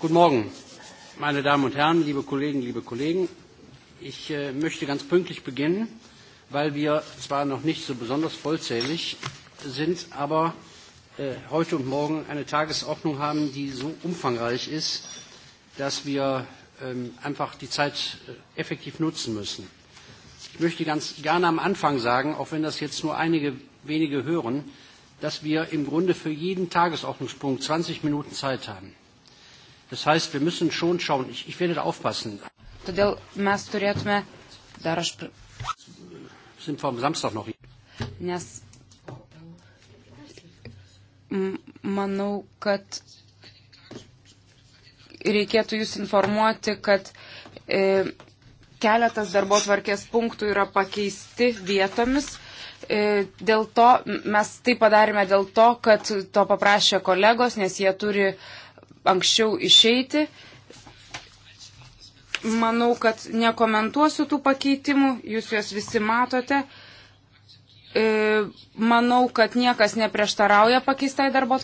Guten Morgen, meine Damen und Herren, liebe Kollegen, liebe Kollegen. Ich äh, möchte ganz pünktlich beginnen, weil wir zwar noch nicht so besonders vollzählig sind, aber äh, heute und morgen eine Tagesordnung haben, die so umfangreich ist, dass wir ähm, einfach die Zeit äh, effektiv nutzen müssen. Ich möchte ganz gerne am Anfang sagen, auch wenn das jetzt nur einige wenige hören, dass wir im Grunde für jeden Tagesordnungspunkt 20 Minuten Zeit haben. Das heißt, wir müssen schon schauen. Ich, ich werde da aufpassen. Todėl mes turėtume, dar aš. Sind vom Samstag noch hier. Nes manau, kad reikėtų jūs informuoti, kad e, keletas darbo tvarkės punktų yra pakeisti vietomis. E, dėl to mes tai padarėme dėl to, kad to paprašė kolegos, nes jie turi e, anksčiau išeiti. Manau, kad nekomentuosiu tų pakeitimų, jūs juos visi matote. E, manau, kad niekas neprieštarauja pakeistai darbo.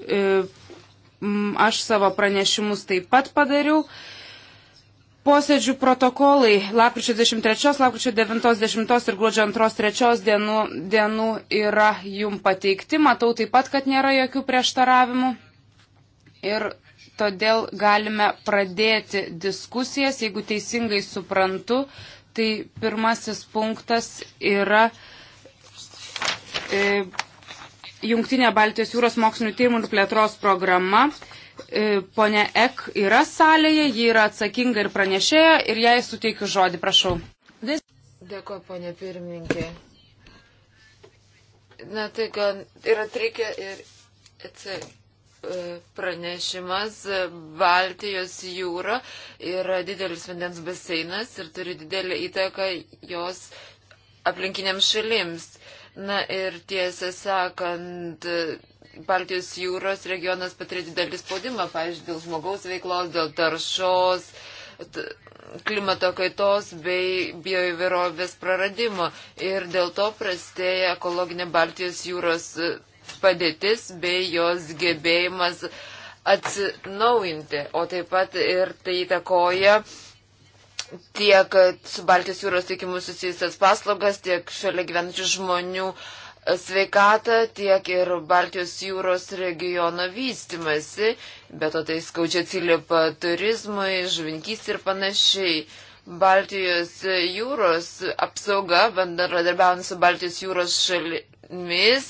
E, aš savo pranešimus taip pat padariau posėdžių protokolai lapkričio 23, lapkričio 90 ir gruodžio 2-3 dienų, dienų yra jum pateikti. Matau taip pat, kad nėra jokių prieštaravimų. Ir todėl galime pradėti diskusijas, jeigu teisingai suprantu. Tai pirmasis punktas yra. E, Jungtinė Baltijos jūros mokslinių tyrimų ir plėtros programa. E, E, Pone Ek yra salėje, ji yra atsakinga ir pranešėja ir jai suteikiu žodį, prašau. Dėkuoju, ponė pirmininkė. Na tai gan yra trikė ir e, pranešimas. Baltijos jūra yra didelis vandens baseinas ir turi didelį įtaką jos aplinkiniams šalims. Na ir tiesą sakant, Baltijos jūros regionas patiria didelį spaudimą, pavyzdžiui, dėl žmogaus veiklos, dėl taršos, klimato kaitos bei bioįvairovės praradimo. Ir dėl to prastėja ekologinė Baltijos jūros e, padėtis bei jos gebėjimas atsinaujinti. O taip pat ir tai įtakoja tiek su Baltijos jūros teikimu susijusias paslaugas, tiek šalia gyvenančių žmonių uh, sveikatą, tiek ir Baltijos jūros regiono vystimasi, bet o tai skaudžia atsiliepa turizmui, žuvinkys ir panašiai. Baltijos jūros apsauga, bendradarbiaujant su Baltijos jūros šalimis,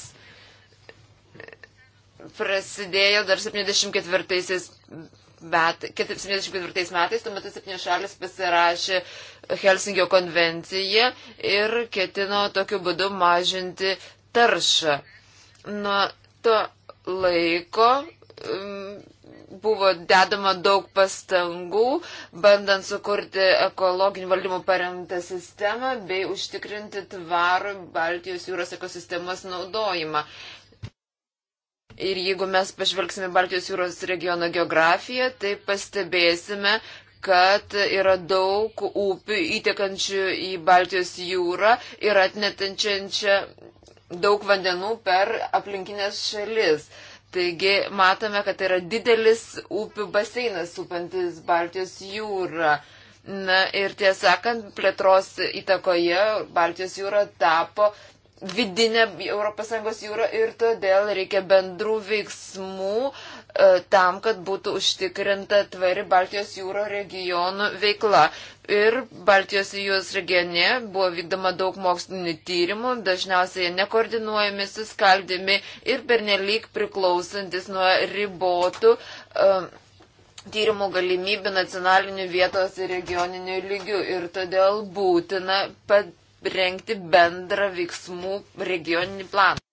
prasidėjo dar 74 met, 74 metais, tuo metu septynios šalis pasirašė Helsingio konvenciją ir ketino tokiu būdu mažinti taršą. Nuo to laiko mm, buvo dedama daug pastangų, bandant sukurti ekologinių valdymų paremtą sistemą bei užtikrinti tvarų Baltijos jūros ekosistemos naudojimą. Ir jeigu mes pažvelgsime Baltijos jūros regiono geografiją, tai pastebėsime, kad yra daug upių įtekančių į Baltijos jūrą ir atnetančiančią daug vandenų per aplinkinės šalis. Taigi matome, kad tai yra didelis upių baseinas supantis Baltijos jūrą. Na ir tiesąkant, plėtros įtakoje Baltijos jūra tapo vidinė ES jūra ir todėl reikia bendrų veiksmų, E, tam, kad būtų užtikrinta tvari Baltijos jūro regionų veikla. Ir Baltijos jūros regione buvo vykdoma daug mokslinių tyrimų, dažniausiai jie nekoordinuojami, suskaldimi ir pernelyg priklausantis nuo ribotų uh, tyrimų galimybių nacionalinių vietos ir regioninių lygių. Ir todėl būtina parengti bendrą veiksmų regioninį planą.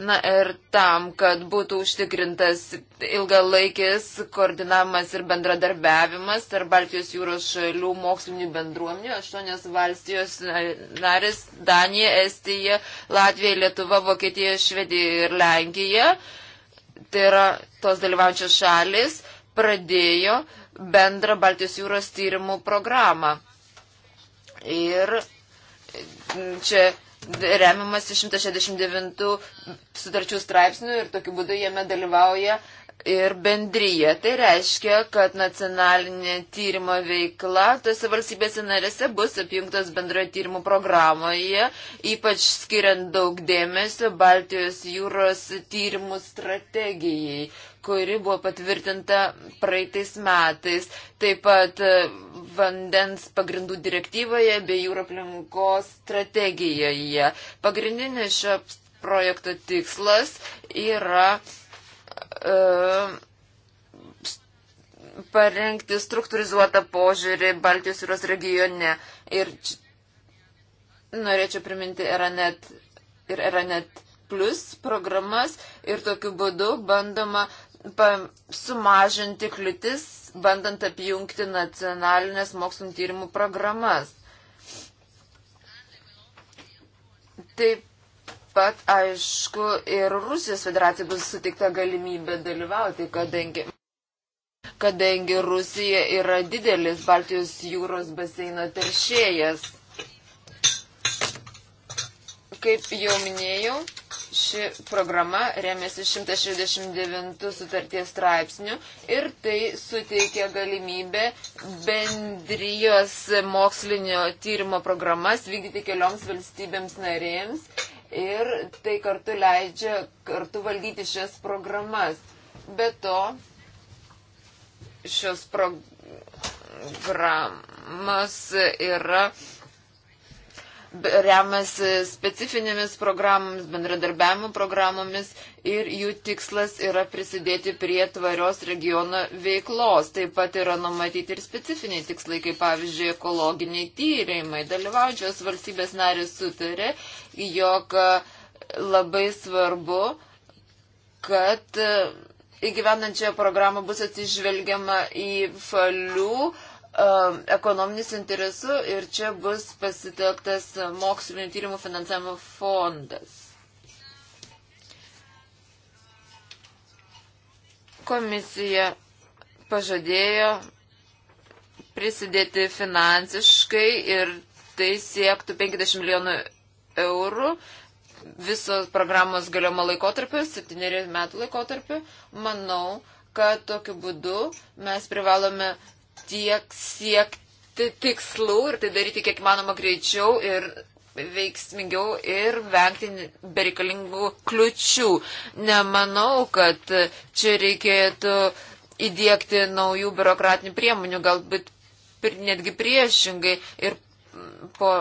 Na ir tam, kad būtų užtikrintas ilgalaikis koordinavimas ir bendradarbiavimas tarp Baltijos jūros šalių mokslinių bendruomenių, aštuonios valstijos narės - Danija, Estija, Latvija, Lietuva, Vokietija, Švedija ir Lenkija, tai yra tos dalyvaujančios šalis, pradėjo bendrą Baltijos jūros tyrimų programą. Ir čia remiamas 169 sutarčių straipsnių ir tokiu būdu jame dalyvauja ir bendryje. Tai reiškia, kad nacionalinė tyrimo veikla tose valstybėse narėse bus apjungtos bendroje tyrimų programoje, ypač skiriant daug dėmesio Baltijos jūros tyrimų strategijai, kuri buvo patvirtinta praeitais metais. Taip pat vandens pagrindų direktyvoje bei jūro aplinkos strategijoje. Pagrindinis šio projekto tikslas yra uh, parengti struktūrizuotą požiūrį Baltijos jūros regione. Ir norėčiau priminti Eranet ir Eranet Plus programas ir tokiu būdu bandoma sumažinti kliūtis bandant apjungti nacionalinės mokslinio tyrimų programas. Taip pat, aišku, ir Rusijos federacijai bus suteikta galimybė dalyvauti, kadangi, kadangi Rusija yra didelis Baltijos jūros baseino teršėjas. Kaip jau minėjau, Ši programa remiasi 169 sutarties straipsnių ir tai suteikia galimybę bendrijos mokslinio tyrimo programas vykdyti kelioms valstybėms narėms ir tai kartu leidžia kartu valdyti šias programas. Be to, šios programos yra remasi specifinėmis programomis, bendradarbiavimo programomis ir jų tikslas yra prisidėti prie tvarios regiono veiklos. Taip pat yra numatyti ir specifiniai tikslai, kaip pavyzdžiui, ekologiniai tyrimai. Dalyvaujančios valstybės narės sutarė, jog labai svarbu, kad įgyvenančioje programą bus atsižvelgiama į šalių Um, ekonominis interesu ir čia bus pasitelktas mokslinio tyrimų finansavimo fondas. Komisija pažadėjo prisidėti finansiškai ir tai siektų 50 milijonų eurų visos programos galiojimo laikotarpiu, 7 metų laikotarpiu. Manau, kad tokiu būdu mes privalome tiek siekti tikslų ir tai daryti kiek manoma greičiau ir veiksmingiau ir vengti berikalingų kliučių. Nemanau, kad čia reikėtų įdėkti naujų biurokratinių priemonių, galbūt netgi priešingai ir po,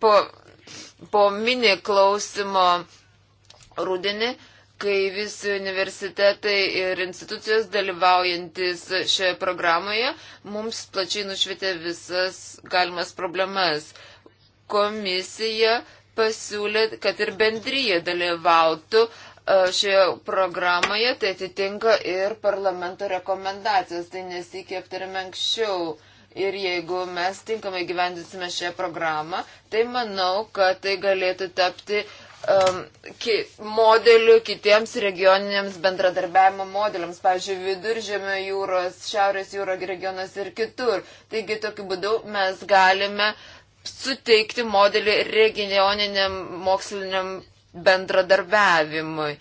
po, po mini klausimo rūdienį kai visi universitetai ir institucijos dalyvaujantis šioje programoje mums plačiai nušvietė visas galimas problemas. Komisija pasiūlė, kad ir bendryje dalyvautų e, šioje programoje, tai atitinka ir parlamento rekomendacijos, tai nesikė aptarėme anksčiau. Ir jeigu mes tinkamai gyvendinsime šią programą, tai manau, kad tai galėtų tapti uh, um, ki, modelių kitiems regioniniams bendradarbiavimo modeliams, pavyzdžiui, viduržėmio jūros, šiaurės jūro regionas ir kitur. Taigi tokiu būdu mes galime suteikti modelį regioniniam moksliniam bendradarbiavimui.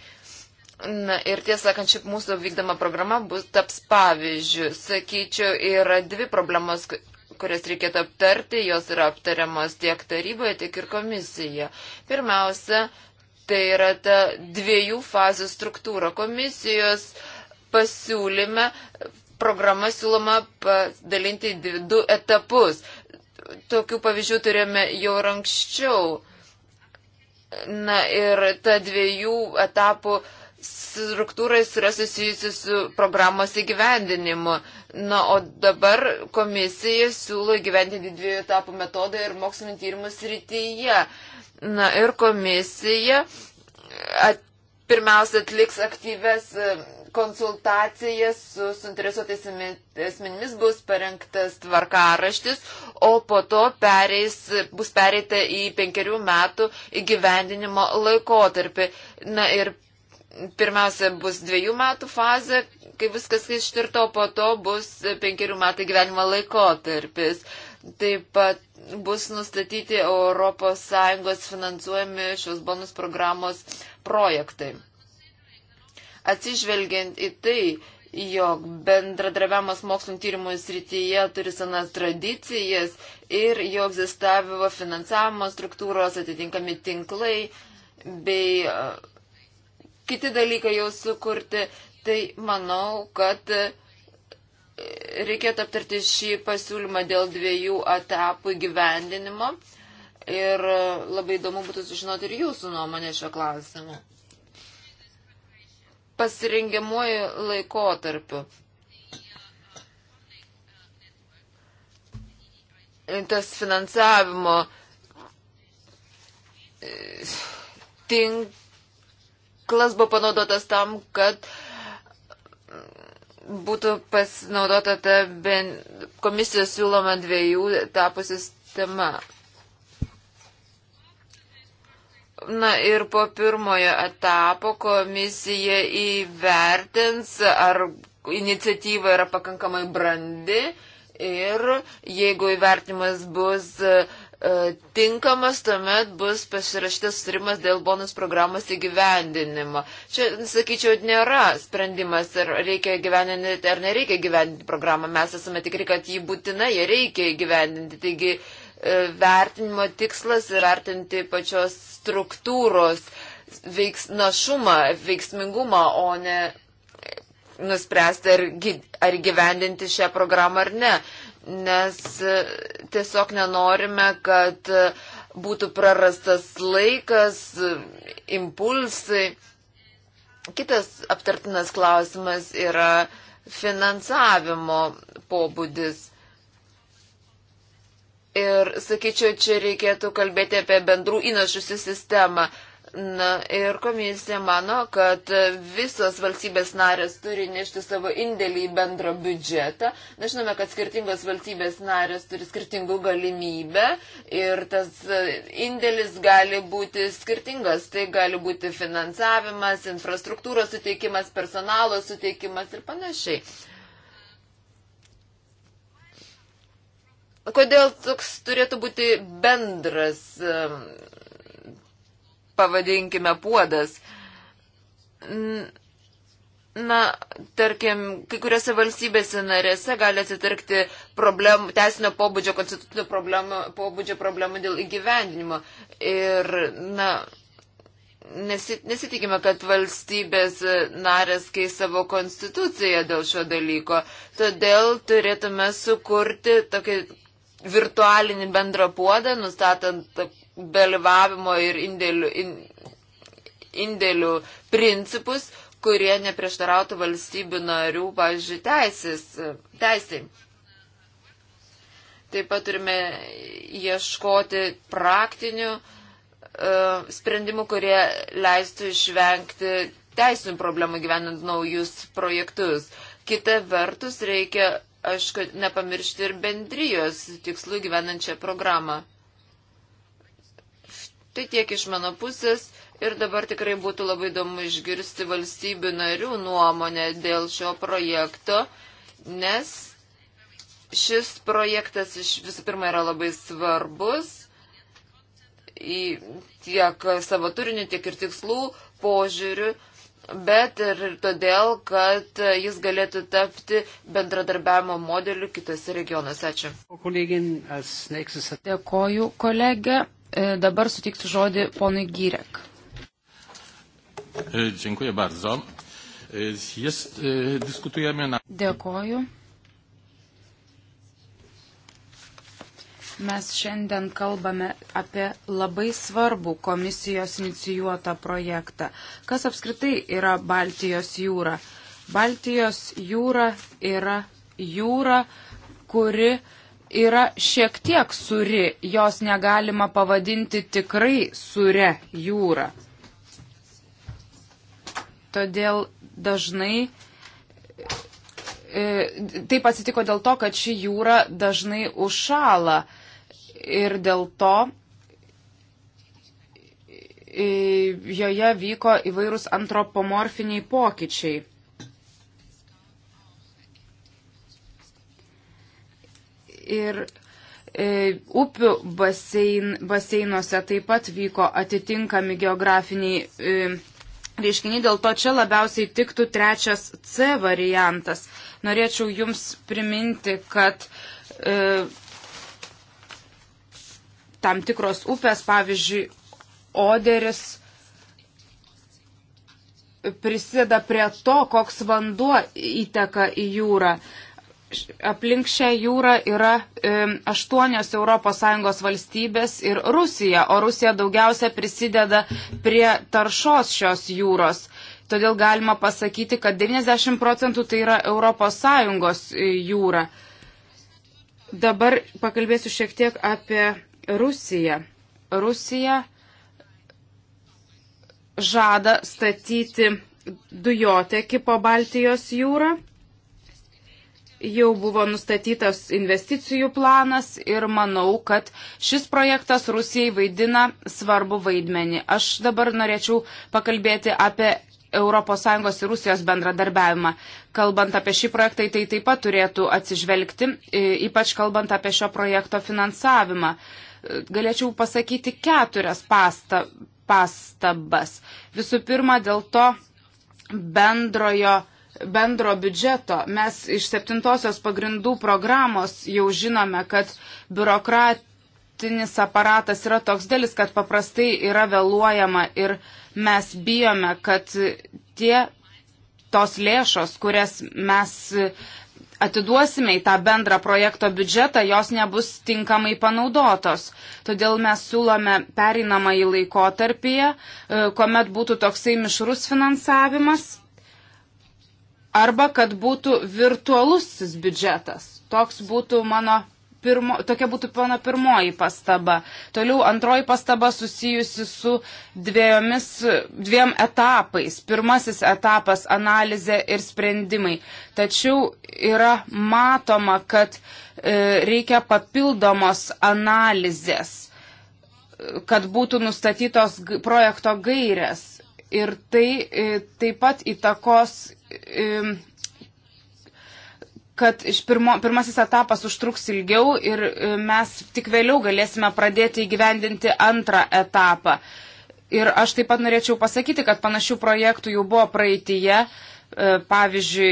Na ir tiesą sakant, šiaip mūsų vykdoma programa bus taps pavyzdžių. Sakyčiau, yra dvi problemos, kurias reikėtų aptarti, jos yra aptariamos tiek taryboje, tiek ir komisijoje. Pirmiausia, tai yra ta dviejų fazių struktūra. Komisijos pasiūlyme programa siūloma padalinti du etapus. Tokių pavyzdžių turėjome jau anksčiau. Na ir ta dviejų etapų uh, struktūrais yra susijusi su programos įgyvendinimu. Na, o dabar komisija siūlo įgyvendinti dviejų etapų metodą ir mokslinio tyrimų srityje. Na, ir komisija at, pirmiausia atliks aktyves e, konsultacijas su suinteresuotais asmenimis bus parengtas tvarkaraštis, o po to pereis, bus pereita į penkerių metų įgyvendinimo laikotarpį. Na ir pirmiausia bus dviejų metų fazė, kai viskas ištirto, o po to bus penkerių metų gyvenimo laikotarpis. Taip pat bus nustatyti ES finansuojami šios bonus programos projektai. Atsižvelgiant į tai, jog bendradarbiavimas mokslinio tyrimų srityje turi senas tradicijas ir jo egzistavimo finansavimo struktūros atitinkami tinklai bei kiti dalykai jau sukurti, tai manau, kad e, reikėtų aptarti šį pasiūlymą dėl dviejų etapų gyvendinimo ir e, labai įdomu būtų sužinoti ir jūsų nuomonę šio klausimu. Pasirengiamuoju laikotarpiu. Tas finansavimo e, tink ginklas buvo panaudotas tam, kad būtų pasinaudota ta ben, komisijos siūloma dviejų etapų sistema. Na ir po pirmojo etapo komisija įvertins, ar iniciatyva yra pakankamai brandi ir jeigu įvertimas bus uh, E, tinkamas, tuomet bus pasirašytas sutarimas dėl bonus programos įgyvendinimo. Čia, sakyčiau, nėra sprendimas, ar reikia gyveninti, ar nereikia gyvendinti programą. Mes esame tikri, kad jį būtina, jį reikia gyvendinti. Taigi, e, vertinimo tikslas ir vertinti pačios struktūros veiks, našumą, veiksmingumą, o ne nuspręsti, ar, ar gyvendinti šią programą ar ne nes e, tiesiog nenorime, kad e, būtų prarastas laikas, e, impulsai. Kitas aptartinas klausimas yra finansavimo pobūdis. Ir sakyčiau, čia reikėtų kalbėti apie bendrų įnašusių sistemą. Na ir komisija mano, kad visos valstybės narės turi nešti savo indėlį į bendrą biudžetą. Na, žinome, kad skirtingos valstybės narės turi skirtingų galimybę ir tas indėlis gali būti skirtingas. Tai gali būti finansavimas, infrastruktūros suteikimas, personalo suteikimas ir panašiai. Kodėl toks turėtų būti bendras pavadinkime, puodas. Na, tarkim, kai kuriuose valstybėse narėse gali atsitarkti problemų, teisinio pobūdžio, konstitucinio problemų, pobūdžio problemų dėl įgyvendinimo. Ir, na, nesitikime, kad valstybės narės keis savo konstituciją dėl šio dalyko. Todėl turėtume sukurti tokį virtualinį bendrą puodą, nustatant dalyvavimo ir indėlių, in, indėlių principus, kurie neprieštarautų valstybių narių, pavyzdžiui, teisės, teisai. Taip pat turime ieškoti praktinių uh, sprendimų, kurie leistų išvengti teisinių problemų gyvenant naujus projektus. Kita vertus, reikia, aišku, nepamiršti ir bendrijos tikslų gyvenančią programą. Tai tiek iš mano pusės ir dabar tikrai būtų labai įdomu išgirsti valstybių narių nuomonę dėl šio projekto, nes šis projektas iš visų pirma yra labai svarbus į tiek savo turinių, tiek ir tikslų požiūrių, bet ir todėl, kad jis galėtų tapti bendradarbiavimo modeliu kitose regionuose. Ačiū. Dėkoju, kolegė. E, dabar sutiksiu žodį ponui Gyrek. E, dziękuję bardzo. E, jest, dyskutujemy na... Dėkoju. Mes šiandien kalbame apie labai svarbų komisijos inicijuotą projektą. Kas apskritai yra Baltijos jūra? Baltijos jūra yra jūra, kuri uh, yra šiek tiek suri, jos negalima pavadinti tikrai sure jūra. Todėl dažnai e, taip atsitiko dėl to, kad ši jūra dažnai užšala ir dėl to e, joje vyko įvairūs antropomorfiniai pokyčiai. ir e, upių basein, baseinuose taip pat vyko atitinkami geografiniai e, reiškiniai, dėl to čia labiausiai tiktų trečias C variantas. Norėčiau Jums priminti, kad e, tam tikros upės, pavyzdžiui, Oderis prisideda prie to, koks vanduo įteka į jūrą. E, aplink šią jūrą yra aštuonios ES valstybės ir Rusija, o Rusija daugiausia prisideda prie taršos šios jūros. Todėl galima pasakyti, kad 90 procentų tai yra ES e, jūra. Dabar pakalbėsiu šiek tiek apie Rusiją. Rusija žada statyti dujotekį po Baltijos jūrą jau buvo nustatytas investicijų planas ir manau, kad šis projektas Rusijai vaidina svarbu vaidmenį. Aš dabar norėčiau pakalbėti apie ES ir Rusijos bendradarbiavimą. Kalbant apie šį projektą, tai taip pat turėtų atsižvelgti, ypač kalbant apie šio projekto finansavimą. Galėčiau pasakyti keturias pasta, pastabas. Visų pirma, dėl to bendrojo bendro biudžeto. Mes iš septintosios pagrindų programos jau žinome, kad biurokratinis aparatas yra toks dėlis, kad paprastai yra vėluojama ir mes bijome, kad tie tos lėšos, kurias mes atiduosime į tą bendrą projekto biudžetą, jos nebus tinkamai panaudotos. Todėl mes siūlome pereinamą į laikotarpyje, e, kuomet būtų toksai mišrus finansavimas arba kad būtų virtualusis biudžetas. Toks būtų mano pirmo, tokia būtų mano pirmoji pastaba. Toliau antroji pastaba susijusi su dviejomis, dviem etapais. Pirmasis etapas - analizė ir sprendimai. Tačiau yra matoma, kad e, reikia papildomos analizės, kad būtų nustatytos projekto gairės. Ir tai e, taip pat įtakos kad pirmo, pirmasis etapas užtruks ilgiau ir e, mes tik vėliau galėsime pradėti įgyvendinti antrą etapą. Ir aš taip pat norėčiau pasakyti, kad panašių projektų jau buvo praeitie. E, pavyzdžiui,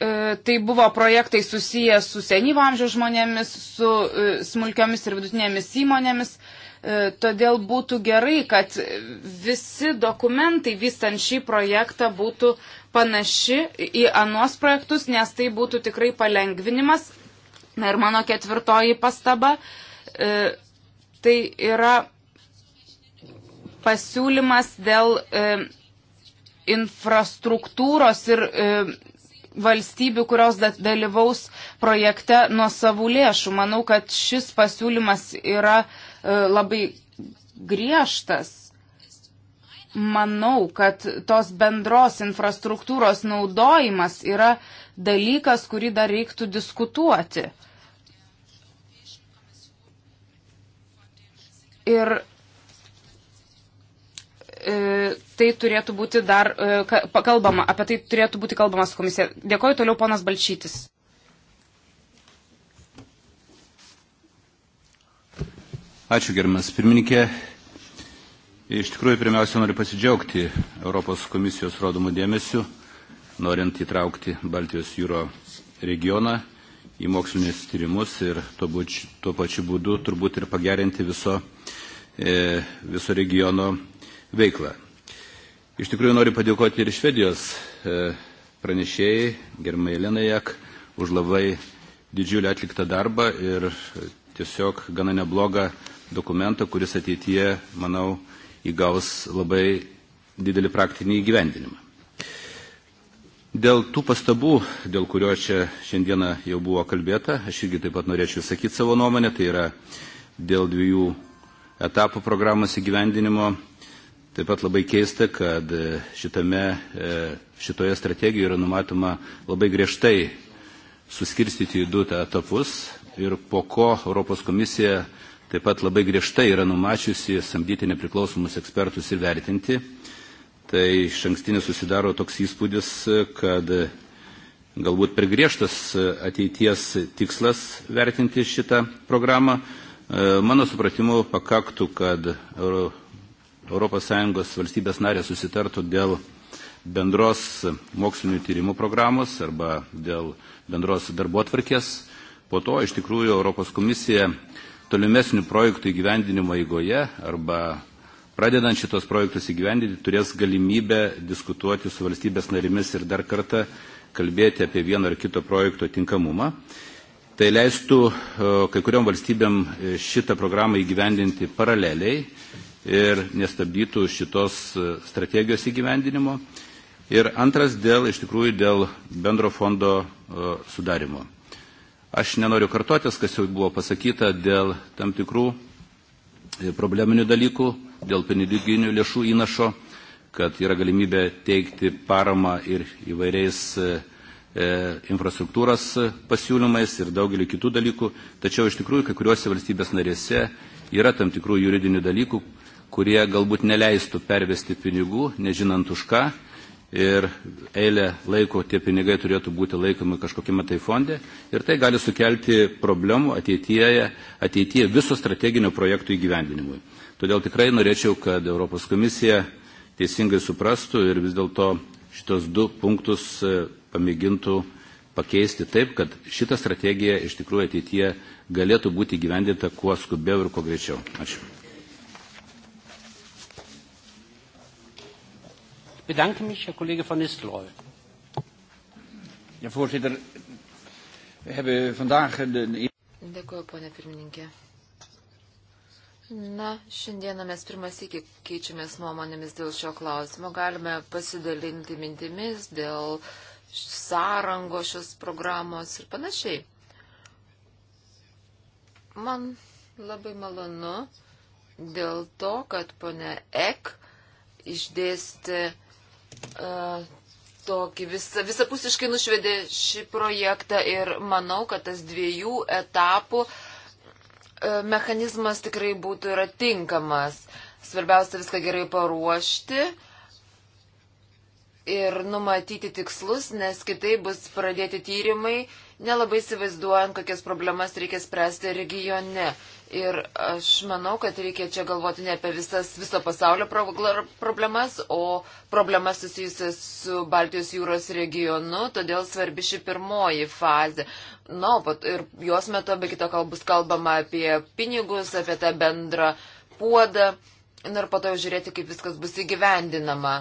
e, tai buvo projektai susiję su senyvo amžiaus žmonėmis, su smulkiomis ir vidutinėmis įmonėmis. E, todėl būtų gerai, kad visi dokumentai vystant šį projektą būtų panaši į anuos projektus, nes tai būtų tikrai palengvinimas. Na ir mano ketvirtoji pastaba, e, tai yra pasiūlymas dėl e, infrastruktūros ir e, valstybių, kurios dalyvaus projekte nuo savų lėšų. Manau, kad šis pasiūlymas yra e, E, labai griežtas. Manau, kad tos bendros infrastruktūros naudojimas yra dalykas, kurį dar reiktų diskutuoti. Ir e, tai turėtų būti dar, e, kalbama, apie tai turėtų būti kalbama su komisija. Dėkoju toliau ponas Balčytis. Ačiū, gerbiamas pirmininkė. Iš tikrųjų, pirmiausia, noriu pasidžiaugti Europos komisijos rodomų dėmesių, norint įtraukti Baltijos jūro regioną į mokslinius tyrimus ir tuo, buč, tuo pačiu būdu turbūt ir pagerinti viso, e, viso regiono veiklą. Iš tikrųjų noriu padėkoti ir Švedijos e, pranešėjai, germai Lenajak, už labai didžiulį atliktą darbą ir tiesiog gana neblogą dokumentą, kuris ateityje, manau, įgaus labai didelį praktinį įgyvendinimą. Dėl tų pastabų, dėl kurio čia šiandieną jau buvo kalbėta, aš irgi taip pat norėčiau sakyti savo nuomonę, tai yra dėl dviejų etapų programos įgyvendinimo. Taip pat labai keista, kad e, šitame, e, šitoje strategijoje yra numatoma labai griežtai suskirstyti į du etapus ir po ko Europos komisija Taip pat labai griežtai yra numačiusi samdyti nepriklausomus ekspertus ir vertinti. Tai iš ankstinės susidaro toks įspūdis, kad galbūt per griežtas ateities tikslas vertinti šitą programą. Mano supratimu pakaktų, kad ES valstybės narės susitartų dėl bendros mokslinių tyrimų programos arba dėl bendros darbo atvarkės. Po to iš tikrųjų Europos komisija tolimesnių projektų įgyvendinimo eigoje arba pradedant šitos projektus įgyvendinti turės galimybę diskutuoti su valstybės narimis ir dar kartą kalbėti apie vieno ar kito projekto tinkamumą. Tai leistų e, kai kuriom valstybėm e, šitą programą įgyvendinti paraleliai ir nestabdytų šitos e, strategijos įgyvendinimo. Ir antras dėl, iš tikrųjų, dėl bendro fondo sudarimo. Aš nenoriu kartotis, kas jau buvo pasakyta dėl tam tikrų e, probleminių dalykų, dėl piniginių lėšų įnašo, kad yra galimybė teikti paramą ir įvairiais e, e, infrastruktūros pasiūlymais ir daugelį kitų dalykų, tačiau iš tikrųjų kai kuriuose valstybės narėse yra tam tikrų juridinių dalykų, kurie galbūt neleistų pervesti pinigų, nežinant už ką, ir eilę laiko tie pinigai turėtų būti laikomi kažkokiame tai fonde ir tai gali sukelti problemų ateityje, ateityje viso strateginio projektų įgyvendinimui. Todėl tikrai norėčiau, kad Europos komisija teisingai suprastų ir vis dėlto šitos du punktus e, pamėgintų pakeisti taip, kad šita strategija iš tikrųjų ateityje galėtų būti gyvendinta kuo skubiau ir kuo greičiau. Ačiū. bedanke mich, Herr Kollege van Nistelrooy. Ja, voorzitter, we hebben vandaag de... Dėkuoju, ponė pirmininkė. Na, šiandieną mes pirmas iki keičiamės nuomonėmis dėl šio klausimo. Galime pasidalinti mintimis dėl sąrango šios programos ir panašiai. Man labai malonu dėl to, kad pone Ek išdėsti E, tokį vis, visapusiškai nušvedė šį projektą ir manau, kad tas dviejų etapų e, mechanizmas tikrai būtų yra tinkamas. Svarbiausia viską gerai paruošti ir numatyti tikslus, nes kitai bus pradėti tyrimai, nelabai įsivaizduojant, kokias problemas reikia spręsti regione. Ir aš manau, kad reikia čia galvoti ne apie visas viso pasaulio problemas, o problemas susijusias su Baltijos jūros regionu, todėl svarbi ši pirmoji fazė. Na, no, ir jos metu be kito kalbus kalbama apie pinigus, apie tą bendrą puodą, ir po to žiūrėti, kaip viskas bus įgyvendinama.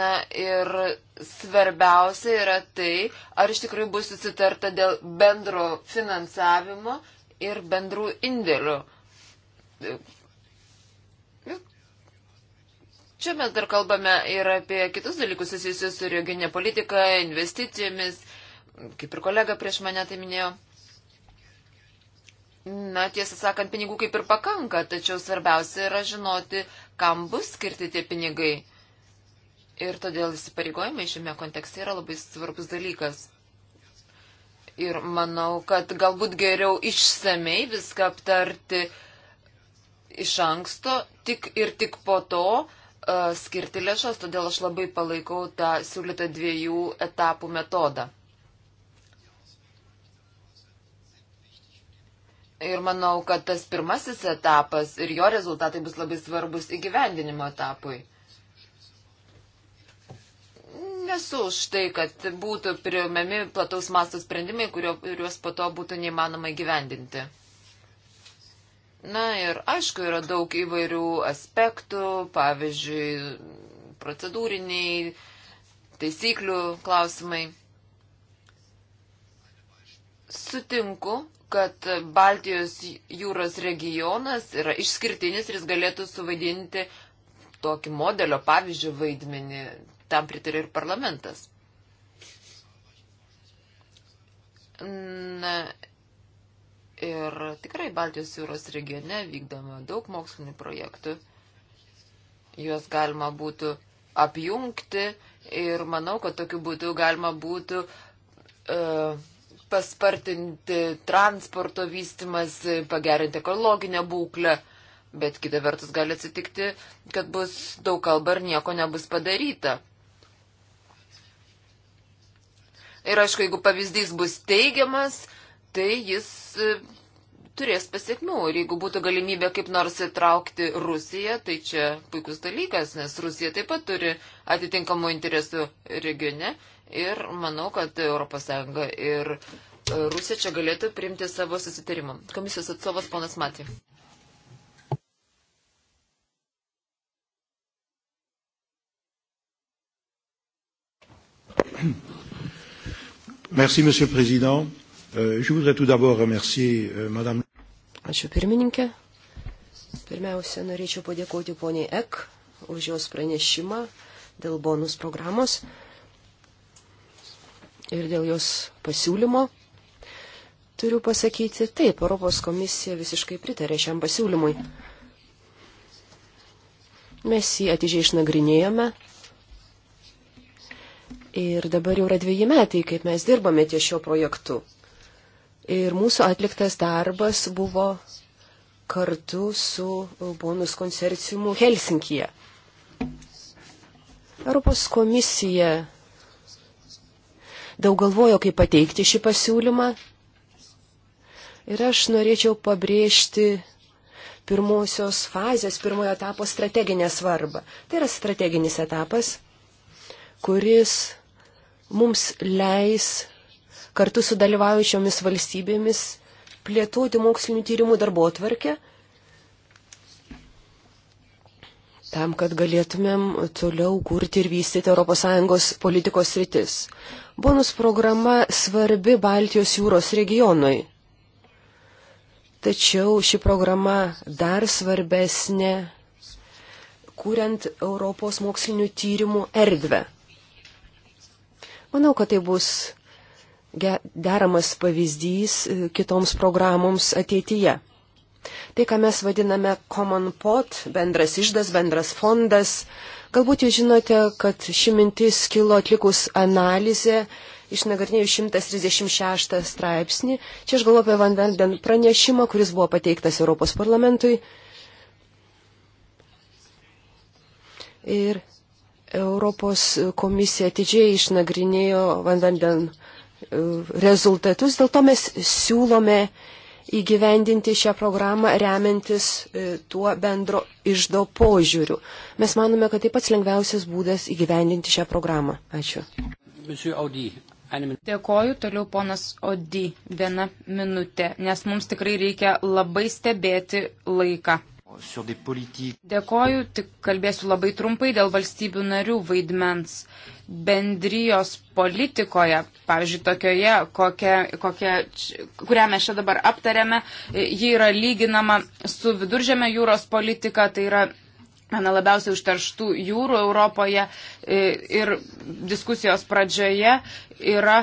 Na ir svarbiausia yra tai, ar iš tikrųjų bus susitarta dėl bendro finansavimo ir bendrų indėlių. Nu, čia mes dar kalbame ir apie kitus dalykus susijusius su regioninė politika, investicijomis, kaip ir kolega prieš mane tai minėjo. Na, tiesą sakant, pinigų kaip ir pakanka, tačiau svarbiausia yra žinoti, kam bus skirti tie pinigai. Ir todėl įsipareigojimai šiame kontekste yra labai svarbus dalykas. Ir manau, kad galbūt geriau išsamei viską aptarti iš anksto, tik ir tik po to uh, skirti lėšas, todėl aš labai palaikau tą siūlytą dviejų etapų metodą. Ir manau, kad tas pirmasis etapas ir jo rezultatai bus labai svarbus įgyvendinimo etapui nesu už tai, kad būtų priimami plataus masto sprendimai, kuriuos po to būtų neįmanoma įgyvendinti. Na ir aišku, yra daug įvairių aspektų, pavyzdžiui, procedūriniai, taisyklių klausimai. Sutinku, kad Baltijos jūros regionas yra išskirtinis ir jis galėtų suvaidinti tokį modelio pavyzdžių vaidmenį Tam pritarė ir parlamentas. Na, ir tikrai Baltijos jūros regione vykdoma daug mokslinių projektų. Juos galima būtų apjungti ir manau, kad tokiu būdu galima būtų uh, paspartinti transporto vystimas, pagerinti ekologinę būklę, bet kita vertus gali atsitikti, kad bus daug kalba ir nieko nebus padaryta. Ir aišku, jeigu pavyzdys bus teigiamas, tai jis e, turės pasiekmių. Ir jeigu būtų galimybė kaip nors įtraukti Rusiją, tai čia puikus dalykas, nes Rusija taip pat turi atitinkamų interesų regione. Ir manau, kad ES ir e, Rusija čia galėtų priimti savo susitarimą. Komisijos atstovas ponas Matė. Merci, Monsieur le Président. Euh, je voudrais tout d'abord remercier euh, Madame. Ačiū pirmininkė. Pirmiausia, norėčiau padėkoti poniai Ek už jos pranešimą dėl bonus programos ir dėl jos pasiūlymo. Turiu pasakyti, taip, Europos komisija visiškai pritarė šiam pasiūlymui. Mes jį atidžiai išnagrinėjome Ir dabar jau yra dviejai metai, kaip mes dirbame ties šio projektu. Ir mūsų atliktas darbas buvo kartu su bonus konsorciumu Helsinkije. Europos komisija daug galvojo, kaip pateikti šį pasiūlymą. Ir aš norėčiau pabrėžti pirmosios fazės, pirmojo etapo strateginę svarbą. Tai yra strateginis etapas, kuris mums leis kartu su dalyvaujančiomis valstybėmis plėtoti mokslinių tyrimų darbo atvarkę, tam, kad galėtumėm toliau kurti ir vystyti ES politikos rytis. Bonus programa svarbi Baltijos jūros regionui. Tačiau ši programa dar svarbesnė, kuriant Europos mokslinių tyrimų erdvę. Manau, kad tai bus deramas pavyzdys e, kitoms programoms ateityje. Tai, ką mes vadiname Common Pot, bendras išdas, bendras fondas, galbūt jūs žinote, kad ši mintis kilo atlikus analizę, išnagrinėjus 136 straipsnį. Čia aš galvoju apie Van Vanden pranešimą, kuris buvo pateiktas Europos parlamentui. Ir Europos komisija atidžiai išnagrinėjo vandenden e, rezultatus, dėl to mes siūlome įgyvendinti šią programą remiantis e, tuo bendro išdo požiūriu. Mes manome, kad tai pats lengviausias būdas įgyvendinti šią programą. Ačiū. Dėkoju, toliau ponas Odi, viena minutė, nes mums tikrai reikia labai stebėti laiką. Dėkoju, tik kalbėsiu labai trumpai dėl valstybių narių vaidmens bendrijos politikoje, pavyzdžiui, tokioje, kokia, kokia, kurią mes čia dabar aptarėme, ji yra lyginama su viduržėme jūros politika, tai yra viena labiausiai užterštų jūrų Europoje e, ir diskusijos pradžioje yra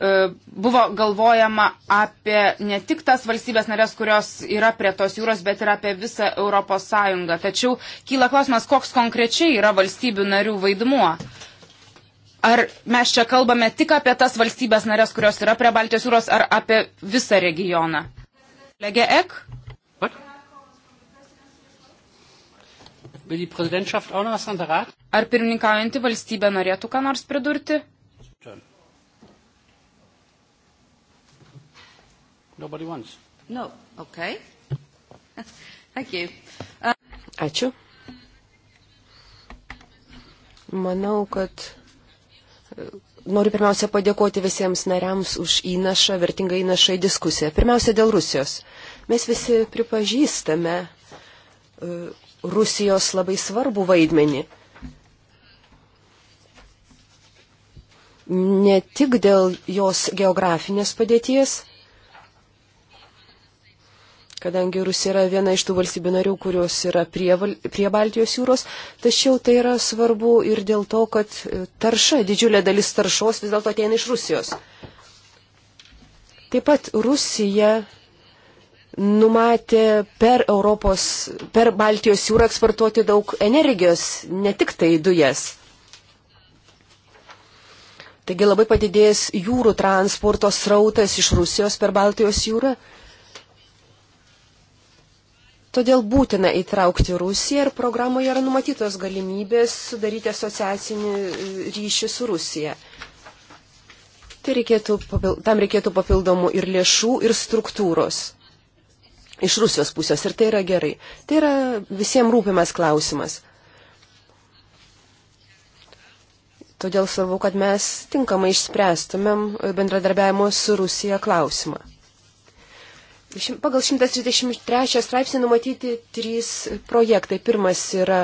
E, buvo galvojama apie ne tik tas valstybės narės, kurios yra prie tos jūros, bet ir apie visą Europos Sąjungą. Tačiau kyla klausimas, koks konkrečiai yra valstybių narių vaidmuo. Ar mes čia kalbame tik apie tas valstybės narės, kurios yra prie Baltijos jūros, ar apie visą regioną? Lege Ek? Ar pirmininkaujantį valstybę norėtų ką nors pridurti? Nobody wants. No. Okay. Thank you. Uh... Ačiū. Manau, kad e, noriu pirmiausia padėkoti visiems nariams už įnašą, vertingą įnašą į diskusiją. Pirmiausia, dėl Rusijos. Mes visi pripažįstame e, Rusijos labai svarbų vaidmenį. Ne tik dėl jos geografinės padėties, kadangi Rusija yra viena iš tų valstybių narių, kurios yra prie, prie Baltijos jūros, tačiau tai yra svarbu ir dėl to, kad e, tarša, didžiulė dalis taršos vis dėlto ateina iš Rusijos. Taip pat Rusija numatė per, Europos, per Baltijos jūrą eksportuoti daug energijos, ne tik tai dujas. Taigi labai padidės jūrų transporto srautas iš Rusijos per Baltijos jūrą. Todėl būtina įtraukti Rusiją ir programoje yra numatytos galimybės sudaryti asociacinį e, ryšį su Rusija. Tai reikėtų, tam reikėtų papildomų ir lėšų, ir struktūros iš Rusijos pusės. Ir tai yra gerai. Tai yra visiems rūpimas klausimas. Todėl svarbu, kad mes tinkamai išspręstumėm e, bendradarbiavimo su Rusija klausimą. Pagal 133 straipsnį numatyti trys projektai. Pirmas yra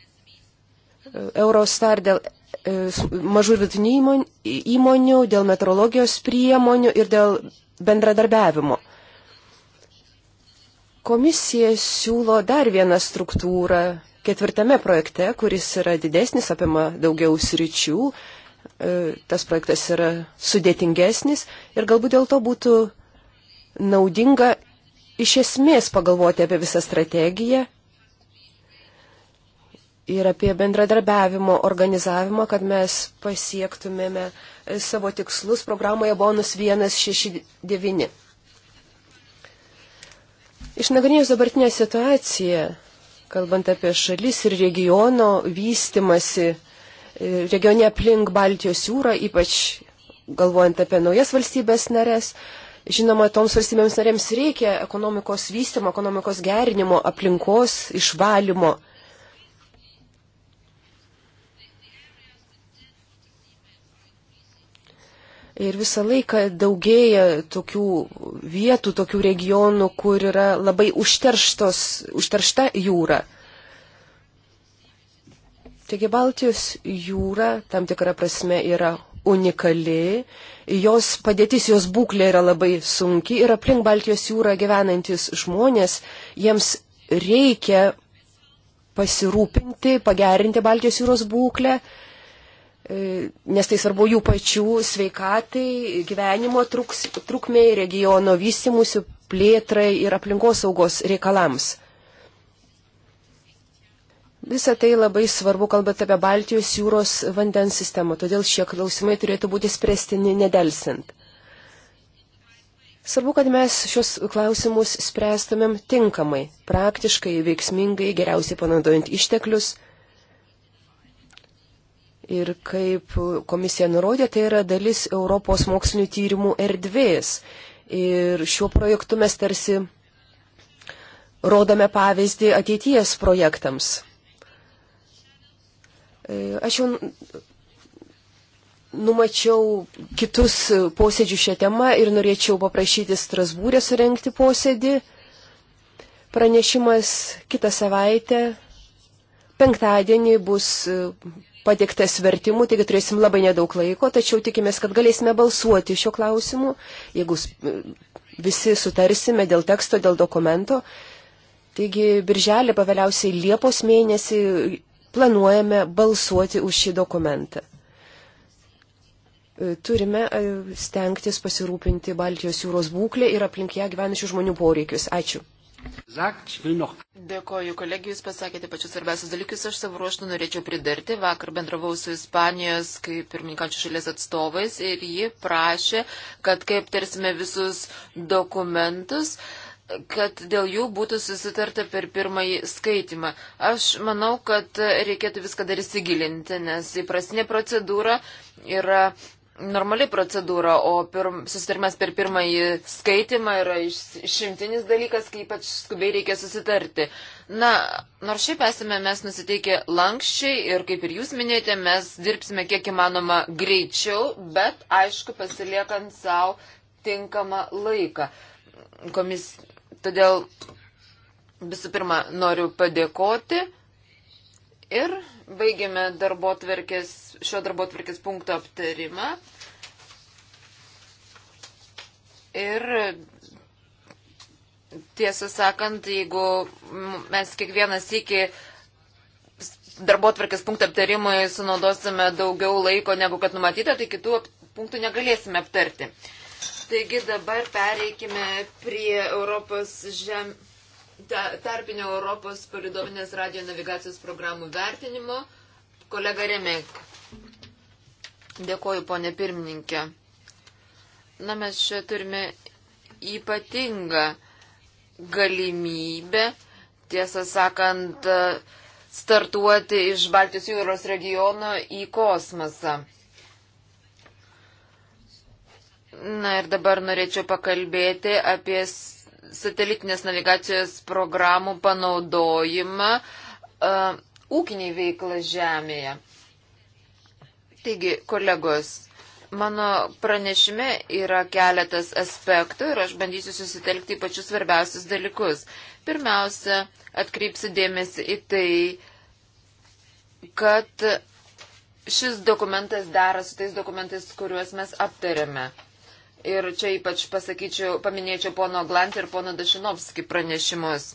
e, Eurostar dėl e, mažų ir vidutinių įmonių, dėl metrologijos priemonių ir dėl bendradarbiavimo. Komisija siūlo dar vieną struktūrą ketvirtame projekte, kuris yra didesnis, apima daugiau sričių, e, tas projektas yra sudėtingesnis ir galbūt dėl to būtų naudinga iš esmės pagalvoti apie visą strategiją ir apie bendradarbiavimo organizavimą, kad mes pasiektumėme savo tikslus programoje bonus 169. Išnagrinėjus dabartinę situaciją, kalbant apie šalis ir regiono vystimasi, e, regione aplink Baltijos jūrą, ypač galvojant apie naujas valstybės narės, Žinoma, toms valstybėms narėms reikia ekonomikos vystimo, ekonomikos gerinimo, aplinkos išvalymo. Ir visą laiką daugėja tokių vietų, tokių regionų, kur yra labai užteršta jūra. Taigi Baltijos jūra tam tikrą prasme yra unikali, jos padėtis, jos būklė yra labai sunki ir aplink Baltijos jūrą gyvenantis žmonės, jiems reikia pasirūpinti, pagerinti Baltijos jūros būklę, e, nes tai svarbu jų pačių sveikatai, gyvenimo trukmiai, regiono vystimusių plėtrai ir aplinkosaugos reikalams. Visą tai labai svarbu, kalbant apie Baltijos jūros vandens sistemą, todėl šie klausimai turėtų būti spręstini nedelsint. Svarbu, kad mes šios klausimus spręstumėm tinkamai, praktiškai, veiksmingai, geriausiai panaudojant išteklius. Ir kaip komisija nurodė, tai yra dalis Europos mokslinių tyrimų erdvės. Ir šiuo projektu mes tarsi rodome pavyzdį ateities projektams. E, aš jau numačiau kitus posėdžius šią temą ir norėčiau paprašyti Strasbūrė surenkti posėdį. Pranešimas kitą savaitę, penktadienį bus e, patiktas vertimų, taigi turėsim labai nedaug laiko, tačiau tikimės, kad galėsime balsuoti šiuo klausimu, jeigu e, visi sutarsime dėl teksto, dėl dokumento. Taigi birželį, pavėliausiai Liepos mėnesį planuojame balsuoti už šį dokumentą. E, turime e, stengtis pasirūpinti Baltijos jūros būklę ir aplink ją gyvenančių žmonių poreikius. Ačiū. Dėkoju kolegijai, jūs pasakėte pačius svarbiausius dalykus, aš savo ruoštų norėčiau pridarti. Vakar bendravau su Ispanijos kaip pirmininkančių šalies atstovais ir ji prašė, kad kai aptarsime visus dokumentus, uh, kad dėl jų būtų susitarta per pirmąjį skaitimą. Aš manau, kad reikėtų viską dar įsigilinti, nes įprastinė procedūra yra normali procedūra, o pirm, susitarimas per pirmąjį skaitimą yra išimtinis dalykas, kai ypač skubiai reikia susitarti. Na, nors šiaip esame mes nusiteikę lankščiai ir kaip ir jūs minėjote, mes dirbsime kiek įmanoma greičiau, bet aišku pasiliekant savo tinkamą laiką. Komis, Todėl visų pirma noriu padėkoti ir baigėme darbo tverkės, šio darbo tverkės punkto aptarimą. Ir tiesą sakant, jeigu mes kiekvienas iki darbo tvarkės punktų aptarimui sunaudosime daugiau laiko negu kad numatyta, tai kitų punktų negalėsime aptarti. Taigi dabar pereikime prie Europos žem... tarpinio Europos palidovinės radio navigacijos programų vertinimo. Kolega Remek. Dėkoju, ponė pirmininkė. Na, mes čia turime ypatingą galimybę, tiesą sakant, startuoti iš Baltijos jūros regiono į kosmosą. Na ir dabar norėčiau pakalbėti apie satelitinės navigacijos programų panaudojimą uh, ūkiniai veikla žemėje. Taigi, kolegos, mano pranešime yra keletas aspektų ir aš bandysiu susitelkti į pačius svarbiausius dalykus. Pirmiausia, atkreipsiu dėmesį į tai, kad šis dokumentas dera su tais dokumentais, kuriuos mes aptarėme. Ir čia ypač pasakyčiau, paminėčiau pono Glant ir pono Dašinovski pranešimus.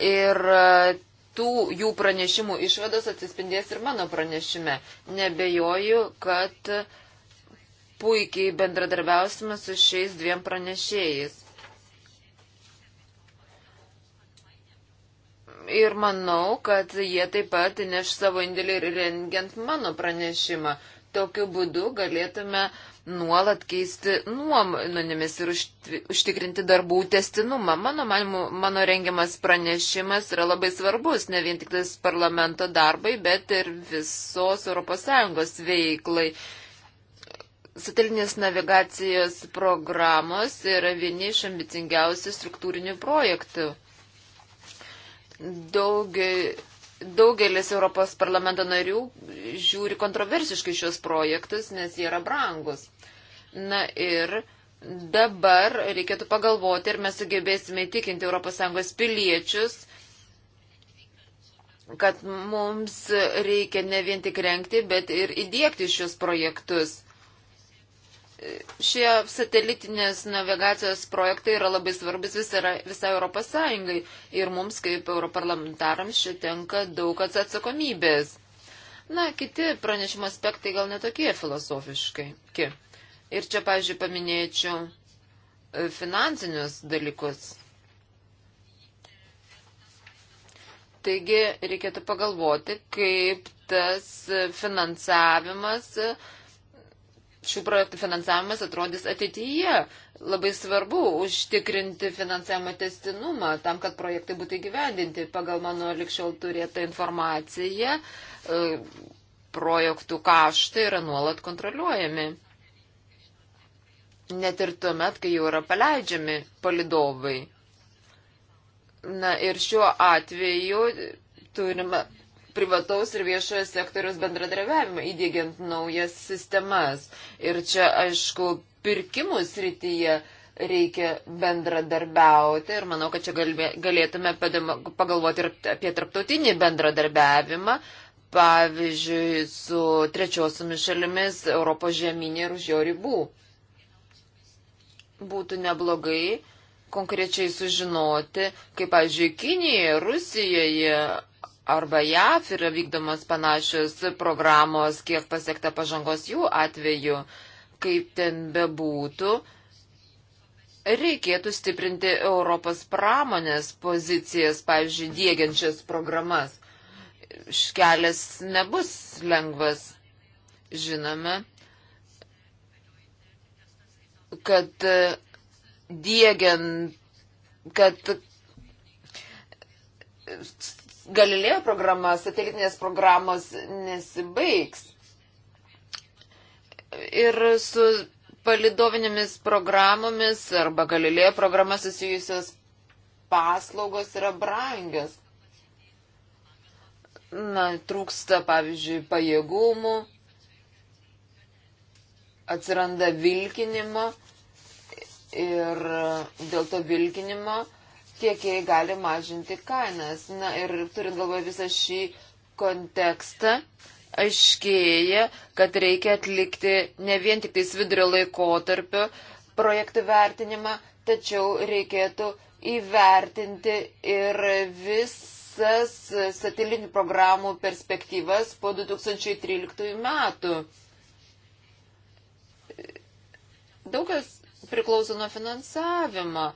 Ir e, tų jų pranešimų išvados atsispindės ir mano pranešime. Nebejoju, kad puikiai bendradarbiausime su šiais dviem pranešėjais. ir manau, kad jie taip pat neš savo indėlį ir rengiant mano pranešimą. Tokiu būdu galėtume nuolat keisti nuomonėmis ir užtikrinti darbų testinumą. Mano manimu, mano rengiamas pranešimas yra labai svarbus, ne vien tik tais parlamento darbai, bet ir visos ES veiklai. Satelinės navigacijos programos yra vieni iš ambicingiausių struktūrinių projektų. Daugiai daugelis Europos parlamento narių žiūri kontroversiškai šios projektus, nes jie yra brangus. Na ir dabar reikėtų pagalvoti, ar mes sugebėsime įtikinti ES piliečius, kad mums reikia ne vien tik renkti, bet ir įdėkti šios projektus. Šie satelitinės navigacijos projektai yra labai svarbus visai Europos Sąjungai ir mums kaip europarlamentarams čia tenka daug atsakomybės. Na, kiti pranešimo aspektai gal netokie filosofiškai. Ki. Ir čia, pažiūrėjau, paminėčiau e, finansinius dalykus. Taigi reikėtų pagalvoti, kaip tas finansavimas, šių projektų finansavimas atrodys ateityje. Labai svarbu užtikrinti finansavimo testinumą tam, kad projektai būtų įgyvendinti. Pagal mano likščiau turėtą informaciją, e, projektų kaštai yra nuolat kontroliuojami net ir tuomet, kai jau yra paleidžiami palidovai. Na ir šiuo atveju turime privataus ir viešojo sektoriaus bendradarbiavimą įdėgiant naujas sistemas. Ir čia, aišku, pirkimų srityje reikia bendradarbiauti ir manau, kad čia galėtume pagalvoti ir apie tarptautinį bendradarbiavimą, pavyzdžiui, su trečiosiomis šalimis Europos žemynė ir už jo ribų būtų neblogai konkrečiai sužinoti, kaip, pavyzdžiui, Kinijoje, Rusijoje arba JAF yra vykdomas panašios programos, kiek pasiekta pažangos jų atveju, kaip ten bebūtų, reikėtų stiprinti Europos pramonės pozicijas, pavyzdžiui, dėgiančias programas. Škelias nebus lengvas, žinome, kad e, dėgiant, kad Galilėjo programa, satelitinės programos nesibaigs. Ir su palidovinėmis programomis arba Galilėjo programa susijusios paslaugos yra brangios. Na, trūksta, pavyzdžiui, pajėgumų, atsiranda vilkinimo ir dėl to vilkinimo tiekėjai gali mažinti kainas. Na ir turint galvoje visą šį kontekstą, aiškėja, kad reikia atlikti ne vien tik tais vidurio laikotarpio projektų vertinimą, tačiau reikėtų įvertinti ir visas satelitinių programų perspektyvas po 2013 metų. Daugas priklauso nuo finansavimo.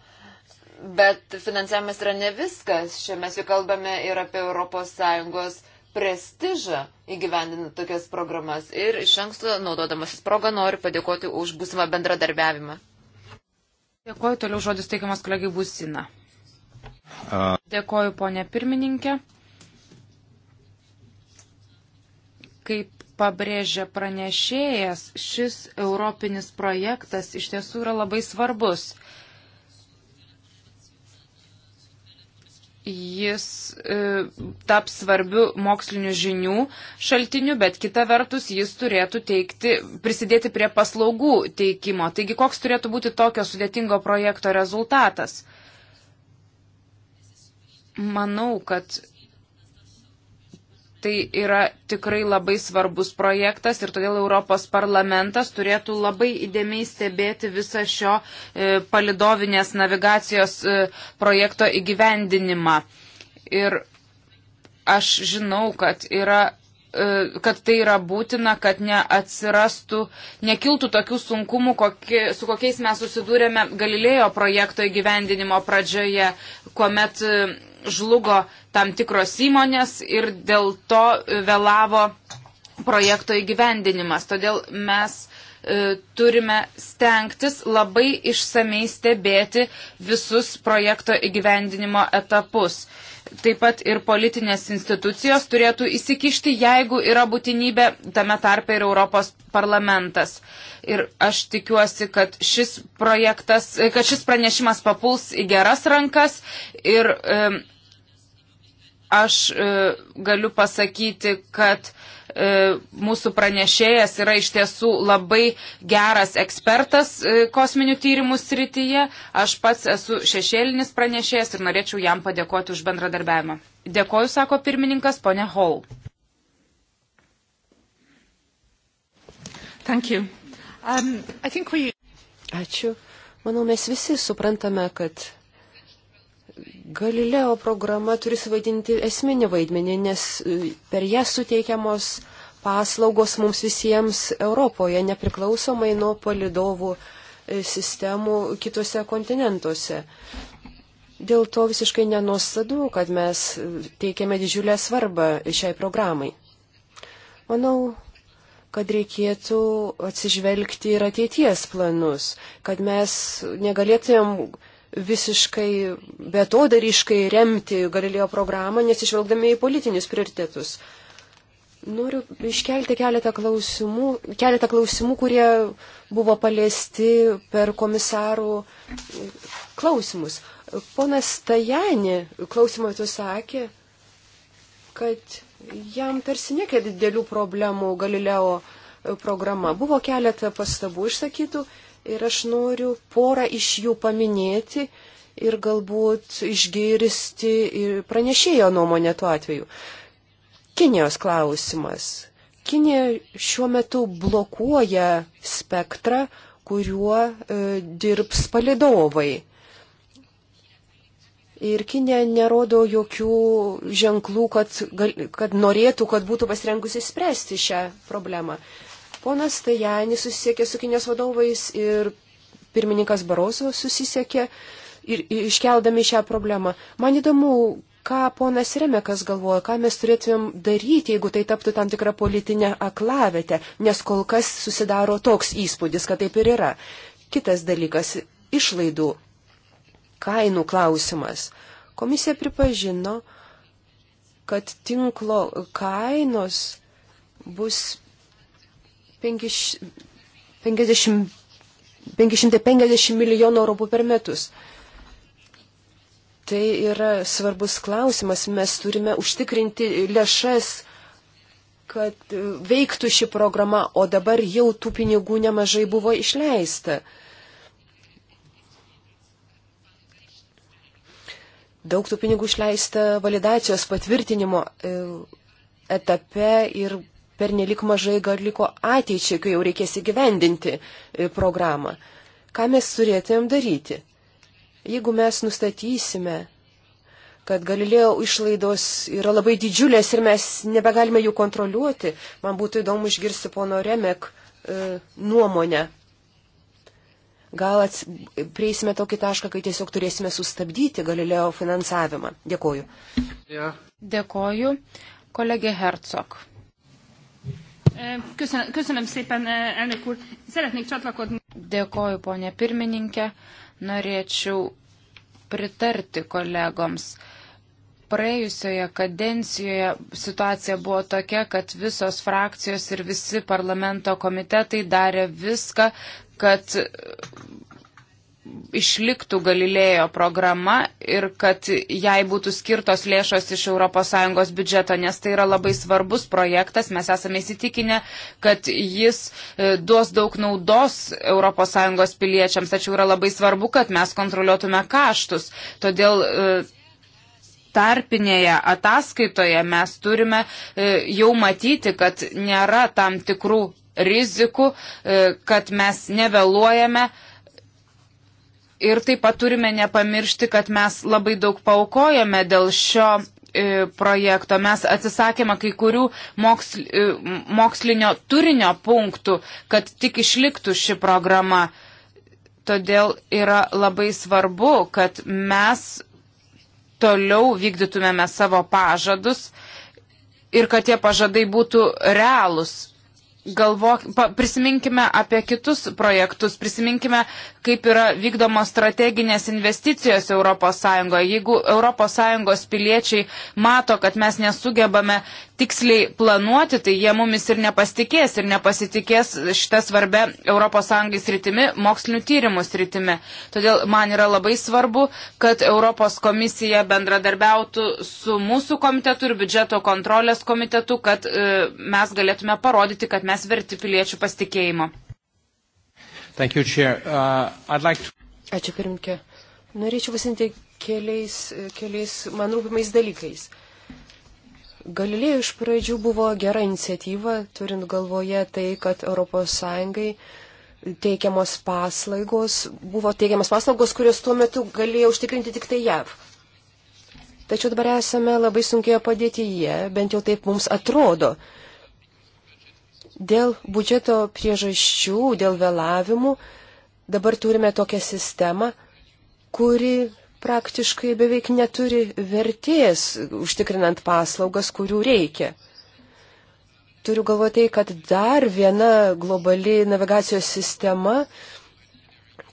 Bet finansavimas yra ne viskas. Šiuo mes jau kalbame ir apie ES prestižą įgyvendinant tokias programas. Ir iš anksto, naudodamasis progą, noriu padėkoti už būsimą bendradarbiavimą. Dėkoju, toliau žodis teikiamas kolegai Busina. Dėkoju, ponė pirmininkė. Kaip pabrėžia pranešėjas, šis europinis projektas iš tiesų yra labai svarbus. jis e, taps svarbiu mokslinių žinių šaltiniu, bet kita vertus jis turėtų teikti, prisidėti prie paslaugų teikimo. Taigi koks turėtų būti tokio sudėtingo projekto rezultatas? Manau, kad Tai yra tikrai labai svarbus projektas ir todėl Europos parlamentas turėtų labai įdėmiai stebėti visą šio e, palidovinės navigacijos e, projekto įgyvendinimą. Ir aš žinau, kad yra e, kad tai yra būtina, kad neatsirastų, nekiltų tokių sunkumų, kokie, su kokiais mes susidūrėme Galilėjo projekto įgyvendinimo pradžioje, kuomet žlugo tam tikros įmonės ir dėl to vėlavo projekto įgyvendinimas. Todėl mes e, turime stengtis labai išsamei stebėti visus projekto įgyvendinimo etapus. Taip pat ir politinės institucijos turėtų įsikišti, jeigu yra būtinybė, tame tarpe ir Europos parlamentas. Ir aš tikiuosi, kad šis, projektas, e, kad šis pranešimas papuls į geras rankas ir e, aš e, galiu pasakyti, kad e, mūsų pranešėjas yra iš tiesų labai geras ekspertas e, kosminių tyrimų srityje. Aš pats esu šešėlinis pranešėjas ir norėčiau jam padėkoti už bendradarbiavimą. Dėkoju, sako pirmininkas, ponė Hall. Um, we... Ačiū. Manau, mes visi suprantame, kad Galileo programa turi suvaidinti esminį vaidmenį, nes e, per ją suteikiamos paslaugos mums visiems Europoje, nepriklausomai nuo palidovų e, sistemų kitose kontinentuose. Dėl to visiškai nenuostabu, kad mes e, teikiame didžiulę svarbą šiai programai. Manau, kad reikėtų atsižvelgti ir ateities planus, kad mes negalėtumėm visiškai betodariškai remti Galilėjo programą, nesižvelgdami į politinius prioritetus. Noriu iškelti keletą klausimų, keletą klausimų, kurie buvo paliesti per komisarų klausimus. Ponas Tajani klausimo metu sakė, kad jam tarsi nekėdė didelių problemų Galileo programa. Buvo keletą pastabų išsakytų ir aš noriu porą iš jų paminėti ir galbūt išgirsti pranešėjo nuomonę tuo atveju. Kinijos klausimas. Kinė šiuo metu blokuoja spektrą, kuriuo e, dirbs palidovai. Ir Kinė nerodo jokių ženklų, kad, kad norėtų, kad būtų pasirengusi spręsti šią problemą. Ponas Tajanis susisiekė su Kinijos vadovais ir pirmininkas Baroso susisiekė ir iškeldami šią problemą. Man įdomu, ką ponas Remekas galvoja, ką mes turėtumėm daryti, jeigu tai taptų tam tikrą politinę aklavietę, nes kol kas susidaro toks įspūdis, kad taip ir yra. Kitas dalykas - išlaidų, kainų klausimas. Komisija pripažino, kad tinklo kainos bus 550, 550 milijonų eurų per metus. Tai yra svarbus klausimas. Mes turime užtikrinti lėšas, kad veiktų ši programa, o dabar jau tų pinigų nemažai buvo išleista. Daug tų pinigų išleista validacijos patvirtinimo e, etape ir pernelik mažai gal liko ateičiai, kai jau reikės įgyvendinti e, programą. Ką mes turėtumėm daryti? Jeigu mes nustatysime, kad Galilėjo išlaidos yra labai didžiulės ir mes nebegalime jų kontroliuoti, man būtų įdomu išgirsti pono Remek e, nuomonę. Gal ats, prieisime tokį tašką, kai tiesiog turėsime sustabdyti Galilėjo finansavimą. Dėkoju. Ja. Dėkoju. Kolegė Hercog. Köszönöm, köszönöm szépen, elnök úr. Szeretnék csatlakozni. Dėkoju, ponė pirmininkė. Norėčiau pritarti kolegoms. Praėjusioje kadencijoje situacija buvo tokia, kad visos frakcijos ir visi parlamento komitetai darė viską, kad išliktų Galilėjo programa ir kad jai būtų skirtos lėšos iš ES biudžeto, nes tai yra labai svarbus projektas. Mes esame įsitikinę, kad jis e, duos daug naudos ES piliečiams, tačiau yra labai svarbu, kad mes kontroliuotume kaštus. Todėl e, tarpinėje ataskaitoje mes turime e, jau matyti, kad nėra tam tikrų rizikų, kad mes nevėluojame Ir taip pat turime nepamiršti, kad mes labai daug paukojame dėl šio e, projekto. Mes atsisakėme kai kurių moksl, e, mokslinio turinio punktų, kad tik išliktų ši programa. Todėl yra labai svarbu, kad mes toliau vykdytumėme savo pažadus ir kad tie pažadai būtų realūs galvok, pa, prisiminkime apie kitus projektus, prisiminkime, kaip yra vykdomos strateginės investicijos ES. Jeigu ES piliečiai mato, kad mes nesugebame tiksliai planuoti, tai jie mumis ir nepasitikės, ir nepasitikės šitą svarbę ES rytimi, mokslinių tyrimų rytimi. Todėl man yra labai svarbu, kad Europos komisija bendradarbiautų su mūsų komitetu ir biudžeto kontrolės komitetu, kad e, mes galėtume parodyti, kad mes verti piliečių pasitikėjimo. Thank you, Chair. Uh, I'd like to... Ačiū pirmininkė. Norėčiau pasinti keliais, keliais man rūpimais dalykais. Uh, Galilėjo iš pradžių buvo gera iniciatyva, turint galvoje tai, kad ES teikiamos paslaugos buvo teikiamas paslaugos, kurios tuo metu galėjo užtikrinti tik tai JAV. Tačiau dabar esame labai sunkioje padėtyje, bent jau taip mums atrodo. Dėl budžeto priežasčių, dėl vėlavimų dabar turime tokią sistemą, kuri praktiškai beveik neturi vertės užtikrinant paslaugas, kurių reikia. Turiu galvoti, kad dar viena globali navigacijos sistema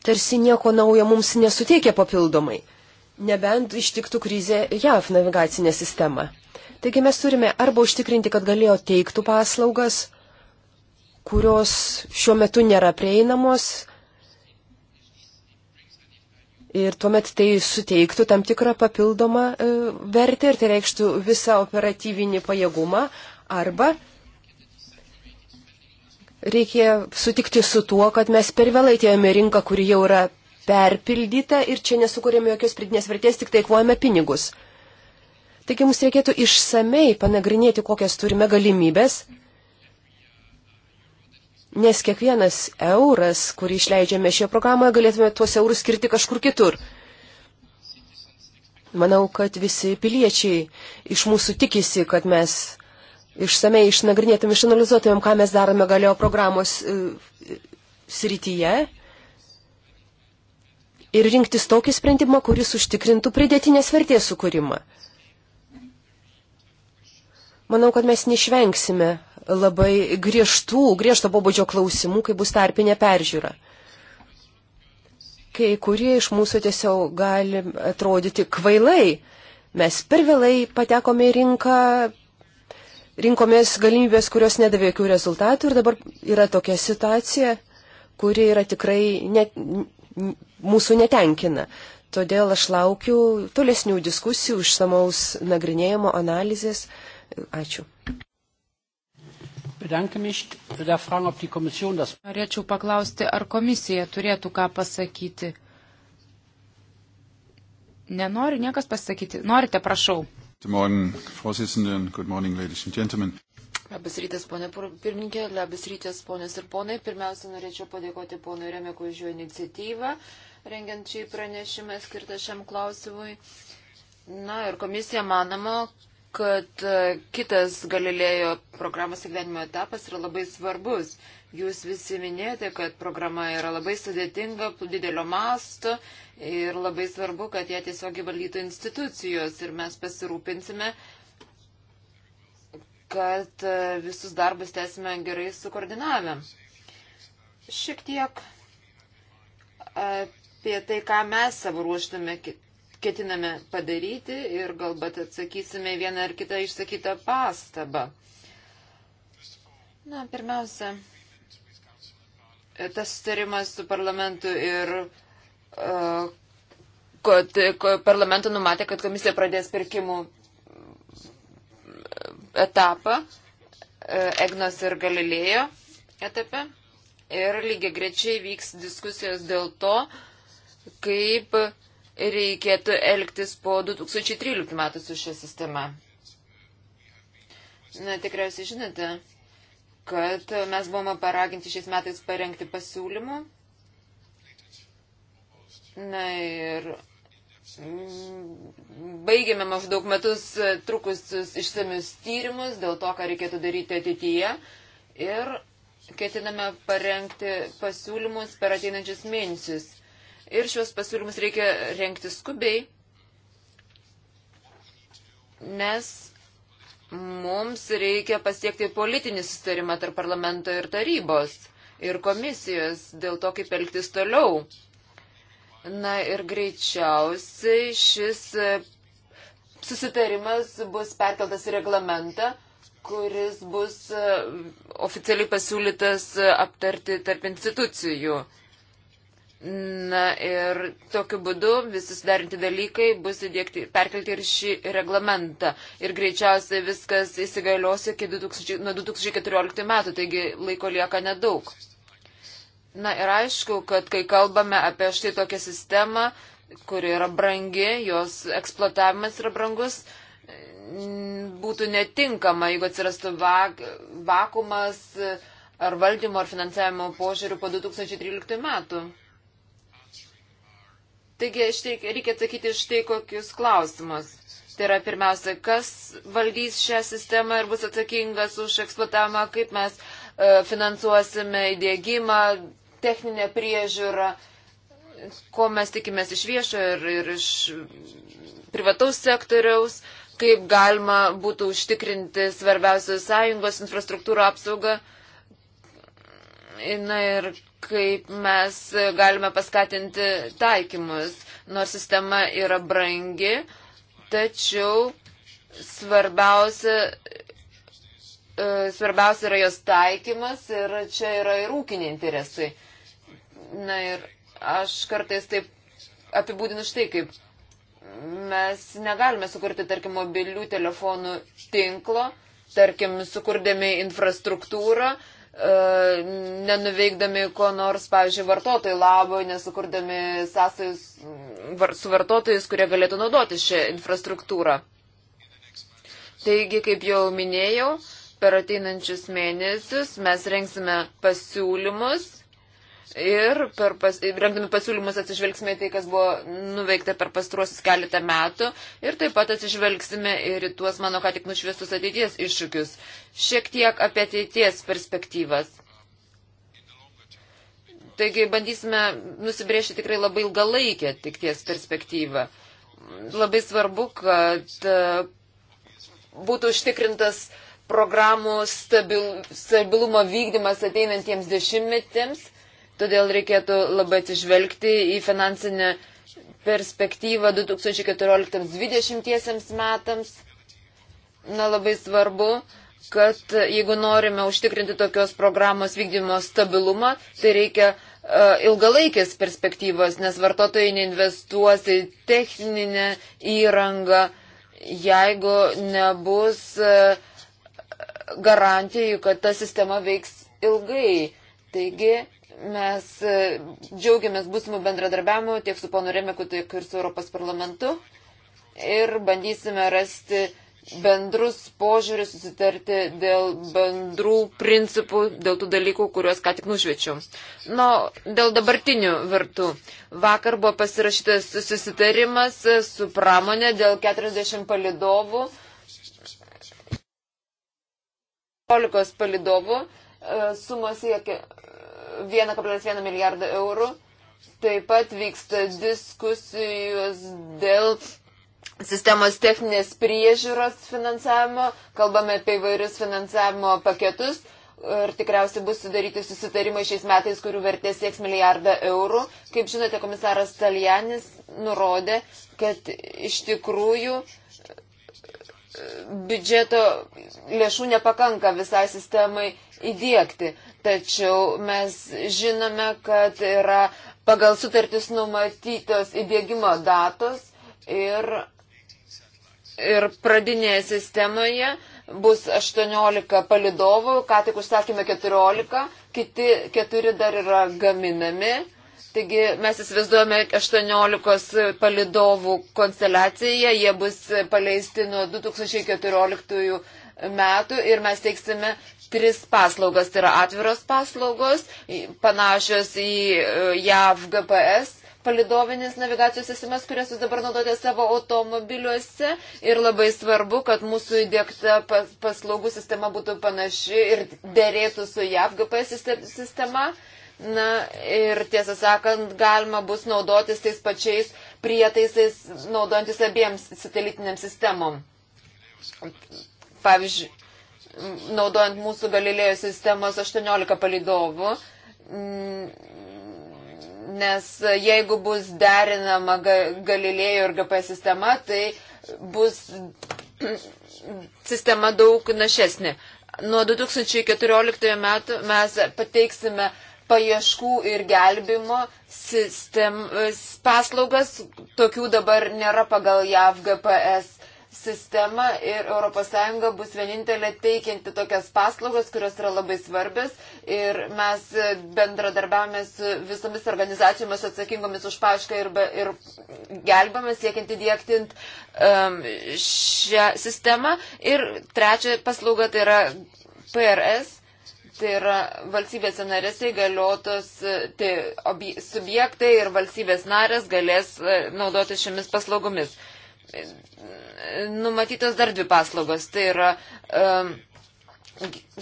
tarsi nieko naujo mums nesuteikia papildomai, nebent ištiktų krizė JAV navigacinė sistema. Taigi mes turime arba užtikrinti, kad galėjo teiktų paslaugas, kurios šiuo metu nėra prieinamos, Ir tuomet tai suteiktų tam tikrą papildomą e, vertę ir tai reikštų visą operatyvinį pajėgumą. Arba reikia sutikti su tuo, kad mes per vėlai atėjome rinką, kuri jau yra perpildyta ir čia nesukūrėme jokios pridinės vertės, tik tai kvojame pinigus. Taigi mums reikėtų išsamei panagrinėti, kokias turime galimybės Nes kiekvienas euras, kurį išleidžiame šioje programoje, galėtume tuos eurus skirti kažkur kitur. Manau, kad visi piliečiai iš mūsų tikisi, kad mes išsamei išnagrinėtum, išanalizuotumėm, ką mes darome galėjo programos e, srityje ir rinktis tokį sprendimą, kuris užtikrintų pridėtinės vertės sukūrimą. Manau, kad mes neišvengsime labai griežtų, griežto pobūdžio klausimų, kai bus tarpinė peržiūra. Kai kurie iš mūsų tiesiog gali atrodyti kvailai. Mes per vėlai patekome į rinką, rinkomės galimybės, kurios nedavė jokių rezultatų ir dabar yra tokia situacija, kuri yra tikrai net, mūsų netenkina. Todėl aš laukiu tolesnių diskusijų, išsamaus nagrinėjimo analizės. Ačiū. Norėčiau paklausti, ar komisija turėtų ką pasakyti. Nenori niekas pasakyti. Norite, prašau. Labas rytas, ponė pirmininkė, labas rytas, ponės ir ponai. Pirmiausia, norėčiau padėkoti ponui Remekui už jo iniciatyvą, rengiant šį pranešimą skirtą šiam klausimui. Na ir komisija manoma, kad e, kitas Galilėjo programos įgyvenimo etapas yra labai svarbus. Jūs visi minėjote, kad programa yra labai sudėtinga, didelio masto ir labai svarbu, kad ją tiesiog įvaldytų institucijos ir mes pasirūpinsime, kad e, visus darbus tęsime gerai sukoordinavę. Šiek tiek e, apie tai, ką mes savo ruoštume ketiname padaryti ir galbūt atsakysime vieną ar kitą išsakytą pastabą. Na, pirmiausia, tas sutarimas su parlamentu ir uh, kad parlamentu numatė, kad komisija pradės pirkimų e, etapą, e, Egnos ir Galilėjo etape. Ir lygiai grečiai vyks diskusijos dėl to, kaip uh, reikėtų elgtis po 2013 metų su šia sistema. Na, tikriausiai žinote, kad mes buvome paraginti šiais metais parengti pasiūlymų. Na ir mm, baigėme maždaug metus trukusius išsamius tyrimus dėl to, ką reikėtų daryti ateityje. Ir ketiname parengti pasiūlymus per ateinančius mėnesius ir šios pasiūlymus reikia renkti skubiai, nes mums reikia pasiekti politinį sustarimą tarp parlamento ir tarybos ir komisijos dėl to, kaip elgtis toliau. Na ir greičiausiai šis susitarimas bus perkeltas į reglamentą, kuris bus e, oficialiai pasiūlytas e, aptarti tarp institucijų. Na ir tokiu būdu visi sudarinti dalykai bus įdėkti, perkelti ir šį reglamentą. Ir greičiausiai viskas įsigalios iki 2000, nuo 2014 metų, taigi laiko lieka nedaug. Na ir aišku, kad kai kalbame apie štai tokią sistemą, kuri yra brangi, jos eksploatavimas yra brangus, būtų netinkama, jeigu atsirastų vak, vakumas ar valdymo ar finansavimo požiūrių po 2013 metų. Taigi štai, reikia atsakyti štai kokius klausimus. Tai yra pirmiausia, kas valdys šią sistemą ir bus atsakingas už eksploatavimą, kaip mes e, finansuosime įdėgymą, techninę priežiūrą, ko mes tikimės iš viešo ir, ir iš privataus sektoriaus, kaip galima būtų užtikrinti svarbiausios sąjungos infrastruktūrų apsaugą. E, Na ir kaip mes galime paskatinti taikymus, nors sistema yra brangi, tačiau svarbiausia, e, svarbiausia yra jos taikymas ir čia yra ir ūkiniai interesai. Na ir aš kartais taip apibūdinu štai kaip. Mes negalime sukurti, tarkim, mobilių telefonų tinklo, tarkim, sukurdami infrastruktūrą, E, nenuveikdami ko nors, pavyzdžiui, vartotojų labo, nesukurdami sąsajus su vartotojais, kurie galėtų naudoti šią infrastruktūrą. Taigi, kaip jau minėjau, per ateinančius mėnesius mes rengsime pasiūlymus ir per pas, rengdami pasiūlymus atsižvelgsime tai, kas buvo nuveikta per pastruosius keletą metų ir taip pat atsižvelgsime ir į tuos mano ką tik nušviestus ateities iššūkius. Šiek tiek apie ateities perspektyvas. Taigi bandysime nusibriežti tikrai labai ilgalaikę tik ties perspektyvą. Labai svarbu, kad e, būtų užtikrintas programų stabil, stabilumo vykdymas ateinantiems dešimtmetėms Todėl reikėtų labai atsižvelgti į finansinę perspektyvą 2014-2020 metams. Na, labai svarbu, kad jeigu norime užtikrinti tokios programos vykdymo stabilumą, tai reikia e, ilgalaikės perspektyvos, nes vartotojai neinvestuos į techninę įrangą, jeigu nebus e, garantijų, kad ta sistema veiks ilgai. Taigi Mes e, džiaugiamės būsimų bendradarbiavimų tiek su ponu Remeku, tiek ir su Europos parlamentu ir bandysime rasti bendrus požiūrius, susitarti dėl bendrų principų, dėl tų dalykų, kuriuos ką tik nušvečiu. Nu, dėl dabartinių vertų. Vakar buvo pasirašytas susitarimas su pramonė dėl 40 palidovų, 15 palidovų, e, sumos siekia 1,1 milijardą eurų. Taip pat vyksta diskusijos dėl sistemos techninės priežiūros finansavimo, kalbame apie įvairius finansavimo paketus ir tikriausiai bus sudaryti susitarimai šiais metais, kurių vertė sieks milijardą eurų. Kaip žinote, komisaras Talianis nurodė, kad iš tikrųjų uh, biudžeto lėšų nepakanka visai sistemai įdėkti. Tačiau mes žinome, kad yra pagal sutartis numatytos įdėgymo datos ir, ir pradinėje sistemoje bus 18 palidovų, ką tik užsakėme 14, kiti 4 dar yra gaminami. Taigi mes įsivaizduojame 18 palidovų konsteliaciją, jie bus paleisti nuo 2014 metų ir mes teiksime tris paslaugas. Tai yra atviros paslaugos, panašios į e, JAV GPS palidovinis navigacijos sistemas, kurias jūs dabar naudojate savo automobiliuose. Ir labai svarbu, kad mūsų įdėkta paslaugų sistema būtų panaši ir dėrėtų su JAV GPS sistema. sistema Na ir tiesą sakant, galima bus naudotis tais pačiais prietaisais, naudojantis abiems satelitiniam sistemom. Pavyzdžiui, naudojant mūsų Galilėjo sistemos 18 palidovų, nes jeigu bus derinama Galilėjo ir GPS sistema, tai bus sistema daug našesnė. Nuo 2014 metų mes pateiksime paieškų ir gelbimo sistem, e, paslaugas. Tokių dabar nėra pagal JAV GPS sistemą ir ES bus vienintelė teikianti tokias paslaugas, kurios yra labai svarbios ir mes e, bendradarbiavame su visomis organizacijomis atsakingomis už paaišką ir, ir gelbame siekiant įdėktint um, šią sistemą. Ir trečia paslauga tai yra PRS Tai yra valstybėse narėse įgaliotos e, tai, obj, subjektai ir valstybės narės galės e, naudoti šiomis paslaugomis. E, numatytos dar dvi paslaugos. Tai yra um,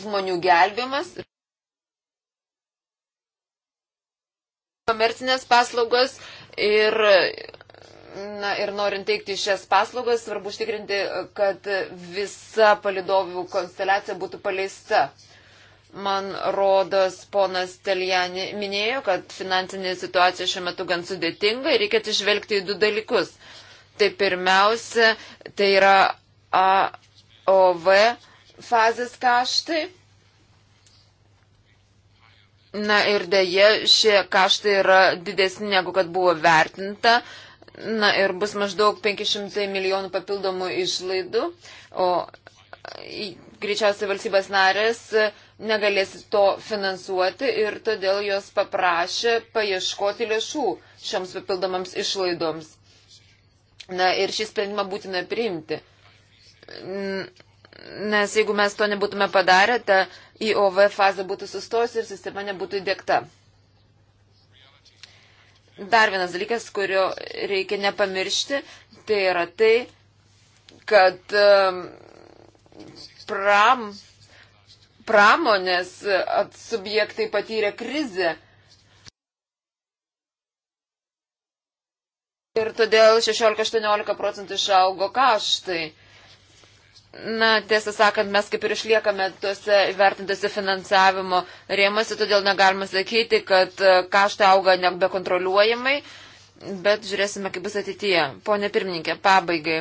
žmonių gelbėjimas. Komercinės paslaugos ir Na ir norint teikti šias paslaugas, svarbu užtikrinti, kad visa palidovų konsteliacija būtų paleista. Man rodos, ponas Teljani minėjo, kad finansinė situacija šiuo metu gan sudėtinga ir reikia atsižvelgti į du dalykus. Tai pirmiausia, tai yra AOV fazės kaštai. Na ir dėje šie kaštai yra didesni negu kad buvo vertinta. Na ir bus maždaug 500 milijonų papildomų išlaidų. O greičiausiai valstybės narės negalės to finansuoti ir todėl jos paprašė paieškoti lėšų šioms papildomams išlaidoms. Na ir šį sprendimą būtina priimti. Nes jeigu mes to nebūtume padarę, ta IOV fazė būtų sustojusi ir sistema nebūtų įdėkta. Dar vienas dalykas, kurio reikia nepamiršti, tai yra tai, kad um, pram pramonės e, subjektai patyrė krizę. Ir todėl 16-18 procentų išaugo kaštai. Na, tiesą sakant, mes kaip ir išliekame tuose vertintose finansavimo rėmose, todėl negalima sakyti, kad e, kaštai auga nebekontroliuojamai, bet žiūrėsime, kaip bus ateityje. Pone pirmininkė, pabaigai.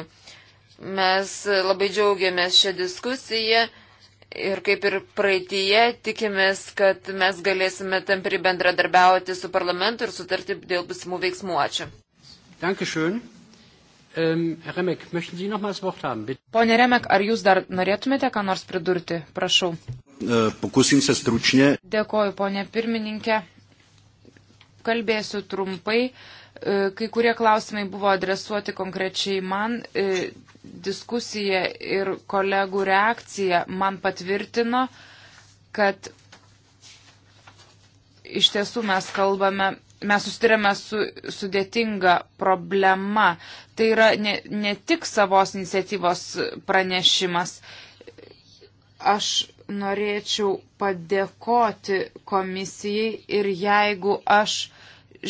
Mes e, labai džiaugiamės šią diskusiją. Ir kaip ir praeitie, tikimės, kad mes galėsime tampri bendradarbiauti su parlamentu ir sutarti dėl būsimų veiksmų. Ačiū. Dankeschön. Um, Remek, möchten Sie nochmals Wort haben? Bitte. Pone Remek, ar jūs dar norėtumėte ką nors pridurti? Prašau. Äh, pokusim se stručnė. Dėkoju, ponė pirmininkė. Kalbėsiu trumpai. Uh, E, kai kurie klausimai buvo adresuoti konkrečiai man, e, diskusija ir kolegų reakcija man patvirtino, kad iš tiesų mes kalbame, mes sustarėme su sudėtinga problema. Tai yra ne, ne tik savos iniciatyvos pranešimas. Aš norėčiau padėkoti komisijai ir jeigu aš uh,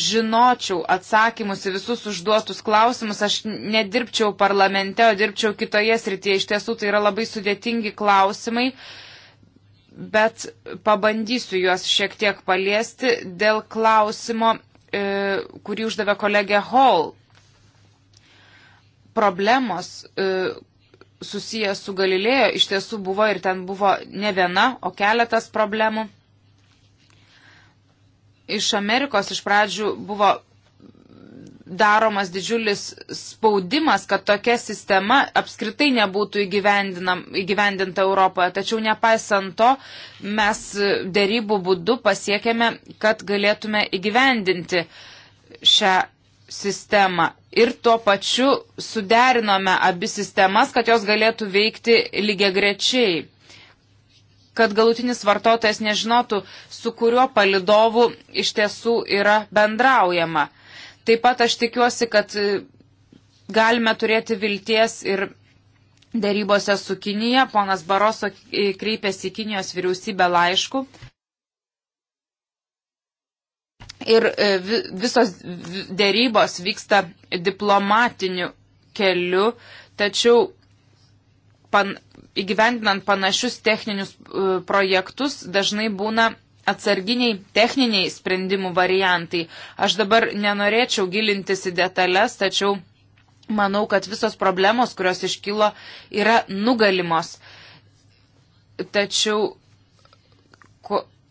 žinočiau atsakymus į visus užduotus klausimus, aš nedirbčiau parlamente, o dirbčiau kitoje srityje. Iš tiesų tai yra labai sudėtingi klausimai, bet pabandysiu juos šiek tiek paliesti dėl klausimo, e, kurį uždavė kolegė Hall. Problemos e, susijęs su Galilėjo iš tiesų buvo ir ten buvo ne viena, o keletas problemų iš Amerikos iš pradžių buvo daromas didžiulis spaudimas, kad tokia sistema apskritai nebūtų įgyvendinta Europoje. Tačiau nepaisant to, mes dėrybų būdu pasiekėme, kad galėtume įgyvendinti šią sistemą. Ir tuo pačiu suderinome abi sistemas, kad jos galėtų veikti lygiagrečiai kad galutinis vartotojas nežinotų, su kuriuo palidovu iš tiesų yra bendraujama. Taip pat aš tikiuosi, kad e, galime turėti vilties ir dėrybose su Kinija. Ponas Baroso e, kreipėsi į Kinijos vyriausybę laišku. Ir e, visos dėrybos vyksta diplomatiniu keliu, tačiau pan, įgyvendinant panašius techninius e, projektus dažnai būna atsarginiai techniniai sprendimų variantai. Aš dabar nenorėčiau gilintis į detalės, tačiau manau, kad visos problemos, kurios iškilo, yra nugalimos. Tačiau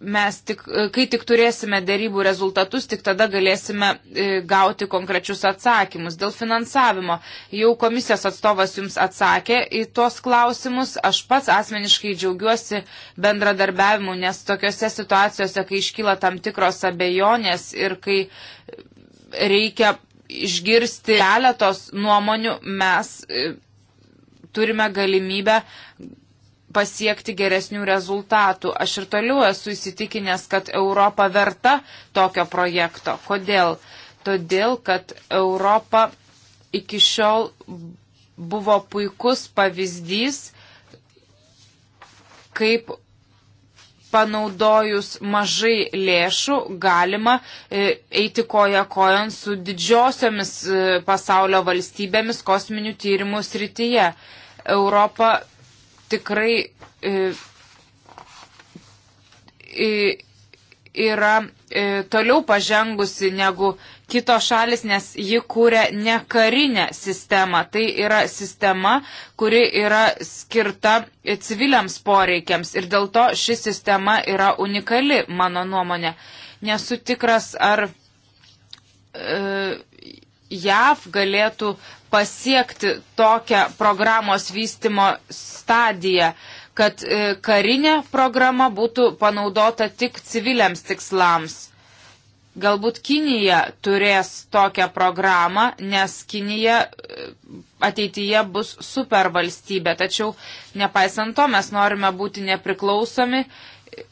mes tik, kai tik turėsime dėrybų rezultatus, tik tada galėsime e, gauti konkrečius atsakymus. Dėl finansavimo jau komisijos atstovas jums atsakė į tuos klausimus. Aš pats asmeniškai džiaugiuosi bendradarbiavimu, nes tokiuose situacijose, kai iškyla tam tikros abejonės ir kai reikia išgirsti keletos nuomonių, mes e, turime galimybę pasiekti geresnių rezultatų. Aš ir toliau esu įsitikinęs, kad Europa verta tokio projekto. Kodėl? Todėl, kad Europa iki šiol buvo puikus pavyzdys, kaip panaudojus mažai lėšų galima e, eiti koja kojon su didžiosiomis e, pasaulio valstybėmis kosminių tyrimų srityje. Europa tikrai e, e, yra e, toliau pažengusi negu kitos šalis, nes ji kūrė ne karinę sistemą. Tai yra sistema, kuri yra skirta civiliams poreikiams ir dėl to ši sistema yra unikali, mano nuomonė. Nesu tikras, ar e, JAV galėtų pasiekti tokią programos vystimo stadiją, kad e, karinė programa būtų panaudota tik civiliams tikslams. Galbūt Kinija turės tokią programą, nes Kinija e, ateityje bus supervalstybė. Tačiau nepaisant to, mes norime būti nepriklausomi, e,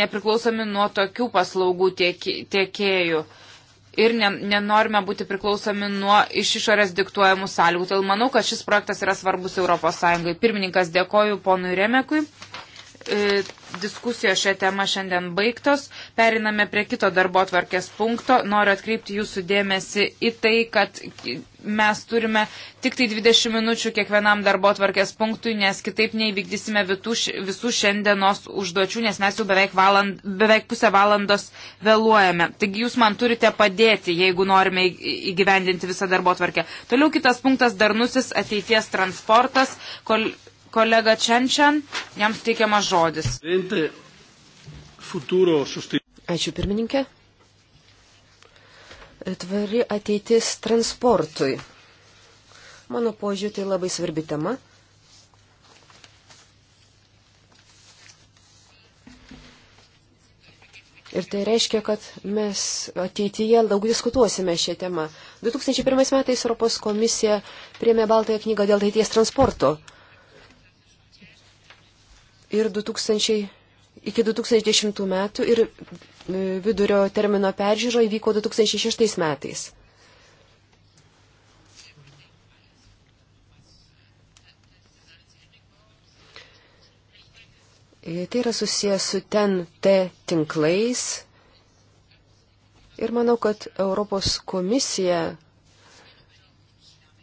nepriklausomi nuo tokių paslaugų tiekėjų. Tiek ir ne, nenorime būti priklausomi nuo iš išorės diktuojamų sąlygų. Todėl manau, kad šis projektas yra svarbus ES. Pirmininkas dėkoju ponui Remekui. E, diskusijos šią temą šiandien baigtos. Periname prie kito darbo tvarkės punkto. Noriu atkreipti jūsų dėmesį į tai, kad mes turime tik tai 20 minučių kiekvienam darbo tvarkės punktui, nes kitaip neįvykdysime visų šiandienos užduočių, nes mes jau beveik, valand, beveik pusę valandos vėluojame. Taigi jūs man turite padėti, jeigu norime įgyvendinti visą darbo tvarkę. Toliau kitas punktas - darnusis ateities transportas. Kol, kolega Čenčian, jam steikiamas žodis. Ačiū pirmininkė. Tvari ateitis transportui. Mano požiūrė, tai labai svarbi tema. Ir tai reiškia, kad mes ateityje daug diskutuosime šią temą. 2001 metais Europos komisija priemė Baltąją knygą dėl ateities transporto ir 2000, iki 2010 metų ir e, vidurio termino peržiūro įvyko 2006 metais. E, tai yra susijęs su ten T tinklais ir manau, kad Europos komisija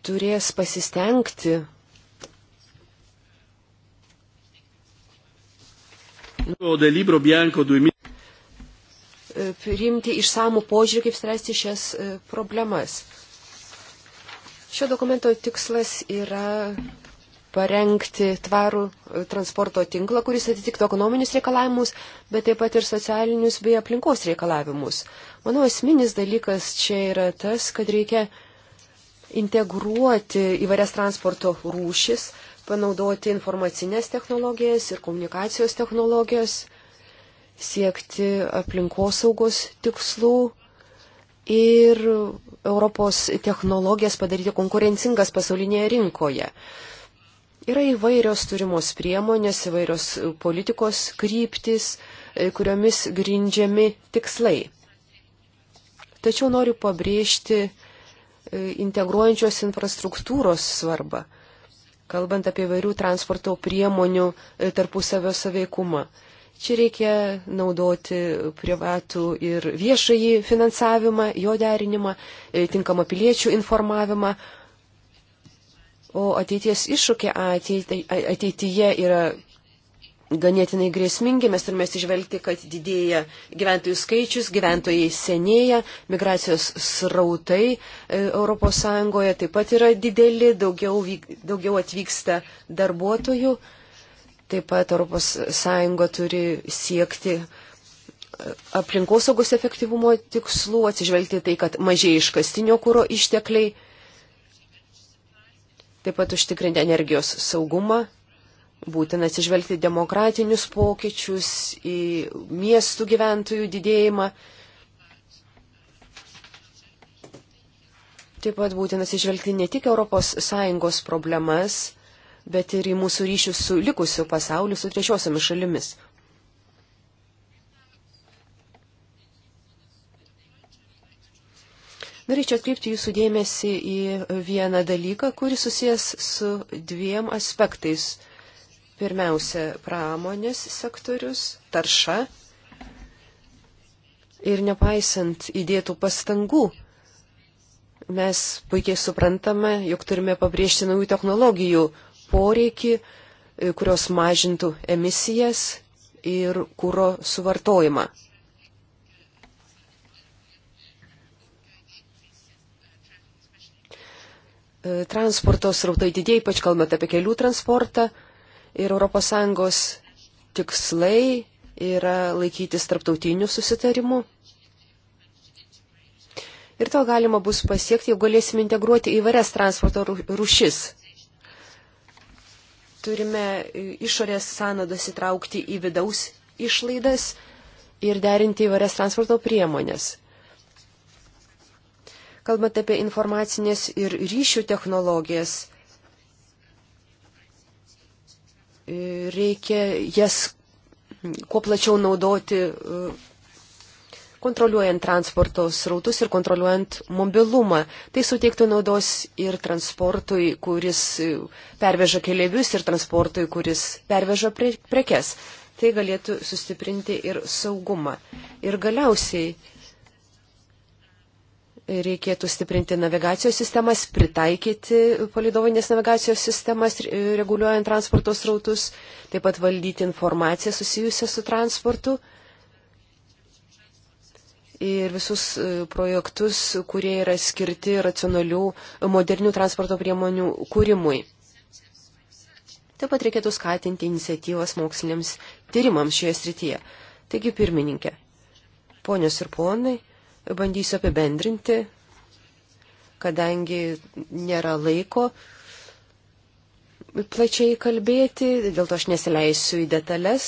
turės pasistengti priimti išsamų požiūrį, kaip spręsti šias e, problemas. Šio dokumento tikslas yra parengti tvarų e, transporto tinklą, kuris atitiktų ekonominius reikalavimus, bet taip pat ir socialinius bei aplinkos reikalavimus. Manau, esminis dalykas čia yra tas, kad reikia integruoti įvairias transporto rūšis, panaudoti informacinės technologijas ir komunikacijos technologijas, siekti aplinkosaugos tikslų ir Europos technologijas padaryti konkurencingas pasaulinėje rinkoje. Yra įvairios turimos priemonės, įvairios politikos kryptis, e, kuriomis grindžiami tikslai. Tačiau noriu pabrėžti e, integruojančios infrastruktūros svarbą kalbant apie vairių transporto priemonių e, tarpusavio saveikumą. Čia reikia naudoti privatų ir viešąjį finansavimą, jo derinimą, e, tinkamą piliečių informavimą. O ateities iššūkiai ateityje yra ganėtinai grėsmingi, mes turime išvelgti, kad didėja gyventojų skaičius, gyventojai senėja, migracijos srautai ES taip pat yra dideli, daugiau, daugiau atvyksta darbuotojų, taip pat ES turi siekti e, aplinkosaugos efektyvumo tikslų, atsižvelgti tai, kad mažiai iškastinio kūro ištekliai, taip pat užtikrinti energijos saugumą Būtina atsižvelgti demokratinius pokyčius, į miestų gyventojų didėjimą. Taip pat būtina atsižvelgti ne tik ES problemas, bet ir į mūsų ryšius su likusiu pasauliu, su trečiosiamis šalimis. Norėčiau atkreipti jūsų dėmesį į vieną dalyką, kuris susijęs su dviem aspektais, Pirmiausia, pramonės sektorius, tarša. Ir nepaisant įdėtų pastangų, mes puikiai suprantame, jog turime pabrėžti naujų technologijų poreikį, e, kurios mažintų emisijas ir kūro suvartojimą. E, transporto srautai didėja, ypač kalbant apie kelių transportą, ir ES tikslai yra laikytis tarptautinių susitarimų. Ir to galima bus pasiekti, jeigu galėsim integruoti įvairias transporto rušis. Turime e, išorės sąnadas įtraukti į vidaus išlaidas ir derinti įvairias transporto priemonės. Kalbant apie informacinės ir ryšių technologijas, reikia jas kuo plačiau naudoti, e, kontroliuojant transporto srautus ir kontroliuojant mobilumą. Tai suteiktų naudos ir transportui, kuris e, perveža keliaivius, ir transportui, kuris perveža pre prekes. Tai galėtų sustiprinti ir saugumą. Ir galiausiai reikėtų stiprinti navigacijos sistemas, pritaikyti palidovinės navigacijos sistemas, reguliuojant transporto srautus, taip pat valdyti informaciją susijusią su transportu ir visus e, projektus, kurie yra skirti racionalių modernių transporto priemonių kūrimui. Taip pat reikėtų skatinti iniciatyvas moksliniams tyrimams šioje srityje. Taigi, pirmininkė, ponios ir ponai, Bandysiu apibendrinti, kadangi nėra laiko plačiai kalbėti, dėl to aš nesileisiu į detalės.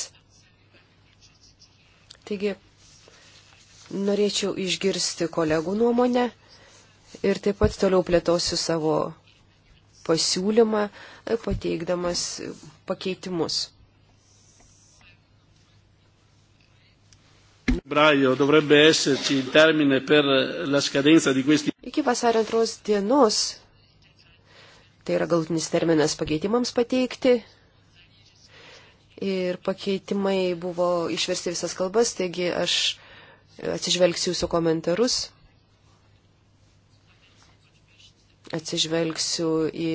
Taigi, norėčiau išgirsti kolegų nuomonę ir taip pat toliau plėtosiu savo pasiūlymą, pateikdamas pakeitimus. febbraio dovrebbe esserci il termine per la scadenza di questi. Iki vasario antros dienos, tai yra galutinis terminas pakeitimams pateikti. Ir pakeitimai buvo išversti visas kalbas, taigi aš atsižvelgsiu jūsų komentarus. atsižvelgsiu į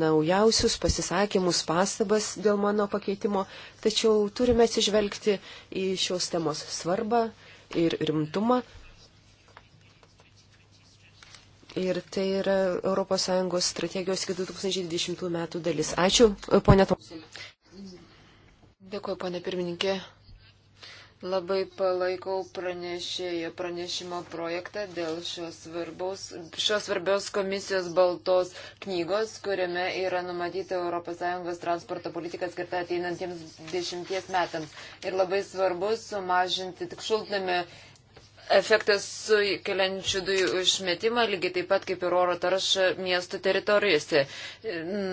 naujausius pasisakymus, pastabas dėl mano pakeitimo, tačiau turime atsižvelgti į šios temos svarbą ir rimtumą. Ir tai yra ES strategijos iki 2020 metų dalis. Ačiū, ponė Tomsin. Dėkuoju, ponė pirmininkė. Labai palaikau pranešėjo pranešimo projektą dėl šios, svarbaus, šios svarbios komisijos baltos knygos, kuriame yra numatyta ES transporto politika skirta ateinantiems dešimties metams. Ir labai svarbu sumažinti tik šultame efektas sukeliančių dujų išmetimą, lygiai taip pat kaip ir oro tarša miestų teritorijose.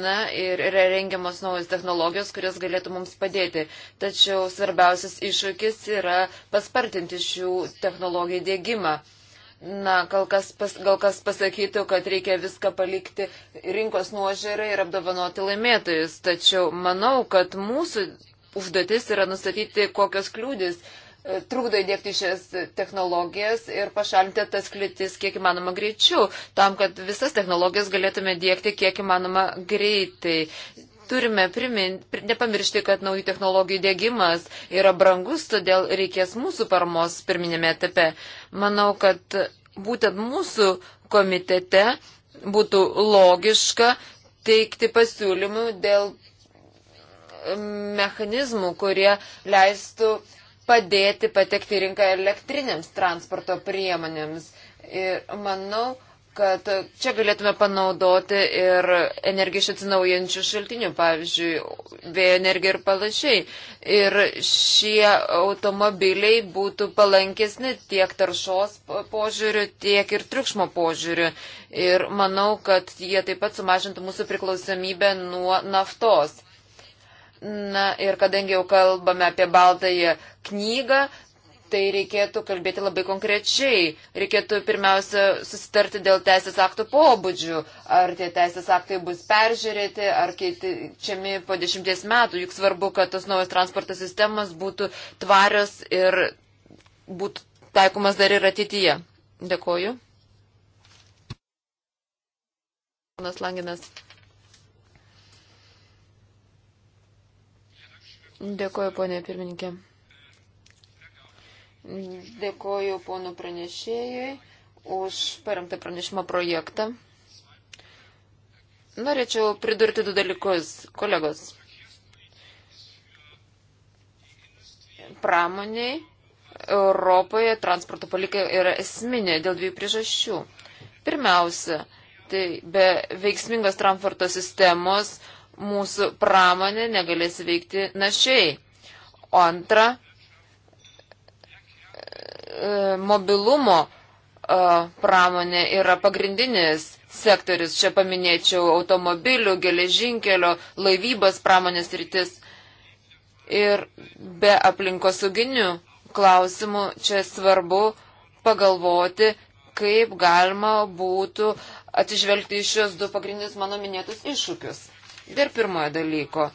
Na ir yra rengiamos naujas technologijos, kurios galėtų mums padėti. Tačiau svarbiausias iššūkis yra paspartinti šių technologijų dėgymą. Na, gal kas, pas, gal kas pasakytų, kad reikia viską palikti rinkos nuožiūrai ir apdovanoti laimėtojus. Tačiau manau, kad mūsų užduotis yra nustatyti, kokios kliūdis E, trukdo įdėkti šias technologijas ir pašalinti tas kliūtis kiek įmanoma greičiau, tam, kad visas technologijas galėtume dėkti kiek įmanoma greitai. Turime primint, nepamiršti, kad naujų technologijų dėgymas yra brangus, todėl reikės mūsų paramos pirminėme etape. Manau, kad būtent mūsų komitete būtų logiška teikti pasiūlymų dėl mechanizmų, kurie leistų padėti patekti rinką elektrinėms transporto priemonėms. Ir manau, kad čia galėtume panaudoti ir energiją iš atsinaujančių šaltinių, pavyzdžiui, vėjo energiją ir panašiai. Ir šie automobiliai būtų palankesni tiek taršos požiūriu, tiek ir triukšmo požiūriu. Ir manau, kad jie taip pat sumažintų mūsų priklausomybę nuo naftos. Na ir kadangi jau kalbame apie baltąją knygą, tai reikėtų kalbėti labai konkrečiai. Reikėtų pirmiausia susitarti dėl teisės aktų pobūdžių. Ar tie teisės aktai bus peržiūrėti, ar keičiami po dešimties metų. Juk svarbu, kad tos naujos transporto sistemas būtų tvarios ir būtų taikomas dar ir ateityje. Dėkoju. Ponas Langinas. Dėkoju, ponė pirmininkė. Dėkoju ponų pranešėjai už paremtą pranešimo projektą. Norėčiau pridurti du dalykus, kolegos. Pramoniai Europoje transporto palikė yra esminė dėl dviejų priežasčių. Pirmiausia, tai be veiksmingos transporto sistemos mūsų pramonė negalės veikti našiai. O antra, e, mobilumo e, pramonė yra pagrindinis sektorius. Čia paminėčiau automobilių, geležinkelio, laivybos pramonės rytis. Ir be aplinkosauginių klausimų čia svarbu pagalvoti, kaip galima būtų atsižvelgti iš šios du pagrindinius mano minėtus iššūkius. Dėl pirmojo dalyko.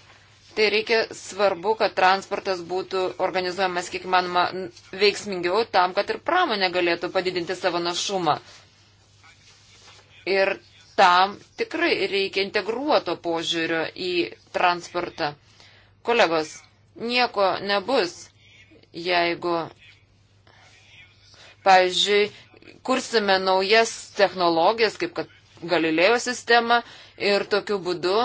Tai reikia svarbu, kad transportas būtų organizuojamas kiek manoma veiksmingiau tam, kad ir pramonė galėtų padidinti savo našumą. Ir tam tikrai reikia integruoto požiūrio į transportą. Kolegos, nieko nebus, jeigu, pavyzdžiui, kursime naujas technologijas, kaip kad Galilėjo sistema ir tokiu būdu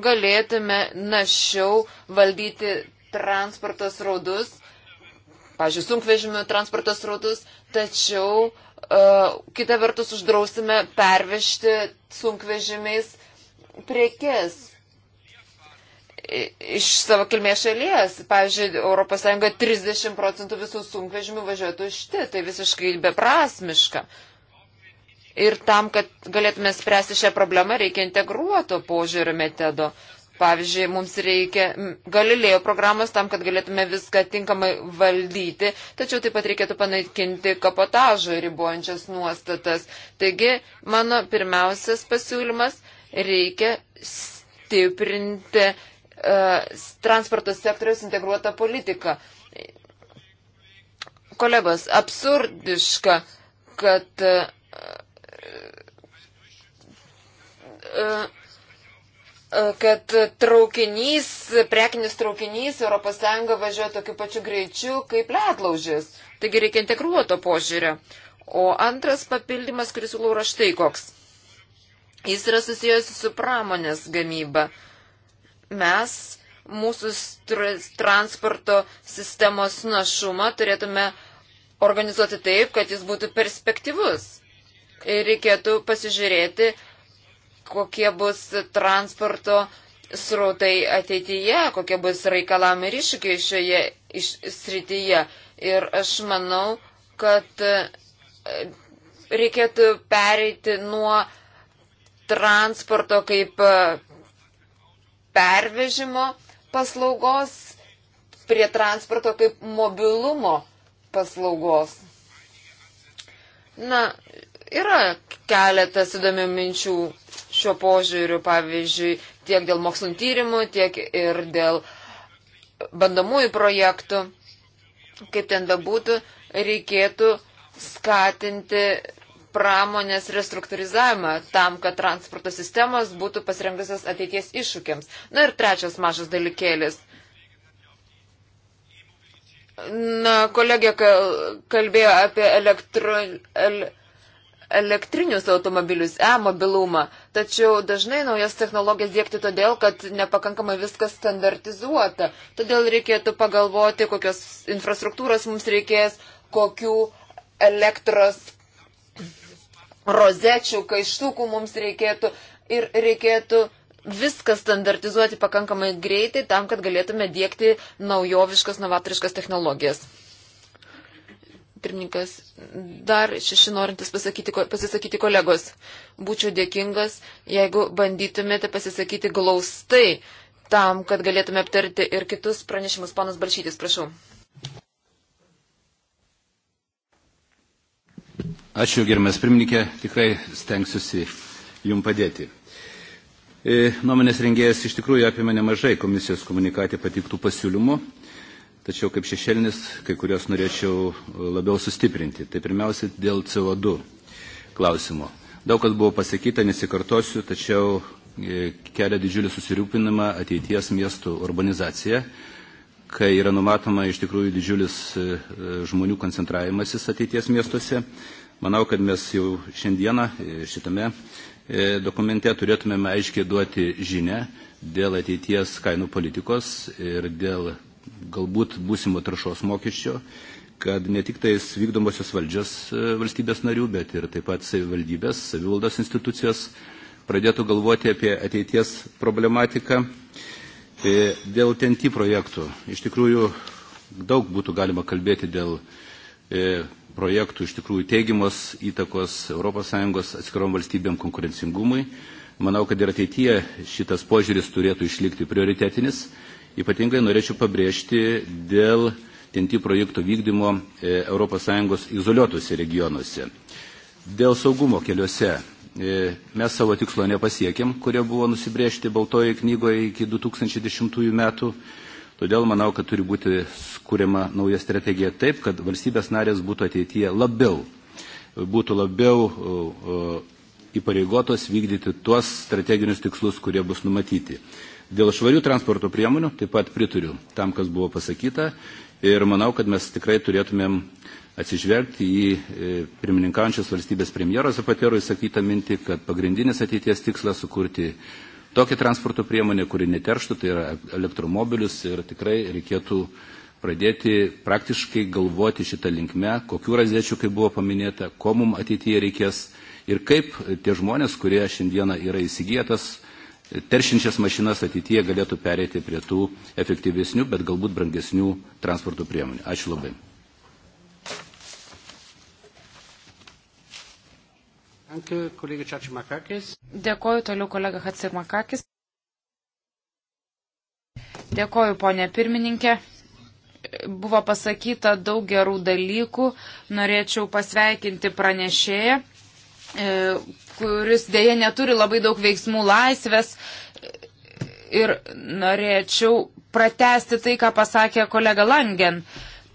galėtume našiau valdyti transportos raudus, pažiūrėjau, sunkvežimių transportos raudus, tačiau uh, kita vertus uždrausime pervežti sunkvežimiais priekės iš savo kilmės šalies. Pavyzdžiui, ES 30 procentų visų sunkvežimių važiuotų iš ti, tai visiškai beprasmiška. Uh, Ir tam, kad galėtume spręsti šią problemą, reikia integruoto požiūrio metodo. Pavyzdžiui, mums reikia Galilėjo programos tam, kad galėtume viską tinkamai valdyti, tačiau taip pat reikėtų panaikinti kapotažo ribojančias nuostatas. Taigi, mano pirmiausias pasiūlymas reikia stiprinti uh, transporto sektoriaus integruotą politiką. Kolegos, absurdiška, kad uh, kad traukinys, prekinis traukinys ES važiuoja tokiu pačiu greičiu kaip ledlaužis. Taigi reikia integruoto požiūrio. O antras papildymas, kuris siūlau, yra štai koks. Jis yra susijęs su pramonės gamyba. Mes mūsų transporto sistemos našumą turėtume organizuoti taip, kad jis būtų perspektyvus reikėtų pasižiūrėti, kokie bus transporto srautai ateityje, kokie bus reikalami ir iššūkiai šioje iš srityje. Ir aš manau, kad e, reikėtų pereiti nuo transporto kaip e, pervežimo paslaugos prie transporto kaip mobilumo paslaugos. Na, Yra keletas įdomių minčių šiuo požiūriu, pavyzdžiui, tiek dėl mokslinų tyrimų, tiek ir dėl bandomųjų projektų. Kaip ten bebūtų, reikėtų skatinti pramonės restruktūrizavimą tam, kad transporto sistemos būtų pasirengusios ateities iššūkiams. Na ir trečias mažas dalykėlis. Na, kolegė kalbėjo apie elektro, el, elektrinius automobilius, e-mobilumą. Tačiau dažnai naujas technologijas dėkti todėl, kad nepakankamai viskas standartizuota. Todėl reikėtų pagalvoti, kokios infrastruktūros mums reikės, kokių elektros rozečių, kaištukų mums reikėtų ir reikėtų viską standartizuoti pakankamai greitai tam, kad galėtume dėkti naujoviškas, novatoriškas technologijas. Pirmininkas, dar šeši norintis pasisakyti kolegos. Būčiau dėkingas, jeigu bandytumėte pasisakyti glaustai tam, kad galėtume aptarti ir kitus pranešimus. Panas Balšytis, prašau. Ačiū, gerbiamas pirmininkė, tikrai stengsiuosi jum padėti. E, nuomonės rengėjas iš tikrųjų apima nemažai komisijos komunikatė patiktų pasiūlymų tačiau kaip šešėlinis kai kurios norėčiau e, labiau sustiprinti. Tai pirmiausia dėl CO2 klausimo. Daug kas buvo pasakyta, nesikartosiu, tačiau e, kelia didžiulį susirūpinimą ateities miestų urbanizacija, kai yra numatoma iš tikrųjų didžiulis e, žmonių koncentravimasis ateities miestuose. Manau, kad mes jau šiandieną šitame dokumente turėtumėme aiškiai duoti žinę dėl ateities kainų politikos ir dėl galbūt būsimo taršos mokesčio, kad ne tik tais vykdomosios valdžios e, valstybės narių, bet ir taip pat savivaldybės, savivaldos institucijos pradėtų galvoti apie ateities problematiką. E, dėl TNT projektų. Iš tikrųjų, daug būtų galima kalbėti dėl e, projektų iš tikrųjų teigiamos įtakos ES atskirom valstybėm konkurencingumui. Manau, kad ir ateityje šitas požiūris turėtų išlikti prioritetinis Ypatingai norėčiau pabrėžti dėl TNT projektų vykdymo ES izoliuotose regionuose. Dėl saugumo keliuose e, mes savo tikslo nepasiekėm, kurie buvo nusibriežti Baltojoje knygoje iki 2010 metų. Todėl manau, kad turi būti skūriama nauja strategija taip, kad valstybės narės būtų ateityje labiau, būtų labiau įpareigotos vykdyti tuos strateginius tikslus, kurie bus numatyti. Dėl švarių transporto priemonių taip pat prituriu tam, kas buvo pasakyta ir manau, kad mes tikrai turėtumėm atsižvelgti į e, pirmininkaujančios valstybės premjero Zapatero įsakytą mintį, kad pagrindinis ateities tikslas sukurti tokią transporto priemonę, kuri neterštų, tai yra elektromobilius ir tikrai reikėtų pradėti praktiškai galvoti šitą linkmę, kokių razėčių, kaip buvo paminėta, ko mums ateityje reikės ir kaip tie žmonės, kurie šiandieną yra įsigyję tas teršinčias mašinas ateityje galėtų perėti prie tų efektyvesnių, bet galbūt brangesnių transporto priemonių. Ačiū labai. Dėkoju toliau kolega Hatsimakakis. Dėkoju, ponė pirmininkė. Buvo pasakyta daug gerų dalykų. Norėčiau pasveikinti pranešėją. E, kuris dėje neturi labai daug veiksmų laisvės. Ir norėčiau pratesti tai, ką pasakė kolega Langen.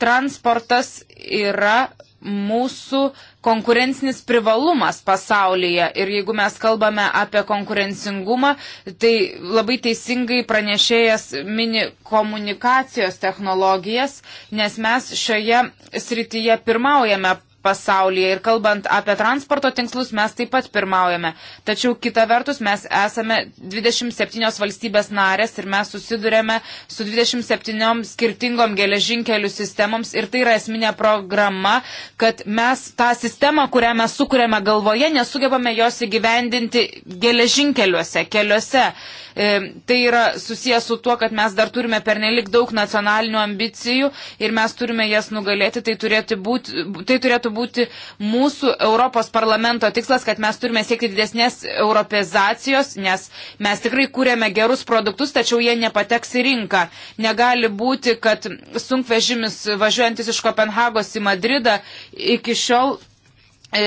Transportas yra mūsų konkurencinis privalumas pasaulyje. Ir jeigu mes kalbame apie konkurencingumą, tai labai teisingai pranešėjas mini komunikacijos technologijas, nes mes šioje srityje pirmaujame pasaulyje ir kalbant apie transporto tinklus mes taip pat pirmaujame. Tačiau kita vertus mes esame 27 valstybės narės ir mes susidurėme su 27 skirtingom geležinkelių sistemoms ir tai yra esminė programa, kad mes tą sistemą, kurią mes sukūrėme galvoje, nesugebame jos įgyvendinti geležinkeliuose, keliuose. keliuose. E, tai yra susijęs su tuo, kad mes dar turime pernelik daug nacionalinių ambicijų ir mes turime jas nugalėti. Tai turėtų būti, tai turėtų būti mūsų Europos parlamento tikslas, kad mes turime siekti didesnės europezacijos, nes mes tikrai kūrėme gerus produktus, tačiau jie nepateks į rinką. Negali būti, kad sunkvežimis važiuojantis iš Kopenhagos į Madridą iki šiol. E,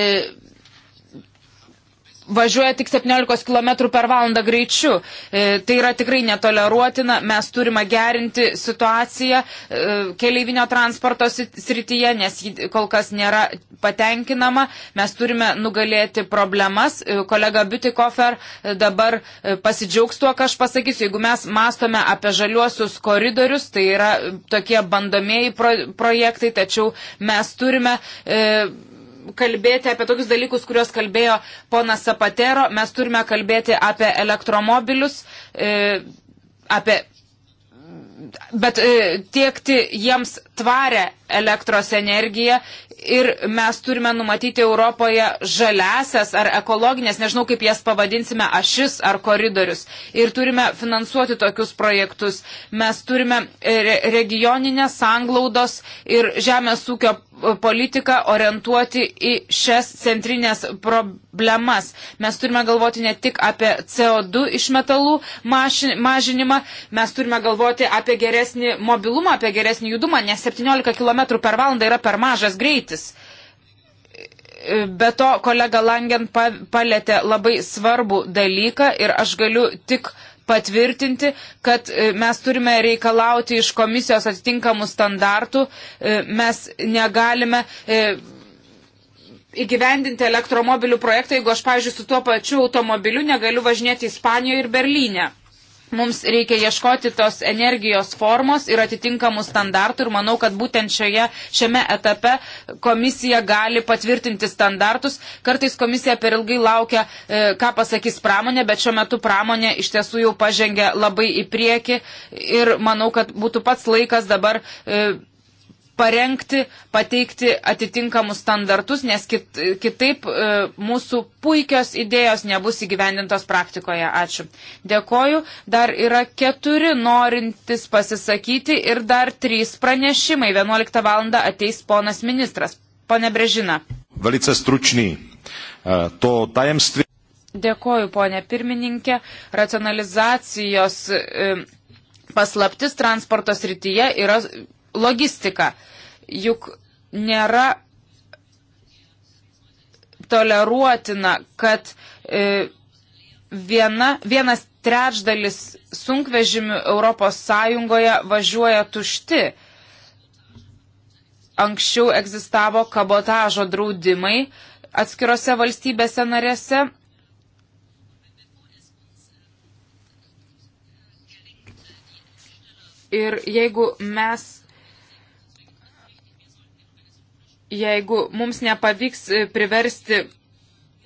važiuoja tik 17 km per valandą greičiu. E, tai yra tikrai netoleruotina, mes turime gerinti situaciją e, keleivinio transporto srityje, nes kol kas nėra patenkinama, mes turime nugalėti problemas. E, kolega Butikofer dabar pasidžiaugs tuo, ką aš pasakysiu. Jeigu mes mastome apie žaliuosius koridorius, tai yra tokie bandomieji pro projektai, tačiau mes turime e, kalbėti apie tokius dalykus, kuriuos kalbėjo ponas Sapatero. Mes turime kalbėti apie elektromobilius, e, apie bet e, tiekti jiems tvarę elektros energiją ir mes turime numatyti Europoje žaliasias ar ekologinės, nežinau kaip jas pavadinsime, ašis ar koridorius. Ir turime finansuoti tokius projektus. Mes turime regioninės sanglaudos ir žemės ūkio politiką orientuoti į šias centrinės problemas. Mes turime galvoti ne tik apie CO2 išmetalų mažinimą, mes turime galvoti apie geresnį mobilumą, apie geresnį judumą, nes 17 km per valandą yra per mažas greitis. Be to, kolega Langen palėtė labai svarbų dalyką ir aš galiu tik uh, patvirtinti, kad e, mes turime reikalauti iš komisijos atitinkamų standartų. E, mes negalime e, įgyvendinti elektromobilių projektą, jeigu aš, pavyzdžiui, su tuo pačiu automobiliu negaliu važinėti Ispanijoje ir Berlyne mums reikia ieškoti tos energijos formos ir atitinkamų standartų ir manau, kad būtent šioje, šiame etape komisija gali patvirtinti standartus. Kartais komisija per ilgai laukia, e, ką pasakys pramonė, bet šiuo metu pramonė iš tiesų jau pažengia labai į priekį ir manau, kad būtų pats laikas dabar e, parengti, pateikti atitinkamus standartus, nes kit, kitaip e, mūsų puikios idėjos nebus įgyvendintos praktikoje. Ačiū. Dėkoju. Dar yra keturi norintys pasisakyti ir dar trys pranešimai. 11 val. ateis ponas ministras. Pone Brežina. Velice stručný. E, to tajemství. Dėkoju, ponė pirmininkė. Racionalizacijos. E, paslaptis transporto srityje yra logistika juk nėra toleruotina, kad e, viena, vienas trečdalis sunkvežimių Europos Sąjungoje važiuoja tušti. Anksčiau egzistavo kabotažo draudimai atskirose valstybėse narėse. Ir jeigu mes jeigu mums nepavyks e, priversti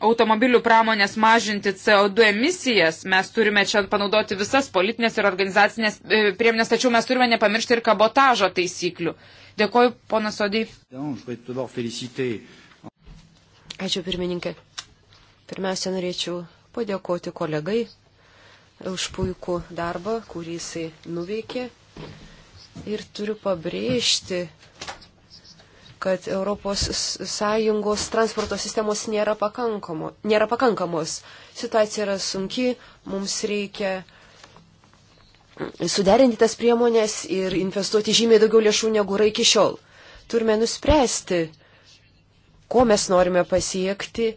automobilių pramonės mažinti CO2 emisijas, mes turime čia panaudoti visas politinės ir organizacinės e, priemonės, tačiau mes turime nepamiršti ir kabotažo taisyklių. Dėkoju, ponas Odai. Ačiū, pirmininkė. Pirmiausia, norėčiau padėkoti kolegai už puikų darbą, kurį jisai nuveikė. Ir turiu pabrėžti, kad ES transporto sistemos nėra, pakankamo, nėra pakankamos. Situacija yra sunki, mums reikia suderinti tas priemonės ir investuoti žymiai daugiau lėšų negu yra iki šiol. Turime nuspręsti, ko mes norime pasiekti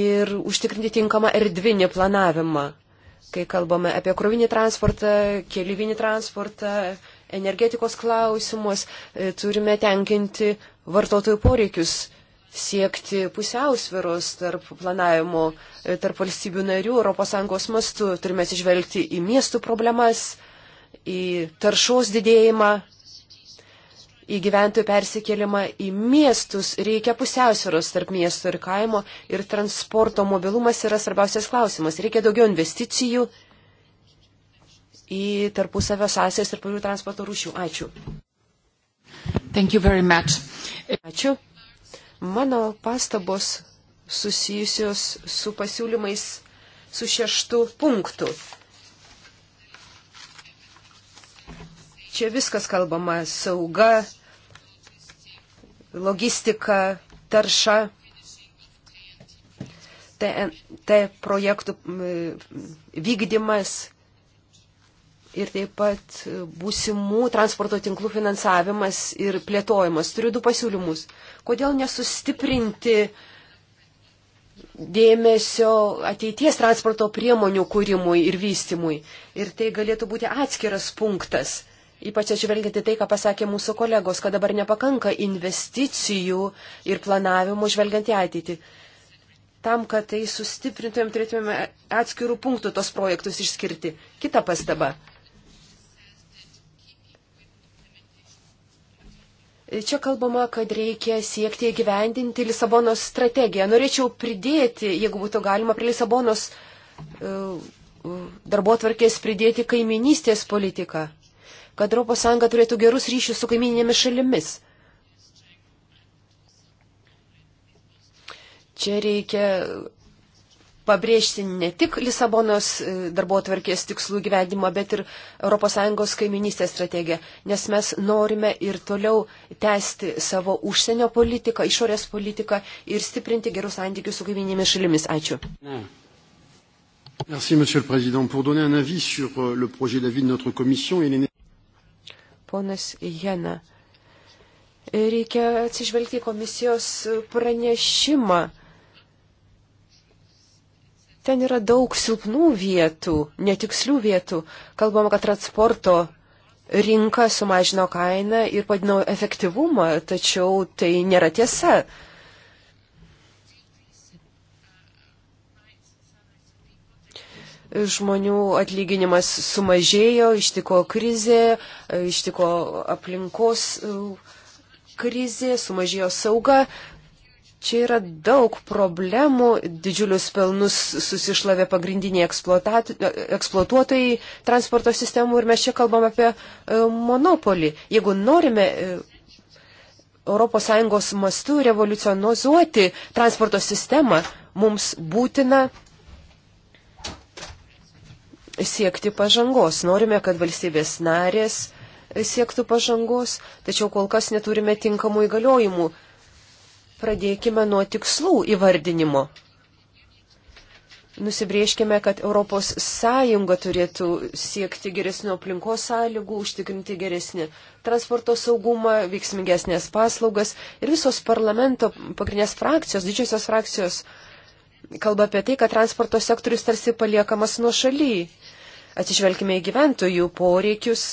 ir užtikrinti tinkamą erdvinį planavimą. Kai kalbame apie krovinį transportą, keliuvinį transportą, energetikos klausimus, e, turime tenkinti vartotojų poreikius, siekti pusiausviros tarp planavimo, e, tarp valstybių narių, ES mastu, turime atsižvelgti į miestų problemas, į taršos didėjimą, į gyventojų persikėlimą į miestus reikia pusiausvėros tarp miesto ir kaimo ir transporto mobilumas yra svarbiausias klausimas. Reikia daugiau investicijų, į tarpusavio sąsės ir pajūrių transporto rūšių. Ačiū. Ačiū. Mano pastabos susijusios su pasiūlymais su šeštu punktu. Čia viskas kalbama - sauga, logistika, tarša. TNT projektų vykdymas, ir taip pat būsimų transporto tinklų finansavimas ir plėtojimas. Turiu du pasiūlymus. Kodėl nesustiprinti dėmesio ateities transporto priemonių kūrimui ir vystimui? Ir tai galėtų būti atskiras punktas. Ypač atsižvelgiant į tai, ką pasakė mūsų kolegos, kad dabar nepakanka investicijų ir planavimų žvelgiant į ateitį tam, kad tai sustiprintumėm, turėtumėm atskirų punktų tos projektus išskirti. Kita pastaba. Čia kalbama, kad reikia siekti įgyvendinti Lisabonos strategiją. Norėčiau pridėti, jeigu būtų galima, prie Lisabonos e, darbo tvarkės pridėti kaiminystės politiką, kad ES turėtų gerus ryšius su kaimininėmis šalimis. Čia reikia pabrėžti ne tik Lisabonos e, darbo atverkės tikslų gyvenimą, bet ir ES kaiminystės strategiją, nes mes norime ir toliau tęsti savo užsienio politiką, išorės politiką ir stiprinti gerus santykius su kaiminėmis šalimis. Ačiū. Merci, Monsieur le Président. Pour donner un avis sur euh, le projet d'avis de notre commission, il est Ponas Jena. Reikia atsižvelgti komisijos pranešimą. Ten yra daug silpnų vietų, netikslių vietų. Kalbama, kad transporto rinka sumažino kainą ir padino efektyvumą, tačiau tai nėra tiesa. Žmonių atlyginimas sumažėjo, ištiko krizė, ištiko aplinkos e, krizė, sumažėjo sauga, Čia yra daug problemų, didžiulius pelnus susišlavė pagrindiniai eksploatuotojai transporto sistemų ir mes čia kalbam apie e, monopolį. Jeigu norime ES mastų revoliucionizuoti transporto sistemą, mums būtina siekti pažangos. Norime, kad valstybės narės siektų pažangos, tačiau kol kas neturime tinkamų įgaliojimų Pradėkime nuo tikslų įvardinimo. Nusibrieškime, kad ES turėtų siekti geresnių aplinkos sąlygų, užtikrinti geresnį transporto saugumą, veiksmingesnės paslaugas ir visos parlamento pagrindinės frakcijos, didžiosios frakcijos kalba apie tai, kad transporto sektorius tarsi paliekamas nuo šaly. Atsižvelgime į gyventojų poreikius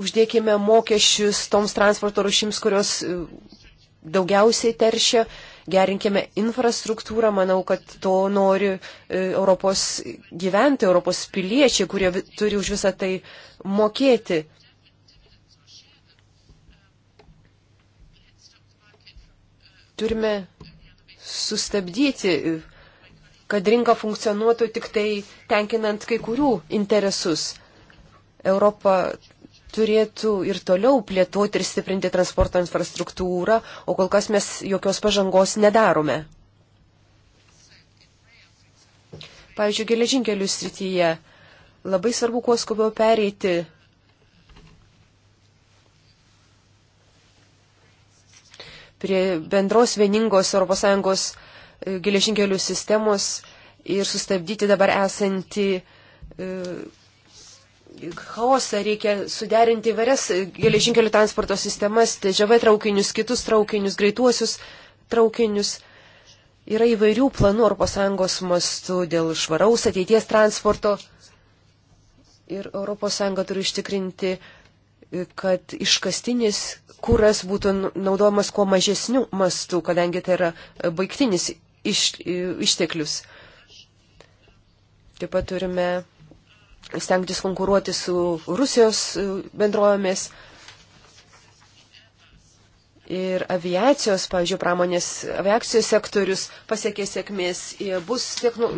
uždėkime mokesčius toms transporto rušims, kurios e, daugiausiai teršia, gerinkime infrastruktūrą. Manau, kad to nori e, Europos gyventi, Europos piliečiai, kurie turi už visą tai mokėti. Turime sustabdyti, kad rinka funkcionuotų tik tai tenkinant kai kurių interesus. Europa turėtų ir toliau plėtoti ir stiprinti transporto infrastruktūrą, o kol kas mes jokios pažangos nedarome. Pavyzdžiui, geležinkelių srityje labai svarbu kuo skubiau pereiti prie bendros vieningos ES geležinkelių sistemos ir sustabdyti dabar esantį e, chaosą reikia suderinti įvairias geležinkelių transporto sistemas, TŽV traukinius, kitus traukinius, greituosius traukinius. Yra įvairių planų ES mastų dėl švaraus ateities transporto. Ir ES turi ištikrinti, kad iškastinis kūras būtų naudojamas kuo mažesniu mastu, kadangi tai yra baigtinis iš, išteklius. Taip pat turime stengtis konkuruoti su Rusijos e, bendrovėmis. Ir aviacijos, pavyzdžiui, pramonės aviacijos sektorius pasiekė sėkmės, bus tiek nu,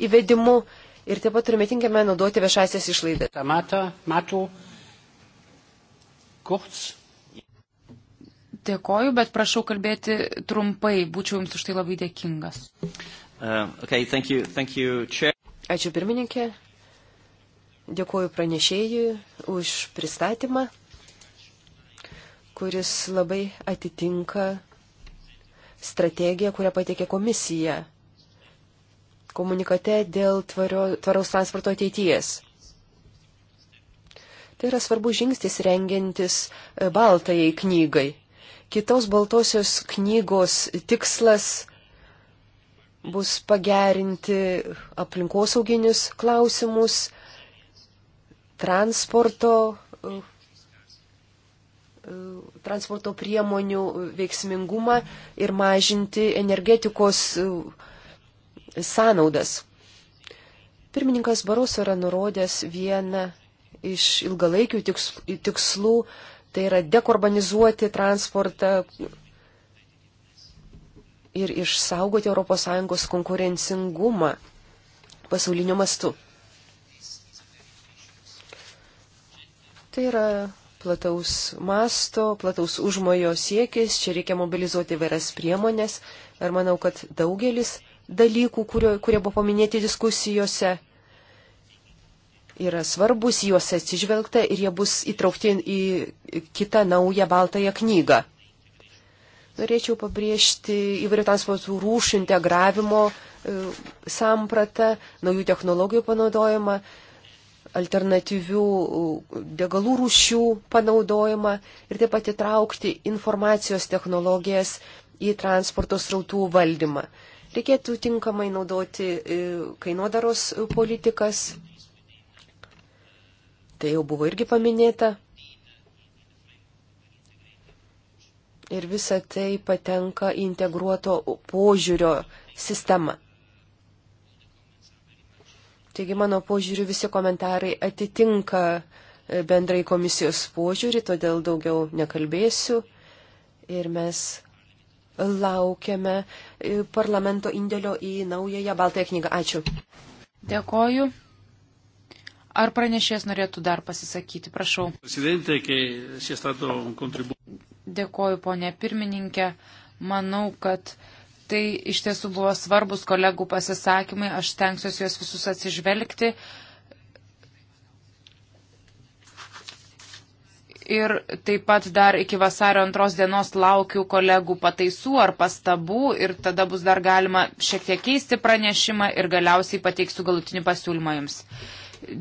įvedimu ir taip pat turime tinkamai naudoti viešasias išlaidas. Mata, matu, kurz. Dėkoju, bet prašau kalbėti trumpai, būčiau jums už tai labai dėkingas. Uh, okay, thank you, thank you, chair. Ačiū pirmininkė. Dėkuoju pranešėjui už pristatymą, kuris labai atitinka strategiją, kurią pateikė komisija komunikate dėl tvario, tvaraus transporto ateities. Tai yra svarbus žingsnis rengiantis e, baltajai knygai. Kitos baltosios knygos tikslas bus pagerinti aplinkosauginius klausimus transporto, transporto priemonių veiksmingumą ir mažinti energetikos sąnaudas. Pirmininkas Baruso yra nurodęs vieną iš ilgalaikių tikslų, tai yra dekarbonizuoti transportą ir išsaugoti ES konkurencingumą pasauliniu mastu. Tai yra plataus masto, plataus užmojo siekis, čia reikia mobilizuoti vairias priemonės ir manau, kad daugelis dalykų, kurio, kurie buvo paminėti diskusijose, yra svarbus, juos atsižvelgta ir jie bus įtraukti į kitą naują baltąją knygą. Norėčiau pabrėžti įvairių transportų rūšių integravimo e, sampratą, naujų technologijų panaudojimą. E, alternatyvių uh, degalų rūšių panaudojimą ir taip pat įtraukti informacijos technologijas į transporto srautų valdymą. Reikėtų tinkamai naudoti uh, kainodaros politikas. Tai jau buvo irgi paminėta. Ir visa tai patenka integruoto požiūrio sistema. Taigi mano požiūriu visi komentarai atitinka e, bendrai komisijos požiūrį, todėl daugiau nekalbėsiu. Ir mes laukiame e, parlamento indėlio į naująją Baltąją knygą. Ačiū. Dėkoju. Ar pranešės norėtų dar pasisakyti? Prašau. Dėkoju, ponė pirmininkė. Manau, kad Tai iš tiesų buvo svarbus kolegų pasisakymai, aš tenksiuosi juos visus atsižvelgti. Ir taip pat dar iki vasario antros dienos laukiu kolegų pataisų ar pastabų ir tada bus dar galima šiek tiek keisti pranešimą ir galiausiai pateiksiu galutinį pasiūlymą jums.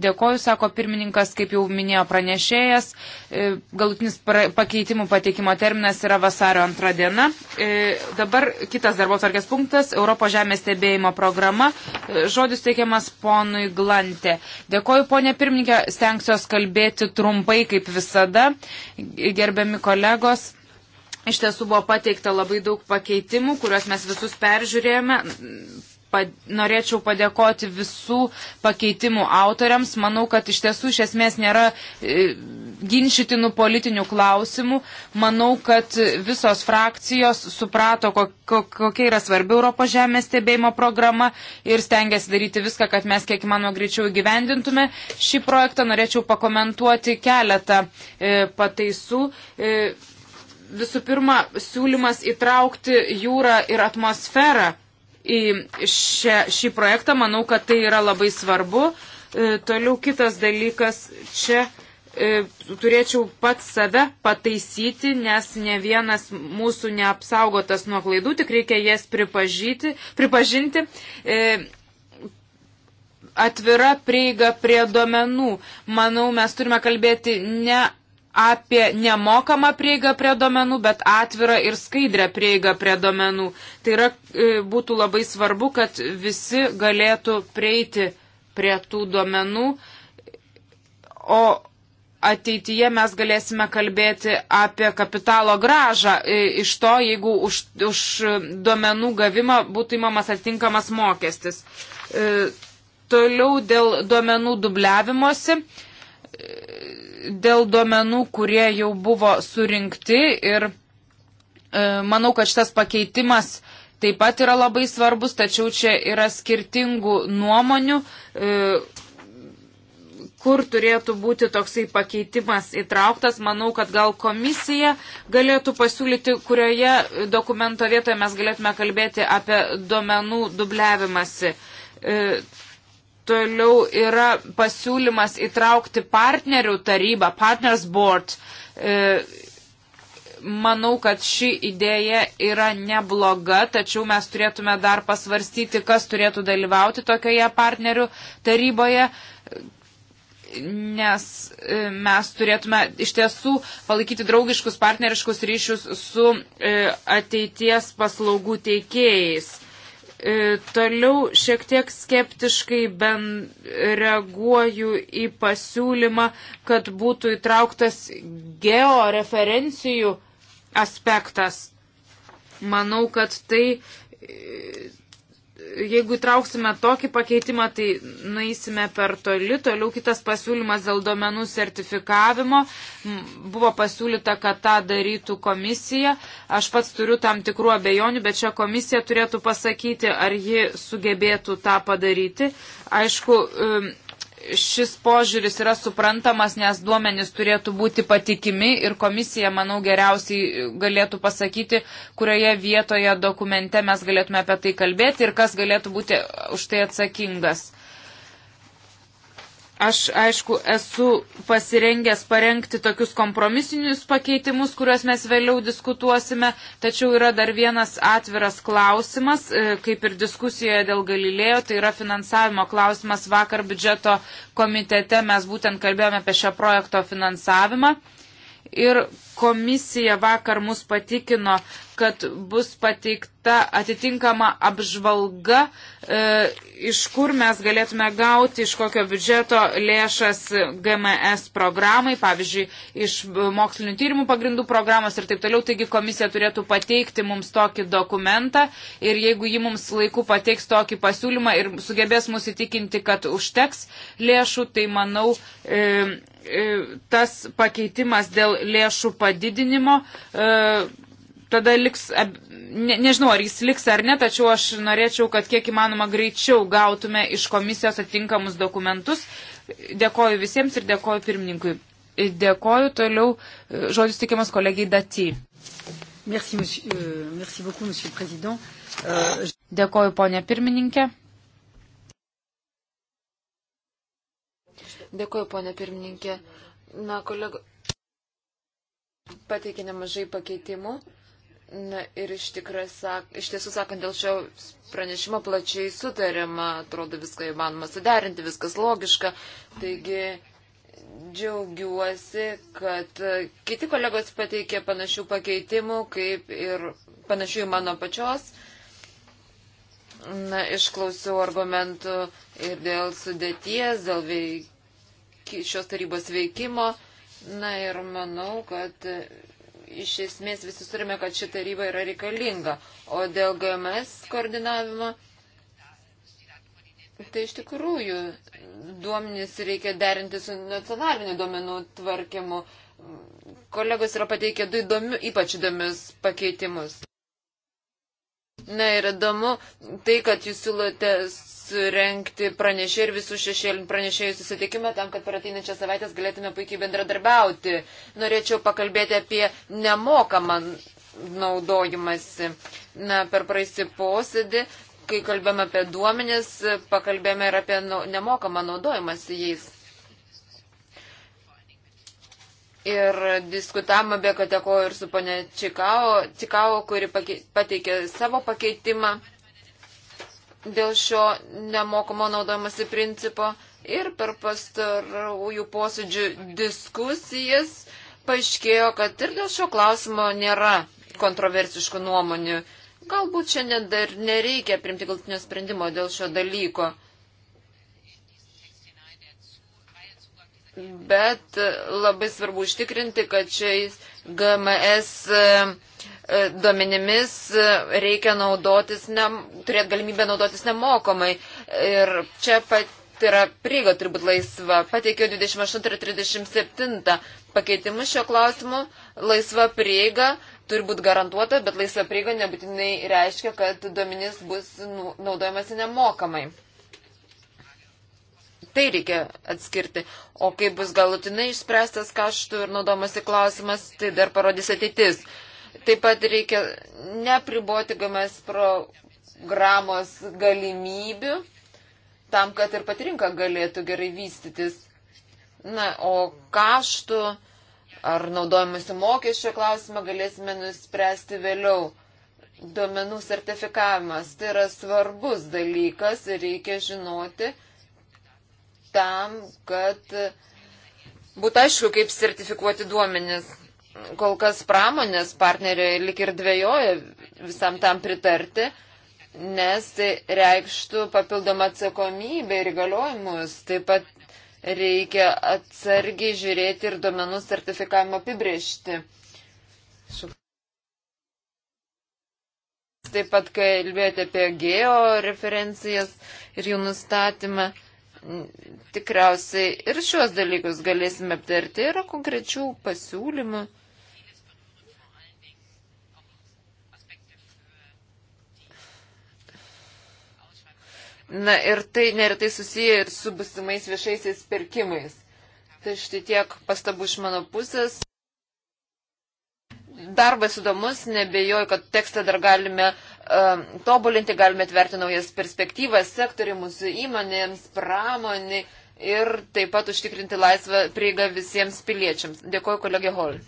Dėkoju, sako pirmininkas, kaip jau minėjo pranešėjas, e, galutinis pakeitimų pateikimo terminas yra vasario antra diena. E, dabar kitas darbo tvarkės punktas - Europos žemės stebėjimo programa. E, žodis teikiamas ponui Glantė. Dėkoju, ponė pirmininkė, stengsiuos kalbėti trumpai, kaip visada. Gerbiami kolegos. Iš tiesų buvo pateikta labai daug pakeitimų, kuriuos mes visus peržiūrėjome pad norėčiau padėkoti visų pakeitimų autoriams. Manau, kad iš tiesų iš esmės nėra e, ginčytinų politinių klausimų. Manau, kad visos frakcijos suprato, kok, kok, kokia yra svarbi Europos žemės stebėjimo programa ir stengiasi daryti viską, kad mes kiek įmanoma greičiau įgyvendintume šį projektą. Norėčiau pakomentuoti keletą e, pataisų. E, visų pirma, siūlymas įtraukti jūrą ir atmosferą į šią, šį projektą. Manau, kad tai yra labai svarbu. E, toliau kitas dalykas čia e, turėčiau pats save pataisyti, nes ne vienas mūsų neapsaugotas nuo klaidų, tik reikia jas pripažinti. E, atvira prieiga prie duomenų. Manau, mes turime kalbėti ne apie nemokamą prieigą prie domenų, bet atvirą ir skaidrę prieigą prie domenų. Tai yra, e, būtų labai svarbu, kad visi galėtų prieiti prie tų domenų, o ateityje mes galėsime kalbėti apie kapitalo gražą e, iš to, jeigu už, už duomenų gavimą būtų įmamas atitinkamas mokestis. E, toliau dėl duomenų dubliavimosi dėl duomenų, kurie jau buvo surinkti ir e, manau, kad šitas pakeitimas taip pat yra labai svarbus, tačiau čia yra skirtingų nuomonių, e, kur turėtų būti toksai pakeitimas įtrauktas. Manau, kad gal komisija galėtų pasiūlyti, kurioje dokumento vietoje mes galėtume kalbėti apie duomenų dubliavimąsi. E, Toliau yra pasiūlymas įtraukti partnerių tarybą, partners board. E, manau, kad ši idėja yra nebloga, tačiau mes turėtume dar pasvarstyti, kas turėtų dalyvauti tokioje partnerių taryboje nes e, mes turėtume iš tiesų palaikyti draugiškus partneriškus ryšius su e, ateities paslaugų teikėjais. E, toliau šiek tiek skeptiškai ben reaguoju į pasiūlymą, kad būtų įtrauktas georeferencijų aspektas. Manau, kad tai jeigu įtrauksime tokį pakeitimą, tai naisime per toli. Toliau kitas pasiūlymas dėl domenų sertifikavimo. Buvo pasiūlyta, kad tą darytų komisija. Aš pats turiu tam tikrų abejonių, bet čia komisija turėtų pasakyti, ar ji sugebėtų tą padaryti. Aišku, šis požiūris yra suprantamas, nes duomenys turėtų būti patikimi ir komisija, manau, geriausiai galėtų pasakyti, kurioje vietoje dokumente mes galėtume apie tai kalbėti ir kas galėtų būti už tai atsakingas. Aš, aišku, esu pasirengęs parengti tokius kompromisinius pakeitimus, kuriuos mes vėliau diskutuosime, tačiau yra dar vienas atviras klausimas, e, kaip ir diskusijoje dėl Galilėjo, tai yra finansavimo klausimas. Vakar biudžeto komitete mes būtent kalbėjome apie šio projekto finansavimą ir komisija vakar mus patikino, kad bus pateikta atitinkama apžvalga, e, iš kur mes galėtume gauti, iš kokio biudžeto lėšas GMS programai, pavyzdžiui, iš mokslinių tyrimų pagrindų programos ir taip toliau. Taigi komisija turėtų pateikti mums tokį dokumentą ir jeigu ji mums laiku pateiks tokį pasiūlymą ir sugebės mus įtikinti, kad užteks lėšų, tai manau, e, E, tas pakeitimas dėl lėšų padidinimo, e, tada liks, e, ne, nežinau ar jis liks ar ne, tačiau aš norėčiau, kad kiek įmanoma greičiau gautume iš komisijos atitinkamus dokumentus. Dėkoju visiems ir dėkoju pirmininkui. Dėkoju toliau, žodis tikiamas kolegijai Dati. Merci, monsieur, euh, merci beaucoup, monsieur euh, Dėkoju, ponė pirmininkė. Dėkuoju, ponė pirmininkė. Na, kolego, pateikė nemažai pakeitimų. Na ir iš, tikras, iš tiesų sakant, dėl šio pranešimo plačiai sutarima, atrodo viską įmanoma suderinti, viskas logiška. Taigi džiaugiuosi, kad kiti kolegos pateikė panašių pakeitimų, kaip ir panašių į mano pačios. Na, išklausiau argumentų ir dėl sudėties, dėl veikimo šios tarybos veikimo. Na ir manau, kad e, iš esmės visi turime, kad ši taryba yra reikalinga. O dėl GMS koordinavimo, tai iš tikrųjų duomenys reikia derinti su nacionaliniu duomenų tvarkymu. Kolegos yra pateikę du įdomių, ypač įdomius pakeitimus. Na ir įdomu tai, kad jūs siūlote surenkti pranešėjų ir visų šešėlinių pranešėjų susitikimą tam, kad per ateinančią savaitę galėtume puikiai bendradarbiauti. Norėčiau pakalbėti apie nemokamą naudojimąsi. Na, per praeisį posėdį, kai kalbėjome apie duomenis, pakalbėjome ir apie nemokamą naudojimąsi jais. Ir diskutavome be kateko ir su ponė Čikao, Čikao kuri pakei, pateikė savo pakeitimą dėl šio nemokamo naudojimasi principo. Ir per pastarųjų posėdžių diskusijas paaiškėjo, kad ir dėl šio klausimo nėra kontroversiškų nuomonių. Galbūt šiandien dar nereikia primti galtinio sprendimo dėl šio dalyko. bet labai svarbu užtikrinti, kad šiais GMS e, e, duomenimis e, reikia naudotis, ne, turėti galimybę naudotis nemokamai. Ir čia pat yra prieiga turi būti laisva. Pateikiau 28 ir 37 pakeitimus šio klausimu. Laisva prieiga turi būti garantuota, bet laisva prieiga nebūtinai reiškia, kad duomenys bus nu, naudojamasi nemokamai. Tai reikia atskirti. O kai bus galutinai išspręstas kaštų ir naudomasi klausimas, tai dar parodys ateitis. Taip pat reikia nepriboti GMS programos galimybių tam, kad ir pati rinka galėtų gerai vystytis. Na, o kaštų ar naudojimasi mokesčio klausimą galėsime nuspręsti vėliau. Duomenų sertifikavimas tai yra svarbus dalykas ir reikia žinoti, tam, kad būtų aišku, kaip sertifikuoti duomenis. Kol kas pramonės partneriai lik ir dvėjoja visam tam pritarti, nes tai reikštų papildomą atsakomybę ir įgaliojimus. Taip pat reikia atsargiai žiūrėti ir duomenų sertifikavimo apibriežti. Taip pat kalbėjote apie geo referencijas ir jų nustatymą tikriausiai ir šios dalykus galėsime aptarti. Yra konkrečių pasiūlymų. Na ir tai neretai susiję ir su busimais viešaisiais pirkimais. Tai štai tiek pastabų iš mano pusės. Darbas įdomus, nebejoju, kad tekstą dar galime tobulinti, galime atverti naujas perspektyvas sektoriui, mūsų įmonėms, pramonį ir taip pat užtikrinti laisvą prieigą visiems piliečiams. Dėkuoju kolegė Hol.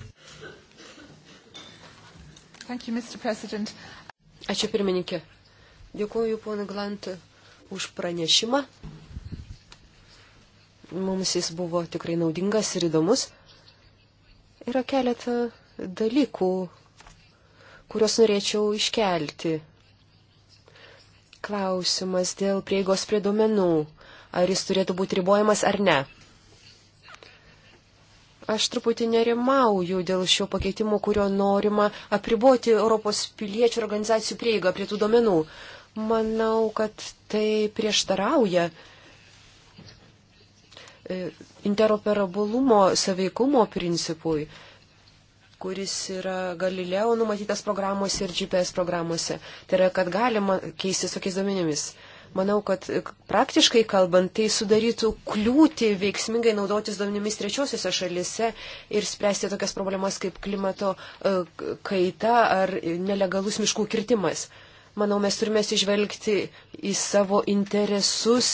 Thank you, Mr. President. Ačiū pirmininkė. Dėkuoju ponui Glant už pranešimą. Mums jis buvo tikrai naudingas ir įdomus. Yra keletą dalykų, kuriuos norėčiau iškelti. Klausimas dėl prieigos prie duomenų. Ar jis turėtų būti ribojamas ar ne? Aš truputį nerimauju dėl šio pakeitimo, kurio norima apriboti Europos piliečių organizacijų prieigą prie tų duomenų. Manau, kad tai prieštarauja e, interoperabilumo saveikumo principui kuris yra Galileo numatytas programuose ir GPS programuose. Tai yra, kad galima keisti tokiais duomenimis. Manau, kad e, praktiškai kalbant, tai sudarytų kliūtį veiksmingai naudotis duomenimis trečiosiuose šalise ir spręsti tokias problemas kaip klimato e, kaita ar nelegalus miškų kirtimas. Manau, mes turime sižvelgti į savo interesus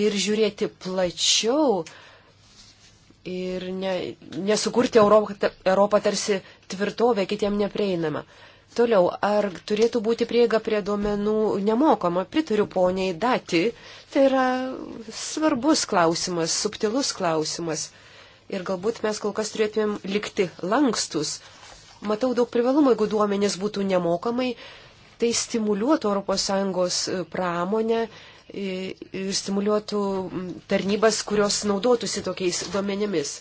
ir žiūrėti plačiau ir ne, nesukurti Europą, Europą tarsi tvirtovę kitiem neprieinamą. Toliau, ar turėtų būti prieiga prie duomenų nemokama? Pritariu poniai dati, tai yra svarbus klausimas, subtilus klausimas. Ir galbūt mes kol kas turėtumėm likti lankstus. Matau daug privalumų, jeigu duomenys būtų nemokamai, tai stimuliuotų ES pramonę ir stimuliuotų tarnybas, kurios naudotųsi tokiais duomenimis.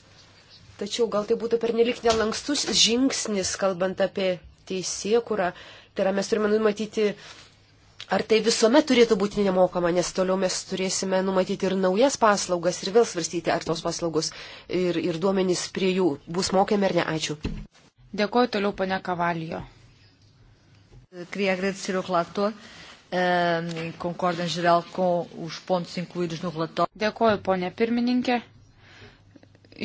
Tačiau gal tai būtų pernelik nelankstus žingsnis, kalbant apie teisėkurą. Tai yra, mes turime numatyti, ar tai visuomet turėtų būti nemokama, nes toliau mes turėsime numatyti ir naujas paslaugas ir vėl svarstyti, ar tos paslaugos ir, ir duomenys prie jų bus mokėmi ar ne. Ačiū. Dėkuoju toliau, pane Kavalijo. Krie agresijų klato. Uh, um, concordo em geral com os pontos incluídos no relatório. Dėkoju, ponė pirmininkė.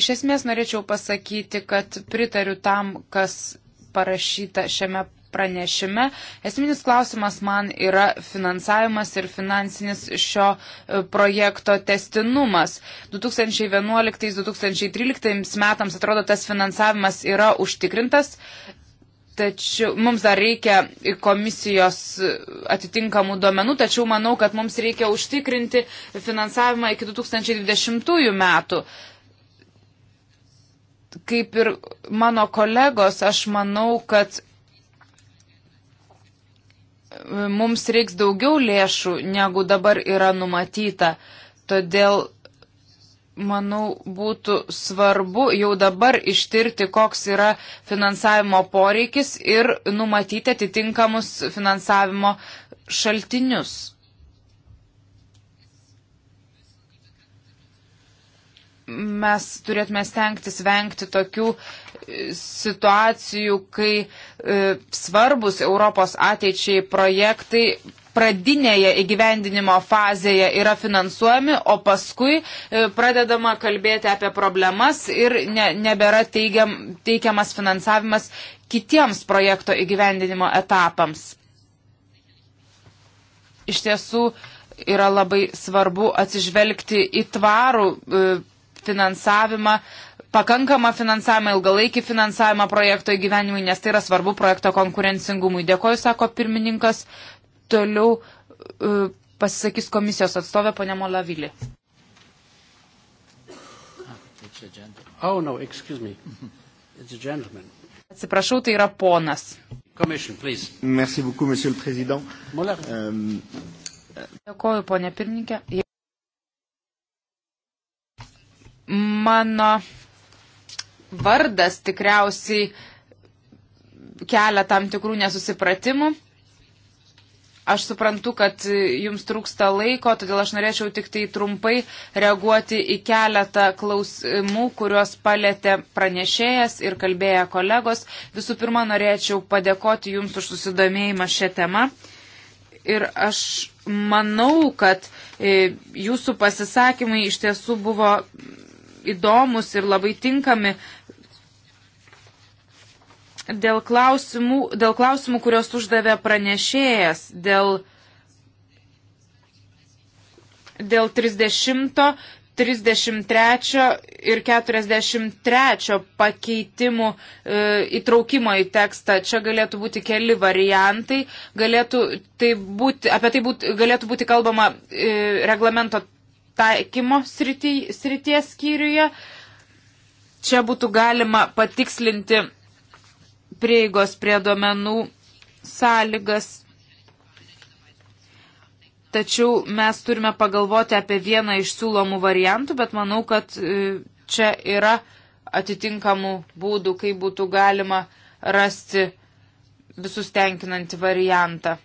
Iš esmės norėčiau pasakyti, kad pritariu tam, kas parašyta šiame pranešime. Esminis klausimas man yra finansavimas ir finansinis šio e, projekto testinumas. 2011-2013 metams atrodo tas finansavimas yra užtikrintas, Tačiau mums dar reikia komisijos atitinkamų duomenų, tačiau manau, kad mums reikia užtikrinti finansavimą iki 2020 metų. Kaip ir mano kolegos, aš manau, kad mums reiks daugiau lėšų, negu dabar yra numatyta. Todėl manau, būtų svarbu jau dabar ištirti, koks yra finansavimo poreikis ir numatyti atitinkamus finansavimo šaltinius. Mes turėtume stengtis vengti tokių e, situacijų, kai e, svarbus Europos ateičiai projektai pradinėje įgyvendinimo fazėje yra finansuojami, o paskui e, pradedama kalbėti apie problemas ir ne, nebėra teigiam, teikiamas finansavimas kitiems projekto įgyvendinimo etapams. Iš tiesų yra labai svarbu atsižvelgti į tvarų e, finansavimą, pakankamą finansavimą, ilgalaikį finansavimą projekto įgyvenimui, nes tai yra svarbu projekto konkurencingumui. Dėkoju, sako pirmininkas. Toliau e, pasisakys komisijos atstovė ponė Molavili. Oh, no, Atsiprašau, tai yra ponas. Merci beaucoup, monsieur le président. Um, Dėkoju, ponė pirmininkė. Mano vardas tikriausiai kelia tam tikrų nesusipratimų. Aš suprantu, kad jums trūksta laiko, todėl aš norėčiau tik tai trumpai reaguoti į keletą klausimų, kuriuos palėtė pranešėjas ir kalbėję kolegos. Visų pirma, norėčiau padėkoti jums už susidomėjimą šią temą. Ir aš manau, kad e, jūsų pasisakymai iš tiesų buvo įdomus ir labai tinkami Dėl klausimų, dėl klausimų kurios uždavė pranešėjas, dėl, dėl 30, 33 ir 43 pakeitimų e, įtraukimo į tekstą. Čia galėtų būti keli variantai. Galėtų tai būti, apie tai būti, galėtų būti kalbama e, reglamento taikymo srity, srities skyriuje. Čia būtų galima patikslinti prieigos prie duomenų sąlygas. Tačiau mes turime pagalvoti apie vieną iš siūlomų variantų, bet manau, kad e, čia yra atitinkamų būdų, kaip būtų galima rasti visus tenkinantį variantą.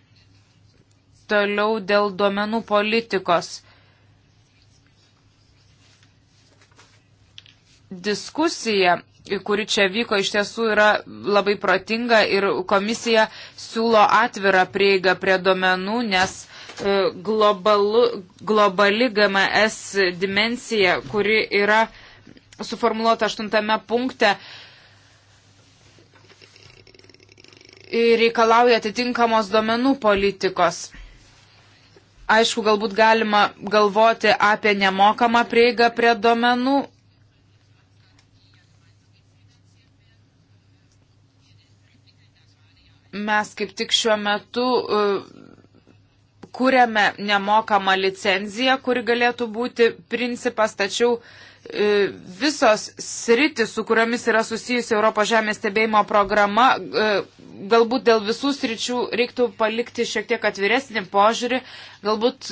Toliau dėl duomenų politikos. Diskusija kuri čia vyko, iš tiesų yra labai protinga ir komisija siūlo atvirą prieigą prie domenų, nes e, globalu, globali GMS dimensija, kuri yra suformuoluota aštuntame punkte, reikalauja atitinkamos domenų politikos. Aišku, galbūt galima galvoti apie nemokamą prieigą prie domenų, mes kaip tik šiuo metu e, kūrėme nemokamą licenciją, kuri galėtų būti principas, tačiau e, visos sritis, su kuriomis yra susijusi Europos žemės stebėjimo programa, e, galbūt dėl visų sričių reiktų palikti šiek tiek atviresnį požiūrį, galbūt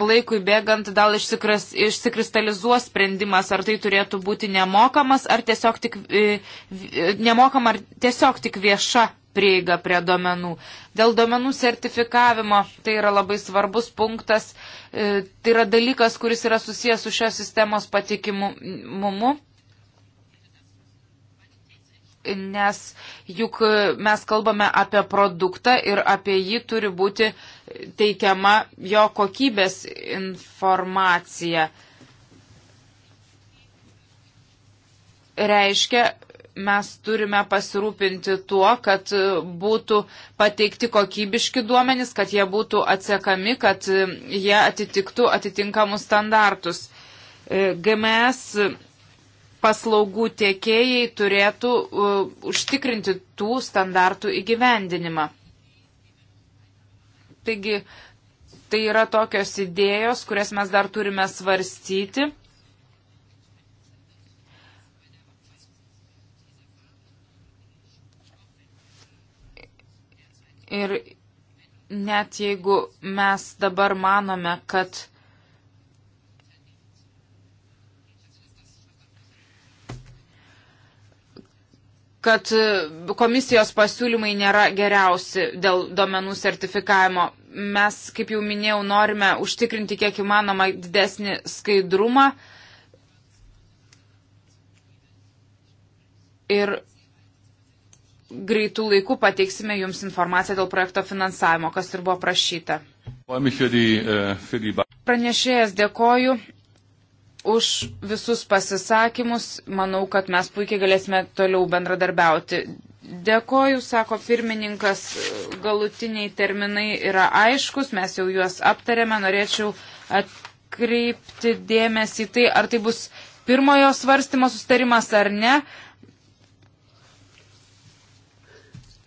laikui bėgant dal išsikras, išsikristalizuos sprendimas, ar tai turėtų būti nemokamas, ar tiesiog tik, nemokam, ar tiesiog tik vieša prieigą prie domenų. Dėl domenų sertifikavimo tai yra labai svarbus punktas, e, tai yra dalykas, kuris yra susijęs su šios sistemos patikimumu. Nes juk mes kalbame apie produktą ir apie jį turi būti teikiama jo kokybės informacija reiškia, mes turime pasirūpinti tuo, kad būtų pateikti kokybiški duomenys, kad jie būtų atsiekami, kad jie atitiktų atitinkamus standartus. E, GMS paslaugų tiekėjai turėtų e, užtikrinti tų standartų įgyvendinimą. Taigi, tai yra tokios idėjos, kurias mes dar turime svarstyti. Ir net jeigu mes dabar manome, kad kad komisijos pasiūlymai nėra geriausi dėl domenų sertifikavimo. Mes, kaip jau minėjau, norime užtikrinti kiek įmanoma didesnį skaidrumą. Ir greitų laikų pateiksime Jums informaciją dėl projekto finansavimo, kas ir buvo prašyta. Äh, Pranešėjas dėkoju už visus pasisakymus. Manau, kad mes puikiai galėsime toliau bendradarbiauti. Dėkoju, sako pirmininkas, galutiniai terminai yra aiškus, mes jau juos aptarėme. Norėčiau atkreipti dėmesį tai, ar tai bus pirmojo svarstymo sustarimas ar ne.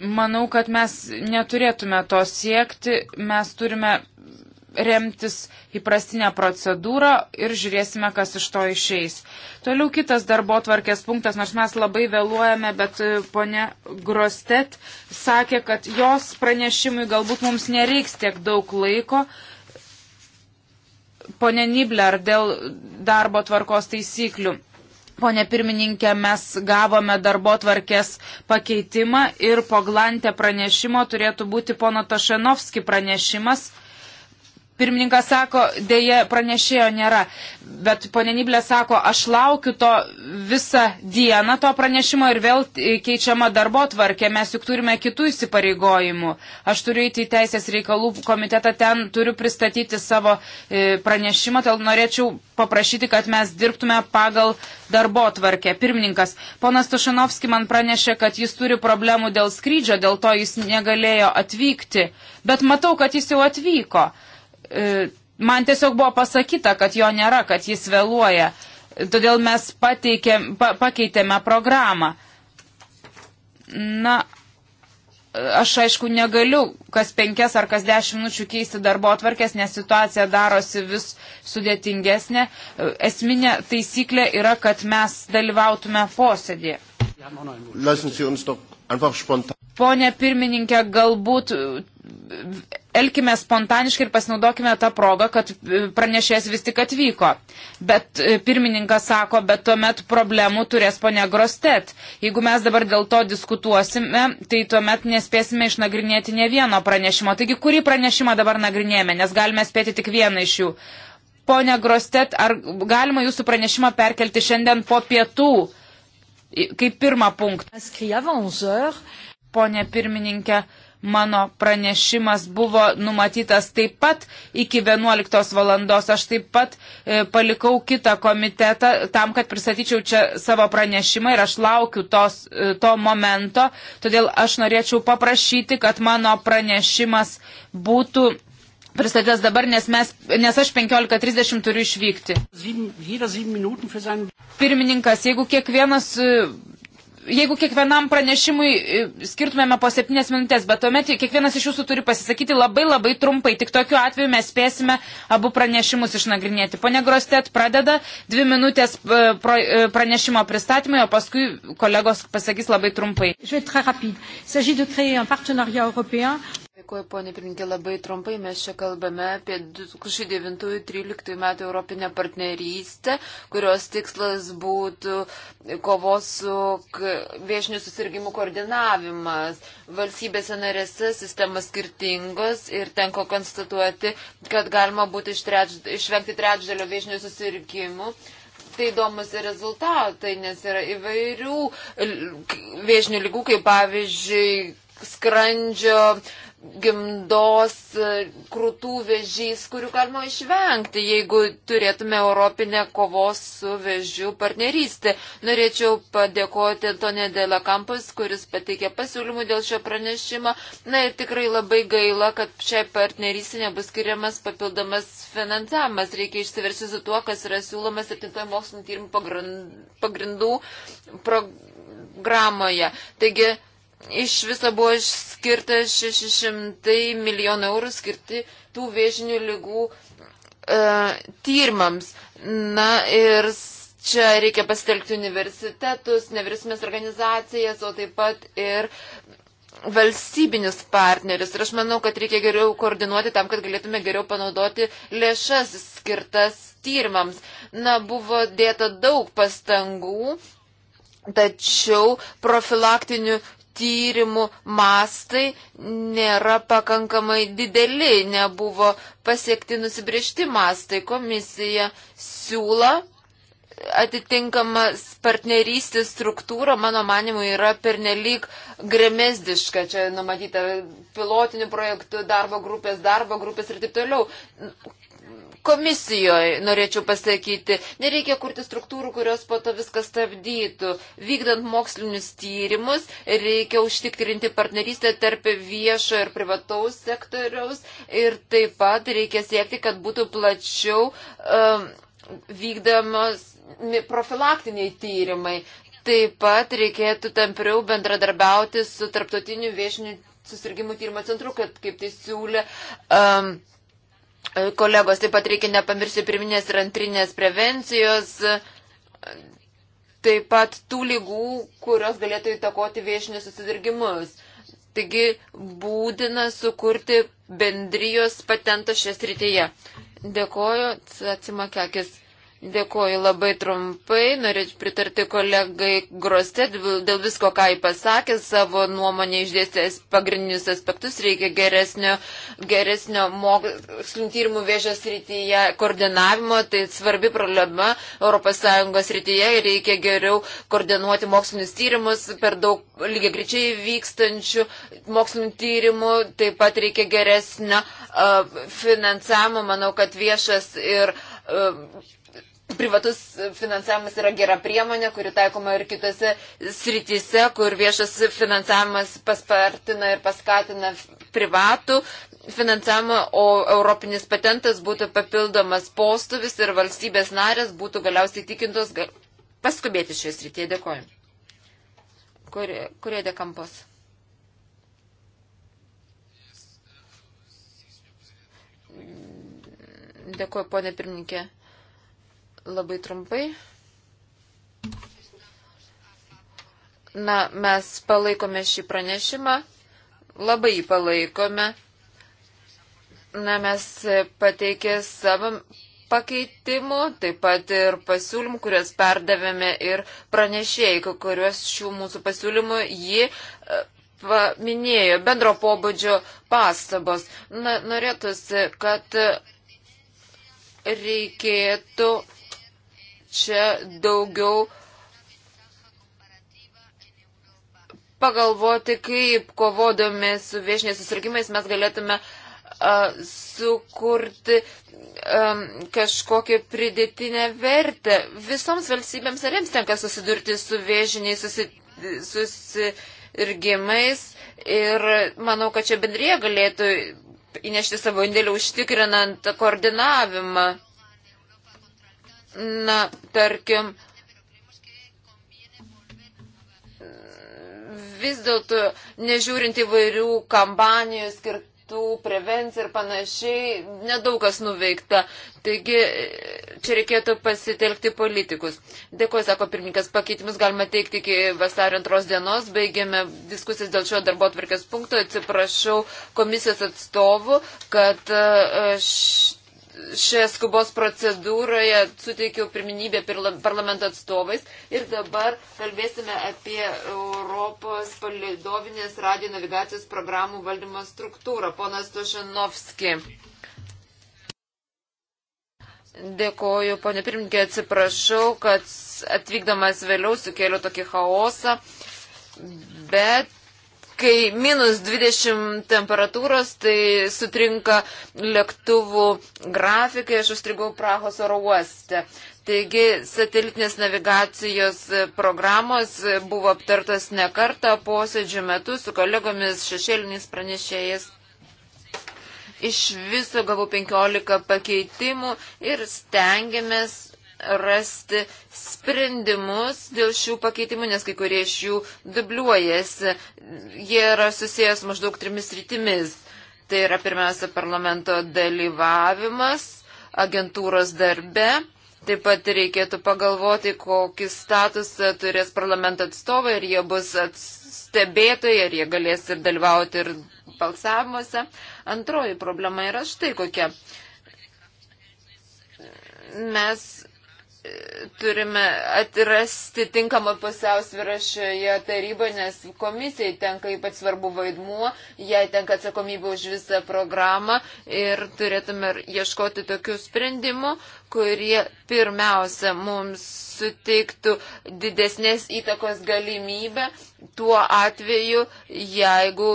Manau, kad mes neturėtume to siekti, mes turime remtis įprastinę procedūrą ir žiūrėsime, kas iš to išeis. Toliau kitas darbo tvarkės punktas, nors mes labai vėluojame, bet e, ponia Grostet sakė, kad jos pranešimui galbūt mums nereiks tiek daug laiko. Pone Nibler, dėl darbo tvarkos taisyklių. Pone pirmininkė, mes gavome darbo tvarkės pakeitimą ir po glantę pranešimo turėtų būti pono Tošenovski pranešimas. Pirmininkas sako, dėje pranešėjo nėra, bet ponė Niblė sako, aš laukiu to visą dieną to pranešimo ir vėl e, keičiama darbo tvarkė, mes juk turime kitų įsipareigojimų. Aš turiu įti į Teisės reikalų komitetą, ten turiu pristatyti savo e, pranešimą, todėl norėčiau paprašyti, kad mes dirbtume pagal darbo tvarkę. Pirmininkas, ponas Tušanovski man pranešė, kad jis turi problemų dėl skrydžio, dėl to jis negalėjo atvykti, bet matau, kad jis jau atvyko. E, man tiesiog buvo pasakyta, kad jo nėra, kad jis vėluoja. Todėl mes pateikėm, pa, pakeitėme programą. Na, aš aišku negaliu kas penkias ar kas dešimt minučių keisti darbo atvarkės, nes situacija darosi vis sudėtingesnė. Esminė taisyklė yra, kad mes dalyvautume posėdėje. Lassen Sie uns doch einfach spontan. Pone pirmininkė, galbūt elkime spontaniškai ir pasinaudokime tą progą, kad pranešės vis tik atvyko. Bet e, pirmininkas sako, bet tuomet problemų turės ponia Grostet. Jeigu mes dabar dėl to diskutuosime, tai tuomet nespėsime išnagrinėti ne vieno pranešimo. Taigi, kurį pranešimą dabar nagrinėjame, nes galime spėti tik vieną iš jų. Pone Grostet, ar galima jūsų pranešimą perkelti šiandien po pietų, kaip pirmą punktą? ponė pirmininkė, mano pranešimas buvo numatytas taip pat iki 11 valandos. Aš taip pat e, palikau kitą komitetą tam, kad pristatyčiau čia savo pranešimą ir aš laukiu tos, e, to momento. Todėl aš norėčiau paprašyti, kad mano pranešimas būtų pristatytas dabar, nes, mes, nes aš 15.30 turiu išvykti. Pirmininkas, jeigu kiekvienas e, jeigu kiekvienam pranešimui e, skirtumėme po septynės minutės, bet tuomet kiekvienas iš jūsų turi pasisakyti labai labai trumpai. Tik tokiu atveju mes spėsime abu pranešimus išnagrinėti. Pone Grostet pradeda dvi minutės e, e, pranešimo pristatymui, o paskui kolegos pasakys labai trumpai. Dėkuoju, ponė Pirinkė, labai trumpai mes čia kalbame apie 2009-2013 metų Europinę partnerystę, kurios tikslas būtų kovos su viešinių susirgymų koordinavimas. Valstybėse narėse sistemas skirtingos ir tenko konstatuoti, kad galima būtų trečd... išvengti trečdalio viešinių susirgymų tai įdomus ir rezultatai, nes yra įvairių viešinių lygų, kaip pavyzdžiui, skrandžio gimdos e, krūtų vėžys, kurių galima išvengti, jeigu turėtume Europinę kovos su vėžiu partnerystę. Norėčiau padėkoti Antonė Dela Kampus, kuris pateikė pasiūlymų dėl šio pranešimo. Na ir tikrai labai gaila, kad šiai partnerystė nebus skiriamas papildomas finansavimas. Reikia išsiversi su tuo, kas yra siūlomas 7 mokslinio tyrimų pagrindų programoje. Taigi, Iš viso buvo skirta 600 milijonų eurų skirti tų vėžinių lygų e, tyrimams. Na ir čia reikia pasitelkti universitetus, nevyriausybės organizacijas, o taip pat ir valstybinis partneris. Ir aš manau, kad reikia geriau koordinuoti tam, kad galėtume geriau panaudoti lėšas skirtas tyrimams. Na, buvo dėta daug pastangų. Tačiau profilaktinių tyrimų mastai nėra pakankamai dideli, nebuvo pasiekti nusibriežti mastai. Komisija siūla atitinkamas partnerystės struktūra, mano manimu, yra pernelyg gremezdiška. Čia numatyta pilotinių projektų, darbo grupės, darbo grupės ir taip toliau komisijoje, norėčiau pasakyti, nereikia kurti struktūrų, kurios po to viską stabdytų. Vykdant mokslinius tyrimus, reikia užtikrinti partnerystę tarp viešo ir privataus sektoriaus ir taip pat reikia siekti, kad būtų plačiau um, vykdamas profilaktiniai tyrimai. Taip pat reikėtų tampriau bendradarbiauti su tarptautiniu viešiniu susirgymų tyrimo centru, kad kaip tai siūlė. Um, E, kolegos, taip pat reikia nepamiršti pirminės ir antrinės prevencijos, taip pat tų lygų, kurios galėtų įtakoti viešinius susidirgimus. Taigi būtina sukurti bendrijos patentą šią srityje. Dėkoju, atsimakekis. Dėkuoju labai trumpai, norėčiau pritarti kolegai Groste dėl visko, ką jį pasakė, savo nuomonę išdėstęs pagrindinius aspektus, reikia geresnio, geresnio mokslinių tyrimų vėžės rytyje koordinavimo, tai svarbi problema ES rytyje ir reikia geriau koordinuoti mokslinius tyrimus, per daug lygiai greičiai vykstančių mokslinių tyrimų, taip pat reikia geresnio uh, finansavimo, manau, kad viešas ir uh, privatus finansavimas yra gera priemonė, kuri taikoma ir kitose srityse, kur viešas finansavimas paspartina ir paskatina privatų finansavimą, o europinis patentas būtų papildomas postuvis ir valstybės narės būtų galiausiai tikintos gal... paskubėti šioje srityje. Dėkoju. Kurie, kurie dekampos? Dėkoju, ponė pirmininkė labai trumpai. Na, mes palaikome šį pranešimą, labai palaikome. Na, mes pateikė savo pakeitimų, taip pat ir pasiūlymų, kurias perdavėme ir pranešėjai, kuriuos šių mūsų pasiūlymų ji e, paminėjo, bendro pobūdžio pastabos. Na, norėtųsi, kad reikėtų čia daugiau pagalvoti, kaip kovodami su viešiniais susirgymais mes galėtume uh, sukurti um, kažkokią pridėtinę vertę. Visoms valstybėms narėms tenka susidurti su viešiniais susi, susirgymais ir manau, kad čia bendrėje galėtų įnešti savo indėlį užtikrinant koordinavimą na, tarkim, vis dėlto, nežiūrint įvairių kampanijų skirtų prevencijų ir panašiai, nedaug kas nuveikta. Taigi čia reikėtų pasitelkti politikus. Dėkuoju, sako pirmininkas, pakeitimus galima teikti iki vasario antros dienos. Baigėme diskusijas dėl šio darbo atvarkės punkto. Atsiprašau komisijos atstovų, kad. E, Š šioje skubos procedūroje suteikiau pirminybę parlamento atstovais ir dabar kalbėsime apie Europos palidovinės radio navigacijos programų valdymo struktūrą. Ponas Tušinovski. Dėkoju, ponė pirmininkė, atsiprašau, kad atvykdamas vėliau sukėliau tokį chaosą, bet kai minus 20 temperatūros, tai sutrinka lėktuvų grafikai, aš užstrigau Prahos oro uoste. Taigi satelitinės navigacijos programos buvo aptartas ne kartą posėdžių metu su kolegomis šešėliniais pranešėjais. Iš viso gavau 15 pakeitimų ir stengiamės rasti sprendimus dėl šių pakeitimų, nes kai kurie iš jų dubliuojasi. Jie yra susijęs maždaug trimis rytimis. Tai yra pirmiausia parlamento dalyvavimas agentūros darbe. Taip pat reikėtų pagalvoti, kokį statusą turės parlamento atstovai, ar jie bus stebėtojai, ar jie galės ir dalyvauti ir balsavimuose. Antroji problema yra štai kokia. Mes turime atrasti tinkamą pusiausvyrą šioje taryboje, nes komisijai tenka ypač svarbu vaidmuo, jai tenka atsakomybė už visą programą ir turėtume ieškoti tokių sprendimų, kurie pirmiausia mums suteiktų didesnės įtakos galimybę tuo atveju, jeigu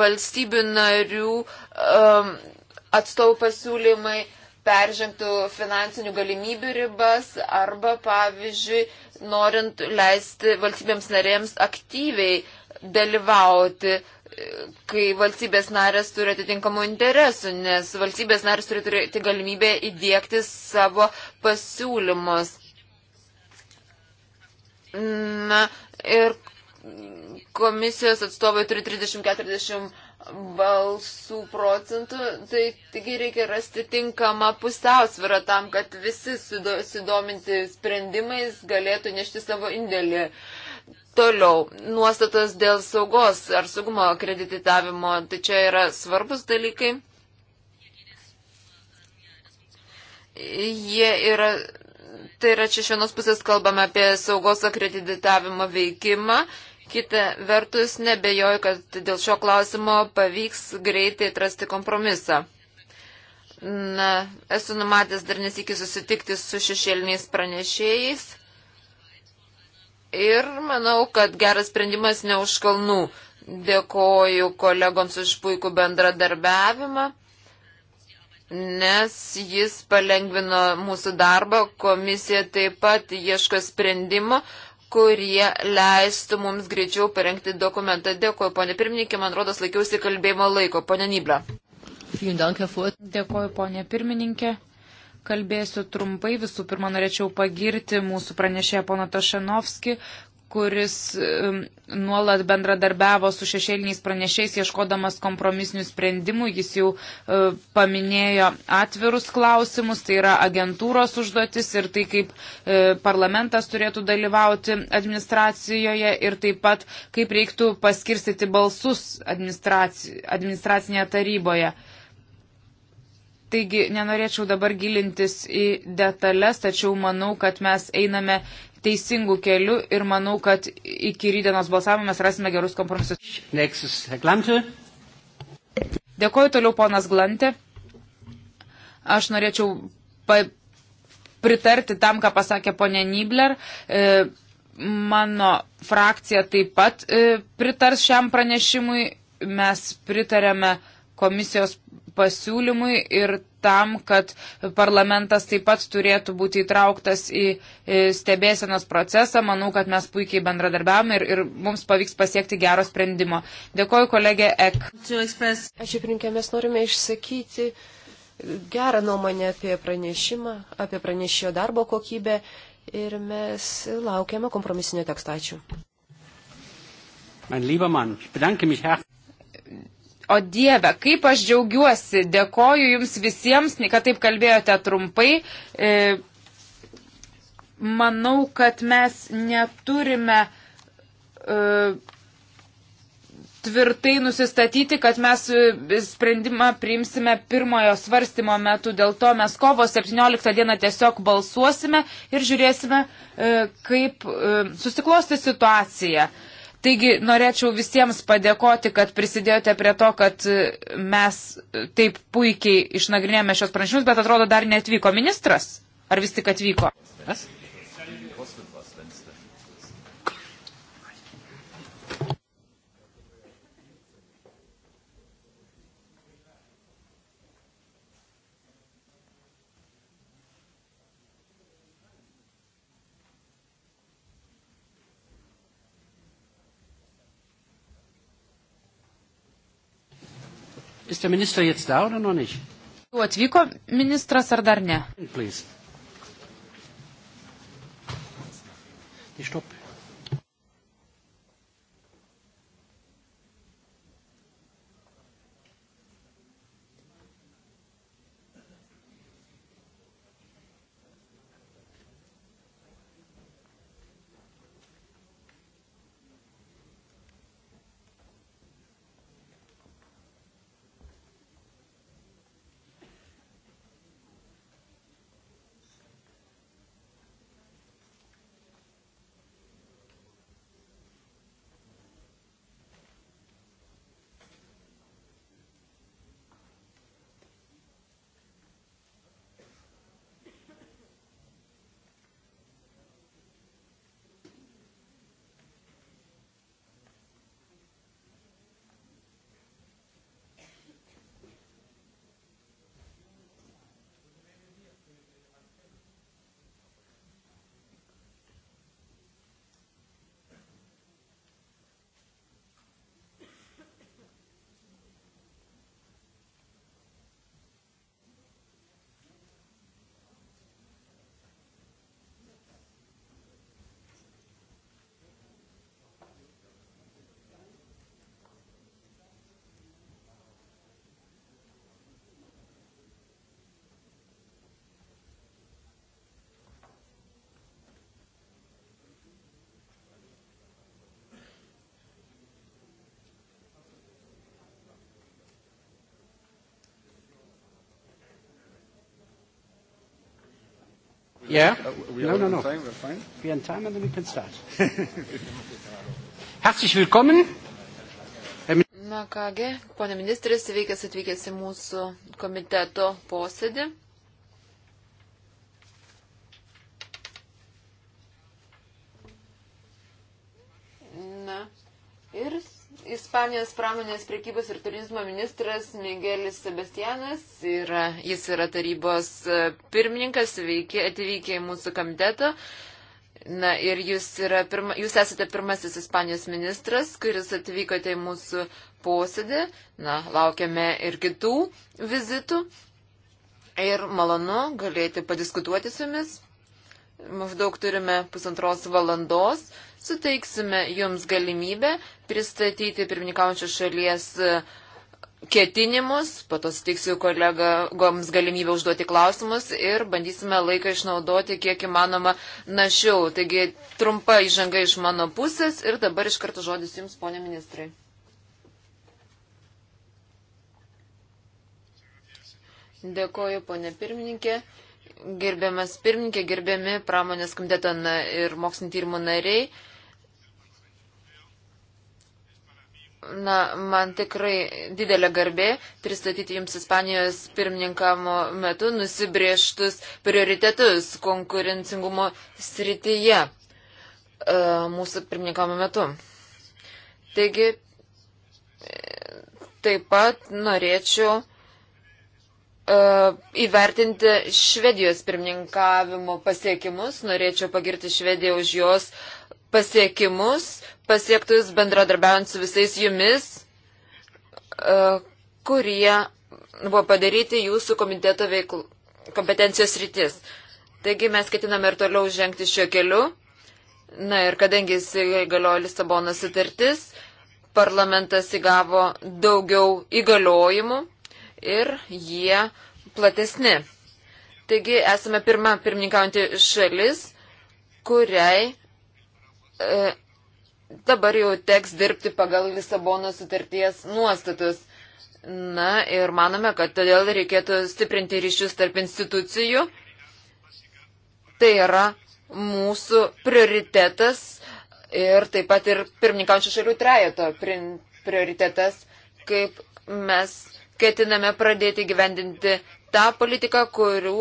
valstybių narių um, atstovų pasiūlymai uh, peržengtų finansinių galimybių ribas arba, pavyzdžiui, norint leisti valstybėms narėms aktyviai dalyvauti, kai valstybės narės turi atitinkamų interesų, nes valstybės narės turi turėti galimybę įdėkti savo pasiūlymus. Na ir komisijos atstovai turi 30-40 balsų procentų, tai taigi reikia rasti tinkamą pusiausvyrą tam, kad visi sudominti sprendimais galėtų nešti savo indėlį. Toliau, nuostatas dėl saugos ar saugumo akreditavimo, tai čia yra svarbus dalykai. Jie yra, tai yra čia iš vienos pusės kalbame apie saugos akreditavimo veikimą Kita vertus, nebejoju, kad dėl šio klausimo pavyks greitai atrasti kompromisą. Na, esu numatęs dar nesikį susitikti su šešėliniais pranešėjais ir manau, kad geras sprendimas ne už kalnų. Dėkoju kolegoms už puikų bendradarbiavimą, nes jis palengvino mūsų darbą, komisija taip pat ieško sprendimo, kurie leistų mums greičiau parengti dokumentą. Dėkuoju, ponė pirmininkė, man rodos laikiausi kalbėjimo laiko. Pone Nybla. Dėkuoju, ponė pirmininkė. Kalbėsiu trumpai. Visų pirma, norėčiau pagirti mūsų pranešėją poną Tošenovskį, kuris nuolat bendradarbiavo su šešėliniais pranešiais, ieškodamas kompromisinių sprendimų. Jis jau e, paminėjo atvirus klausimus, tai yra agentūros užduotis ir tai, kaip e, parlamentas turėtų dalyvauti administracijoje ir taip pat, kaip reiktų paskirstyti balsus administraci administracinėje taryboje. Taigi nenorėčiau dabar gilintis į detalės, tačiau manau, kad mes einame teisingų kelių ir manau, kad iki rydienos balsavimo mes rasime gerus kompromisus. Dėkoju toliau, ponas Glantė. Aš norėčiau pa pritarti tam, ką pasakė ponė Nibler. E, mano frakcija taip pat e, pritars šiam pranešimui. Mes pritarėme komisijos pasiūlymui ir tam, kad parlamentas taip pat turėtų būti įtrauktas į stebėsenos procesą. Manau, kad mes puikiai bendradarbiavame ir, ir mums pavyks pasiekti gero sprendimo. Dėkoju, kolegė Ek. Ačiū, pirinkė, mes norime išsakyti gerą nuomonę apie pranešimą, apie pranešėjo darbo kokybę ir mes laukiame kompromisinio teksto. Ačiū. Mein lieber Mann, ich bedanke mich herzlich. O Dieve, kaip aš džiaugiuosi, dėkoju Jums visiems, kad taip kalbėjote trumpai. E, manau, kad mes neturime e, tvirtai nusistatyti, kad mes e, sprendimą priimsime pirmojo svarstymo metu. Dėl to mes kovo 17 dieną tiesiog balsuosime ir žiūrėsime, e, kaip e, susiklosti situaciją. E, Taigi norėčiau visiems padėkoti, kad prisidėjote prie to, kad e, mes e, taip puikiai išnagrinėjome šios pranešimus, bet atrodo dar netvyko ministras. Ar vis tik atvyko? Yes. Ist der Minister jetzt da oder noch nicht? Jau atvyko ministras ar dar ne? Please. Die Stopp. Yeah? Uh, we are no, no, no. Time, we're fine. We are in time and then we can start. Herzlich willkommen. Na kągi, ponė ministrė, sveikas atvykęs į mūsų komiteto posėdį. Ispanijos pramonės priekybos ir turizmo ministras Miguelis Sebastianas. Yra, jis yra tarybos e, pirmininkas, veikia, atvykė į mūsų komitetą. Na ir jūs, pirma, jūs esate pirmasis Ispanijos ministras, kuris atvykote į mūsų posėdį. Na, laukiame ir kitų vizitų. Ir malonu galėti padiskutuoti su jumis maždaug turime pusantros valandos, suteiksime jums galimybę pristatyti pirmininkaujančios šalies e, ketinimus, po to suteiksiu kolegoms galimybę užduoti klausimus ir bandysime laiką išnaudoti kiek įmanoma našiau. Taigi trumpa įžanga iš mano pusės ir dabar iš karto žodis jums, ponė ministrai. Dėkoju, ponė pirmininkė gerbiamas pirmininkė, gerbiami pramonės komiteto ir mokslinio tyrimo nariai. Na, man tikrai didelė garbė pristatyti Jums Ispanijos pirmininkamo metu nusibrieštus prioritetus konkurencingumo srityje e, mūsų pirmininkamo metu. Taigi, e, taip pat norėčiau E, įvertinti Švedijos pirmininkavimo pasiekimus. Norėčiau pagirti Švediją už jos pasiekimus, pasiektus bendradarbiaujant su visais jumis, e, kurie buvo padaryti jūsų komiteto veiklų kompetencijos rytis. Taigi mes ketiname ir toliau žengti šiuo keliu. Na ir kadangi įsigaliojo Lisabono sutartis, parlamentas įgavo daugiau įgaliojimų ir jie platesni. Taigi esame pirma pirmininkaujanti šalis, kuriai e, dabar jau teks dirbti pagal Lisabono sutarties nuostatus. Na ir manome, kad todėl reikėtų stiprinti ryšius tarp institucijų. Tai yra mūsų prioritetas ir taip pat ir pirmininkaujančių šalių trejato prioritetas, kaip mes ketiname pradėti gyvendinti tą politiką, kurių,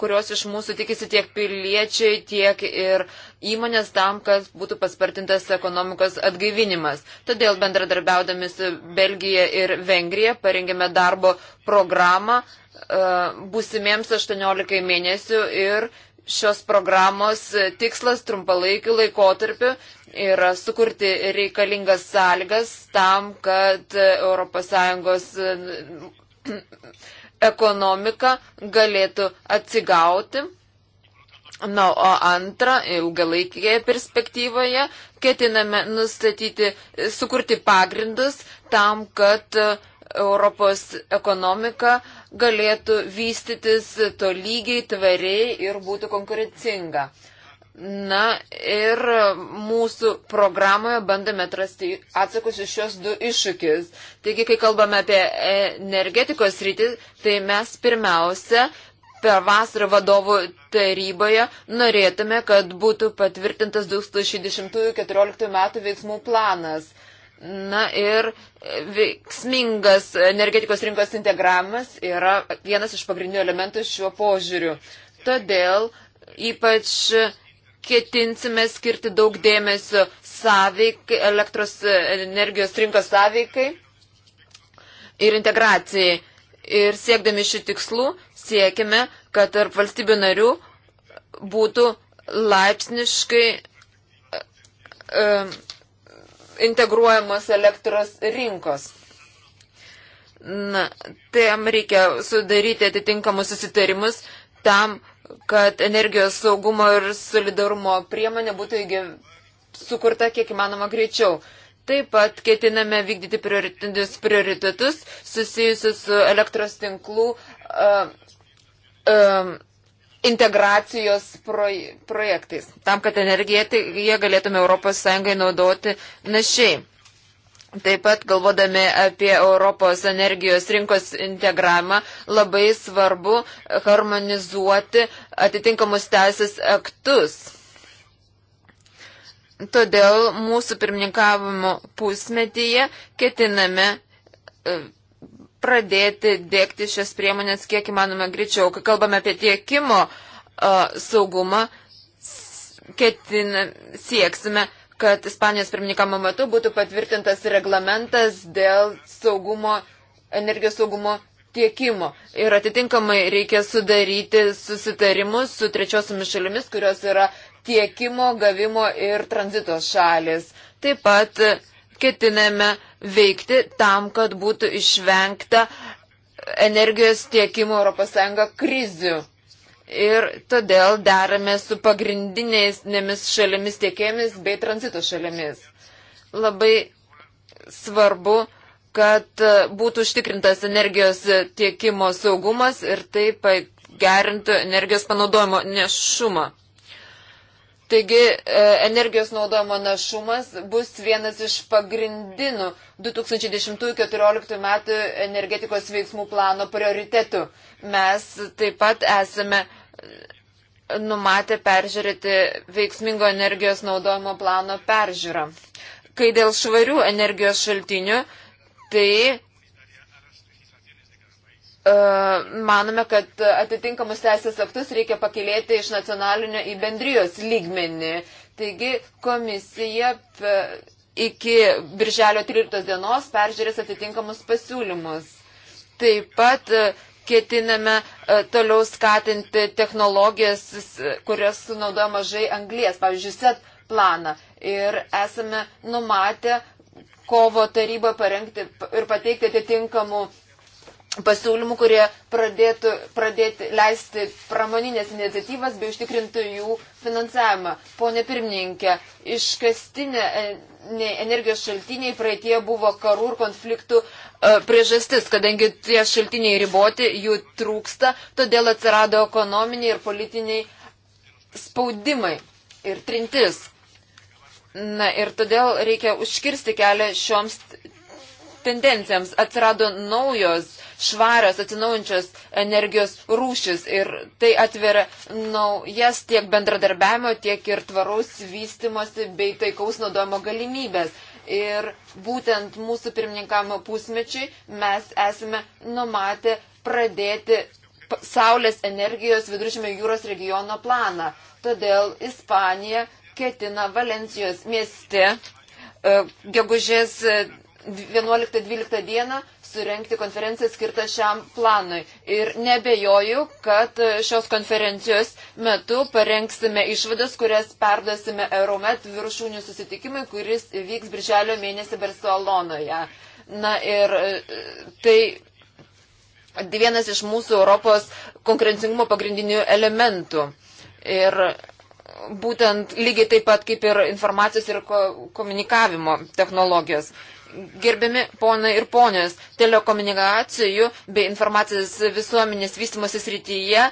kurios iš mūsų tikisi tiek piliečiai, tiek ir įmonės tam, kad būtų paspartintas ekonomikos atgaivinimas. Todėl bendradarbiaudami su Belgija ir Vengrija parengėme darbo programą uh, būsimiems 18 mėnesių ir šios programos tikslas trumpalaikiu laikotarpiu yra sukurti reikalingas sąlygas tam, kad ES ekonomika galėtų atsigauti. Na, o antra, ilgalaikėje perspektyvoje ketiname nustatyti, sukurti pagrindus tam, kad Europos ekonomika galėtų vystytis tolygiai, tvariai ir būtų konkurencinga. Uh, Na ir mūsų programoje bandome atrasti atsakus iš šios du iššūkius. Taigi, kai kalbame apie energetikos rytį, tai mes pirmiausia per vasarą vadovų taryboje norėtume, kad būtų patvirtintas 2014 metų veiksmų planas. Na ir veiksmingas energetikos rinkos integravimas yra vienas iš pagrindinių elementų šiuo požiūriu. Todėl ypač ketinsime skirti daug dėmesio sąveikai, elektros energijos rinkos sąveikai ir integracijai. Ir siekdami šių tikslų siekime, kad tarp valstybių narių būtų laipsniškai e, e integruojamos elektros rinkos. Na, tam reikia sudaryti atitinkamus susitarimus tam, kad energijos saugumo ir solidarumo priemonė būtų sukurta kiek įmanoma greičiau. Taip pat ketiname vykdyti prioritetinius prioritetus susijusius su elektros tinklų uh, uh, integracijos proj projektais, tam, kad energiją tai jie galėtume ES naudoti našiai. Taip pat galvodami apie Europos energijos rinkos integramą, labai svarbu harmonizuoti atitinkamus teisės aktus. Todėl mūsų pirmininkavimo pusmetyje ketiname e, pradėti dėkti šias priemonės kiek įmanoma greičiau. Kai kalbame apie tiekimo e, saugumą, ketina, sieksime kad Ispanijos pirmininkamo metu būtų patvirtintas reglamentas dėl saugumo, energijos saugumo tiekimo. Ir atitinkamai reikia sudaryti susitarimus su trečiosiomis šalimis, kurios yra tiekimo, gavimo ir tranzito šalis. Taip pat ketiname veikti tam, kad būtų išvengta energijos tiekimo ES krizių ir todėl derame su pagrindiniais nemis šalimis tiekėmis bei tranzito šalimis. Labai svarbu, kad būtų užtikrintas energijos tiekimo saugumas ir tai pagerintų energijos panaudojimo nešumą. Taigi e, energijos naudojimo našumas bus vienas iš pagrindinių 2010-2014 metų energetikos veiksmų plano prioritetų. Mes taip pat esame uh, numatė peržiūrėti veiksmingo energijos naudojimo plano peržiūrą. Kai dėl švarių energijos šaltinių, tai e, manome, kad atitinkamus teisės aktus reikia pakilėti iš nacionalinio į bendrijos lygmenį. Taigi komisija iki birželio 13 dienos peržiūrės atitinkamus pasiūlymus. Taip pat ketiname e, toliau skatinti technologijas, kurios sunaudoja mažai anglės, pavyzdžiui, set planą. Ir esame numatę kovo tarybą parengti ir pateikti atitinkamų pasiūlymų, kurie pradėtų pradėti leisti pramoninės iniciatyvas bei užtikrintų jų finansavimą. Pone pirmininkė, iškastinė energijos šaltiniai praeitie buvo karų ir konfliktų e, priežastis, kadangi tie šaltiniai riboti, jų trūksta, todėl atsirado ekonominiai ir politiniai spaudimai ir trintis. Na ir todėl reikia užkirsti kelią šioms tendencijams. Atsirado naujos švarios atsinaujančios energijos rūšis ir tai atveria naujas tiek bendradarbiavimo, tiek ir tvaraus vystimosi bei taikaus naudojimo galimybės. Ir būtent mūsų pirmininkamo pusmečiai mes esame numatę pradėti Saulės energijos viduržymio jūros regiono planą. Todėl Ispanija ketina Valencijos mieste e, gegužės e, 11-12 dieną surenkti konferenciją skirtą šiam planui. Ir nebejoju, kad šios konferencijos metu parengsime išvadas, kurias perduosime Euromet viršūnių susitikimui, kuris vyks birželio mėnesį Barcelonoje. Na ir e, tai vienas iš mūsų Europos konkurencingumo pagrindinių elementų. Ir būtent lygiai taip pat kaip ir informacijos ir komunikavimo technologijos. Gerbiami ponai ir ponios, telekomunikacijų bei informacijos visuomenės vystimosi srityje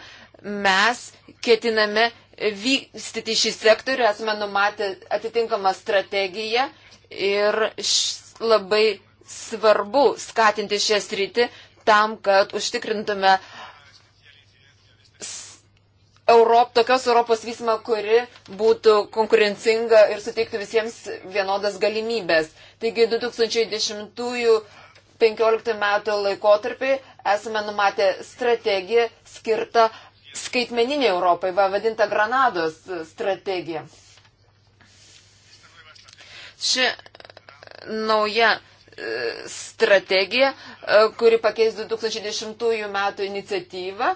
mes ketiname vystyti šį sektorių, esame numatę atitinkamą strategiją ir labai svarbu skatinti šią sritį tam, kad užtikrintume Europ, tokios Europos vysimą, kuri būtų konkurencinga ir suteiktų visiems vienodas galimybės. Taigi 2010-2015 metų laikotarpį esame numatę strategiją skirtą skaitmeninė Europai, va, vadinta Granados strategija. Ši nauja e, strategija, e, kuri pakeis 2010 metų iniciatyvą,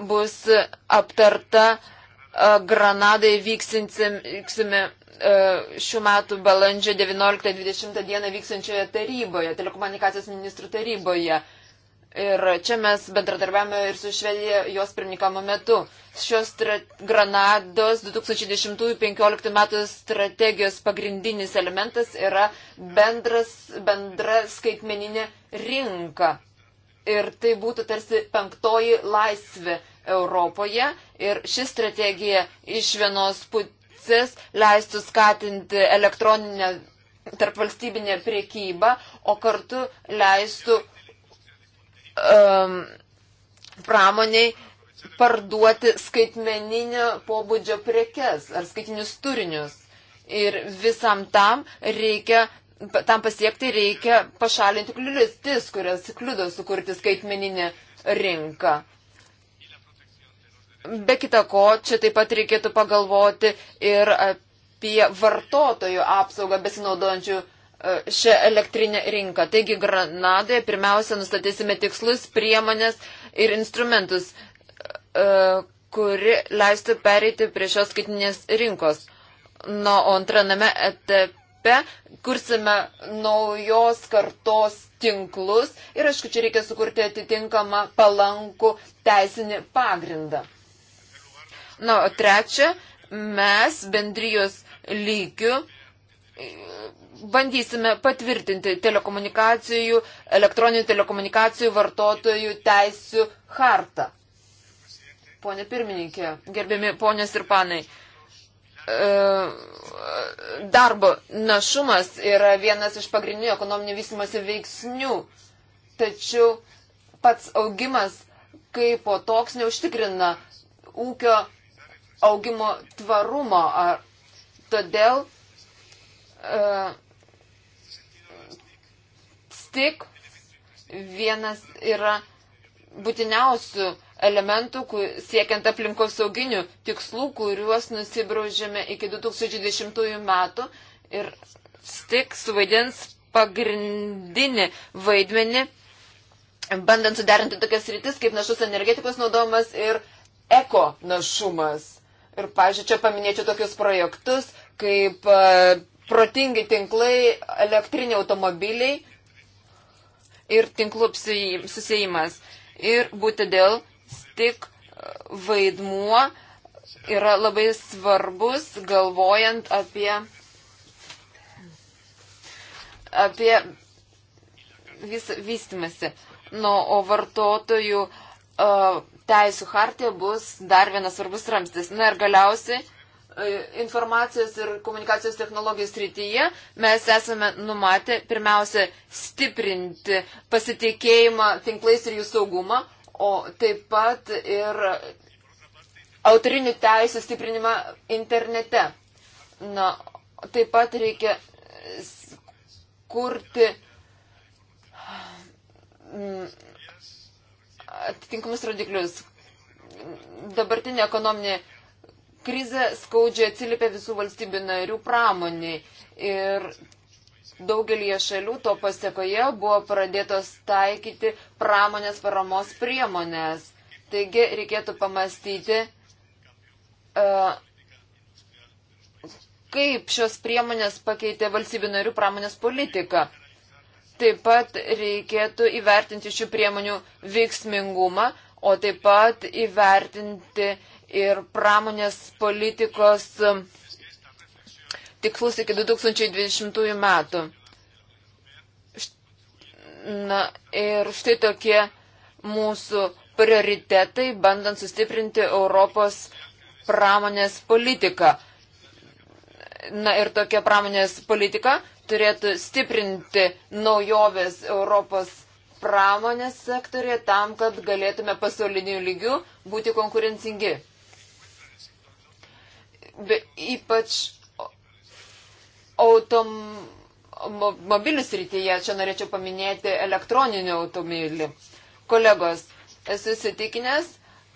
bus aptarta e, Granadai vyksinsime e, šių metų balandžio 19-20 dieną vyksančioje taryboje, telekomunikacijos ministrų taryboje. Ir čia mes bendradarbiavame ir su Švedija jos pirmininkamo metu. Šios Granados 2010-2015 metų strategijos pagrindinis elementas yra bendras, bendra skaitmeninė rinka ir tai būtų tarsi penktoji laisvė Europoje ir ši strategija iš vienos pusės leistų skatinti elektroninę tarp valstybinę priekybą, o kartu leistų um, pramoniai parduoti skaitmeninio pobūdžio prekes ar skaitinius turinius. Ir visam tam reikia tam pasiekti reikia pašalinti kliūtis, kurias kliudo sukurti skaitmeninę rinką. Be kita ko, čia taip pat reikėtų pagalvoti ir apie vartotojų apsaugą besinaudojančių e, šią elektrinę rinką. Taigi Granadoje pirmiausia nustatysime tikslus, priemonės ir instrumentus, e, kuri leistų pereiti prie šios skaitinės rinkos. Na, nu, o antraname etape Europe, kursime naujos kartos tinklus ir, aišku, čia reikia sukurti atitinkamą palankų teisinį pagrindą. Na, o trečia, mes bendrijos lygių e, bandysime patvirtinti telekomunikacijų, elektroninių telekomunikacijų vartotojų teisų hartą. Pone pirmininkė, gerbiami ponės ir panai, E, darbo našumas yra vienas iš pagrindinių ekonominio vystimosi veiksnių, tačiau pats augimas kaip po toks neužtikrina ūkio augimo tvarumo. Ar, todėl uh, tik vienas yra būtiniausių elementų, siekiant aplinkos sauginių tikslų, kuriuos nusibraužėme iki 2010 metų ir tik suvaidins pagrindinį vaidmenį, bandant suderinti tokias rytis kaip našus energetikos naudomas ir eko našumas. Ir, pažiūrėjau, čia paminėčiau tokius projektus kaip e, protingi tinklai, elektriniai automobiliai ir tinklų susijimas. Ir būtent dėl tik vaidmuo yra labai svarbus, galvojant apie, apie vis, vystimasi. Nu, o vartotojų uh, teisų hartė bus dar vienas svarbus ramstis. Na ir galiausiai informacijos ir komunikacijos technologijų srityje mes esame numatę pirmiausia stiprinti pasitikėjimą tinklais ir jų saugumą, o taip pat ir autorinių teisų stiprinimą internete. Na, taip pat reikia kurti mm, atitinkamus rodiklius. Dabartinė ekonominė krizė skaudžiai atsiliepia visų valstybių narių pramoniai. Ir Daugelie šalių to pasiekoje buvo pradėtos taikyti pramonės paramos priemonės. Taigi reikėtų pamastyti, e, kaip šios priemonės pakeitė valstybių narių pramonės politiką. Taip pat reikėtų įvertinti šių priemonių veiksmingumą, o taip pat įvertinti ir pramonės politikos uh, tikslus iki 2020 metų. Na ir štai tokie mūsų prioritetai, bandant sustiprinti Europos pramonės politiką. Na ir tokia pramonės politika turėtų stiprinti naujovės Europos pramonės sektorė tam, kad galėtume pasaulinių lygių būti konkurencingi. Be, ypač automobilių srityje, čia norėčiau paminėti elektroninių automobilių. Kolegos, esu įsitikinęs,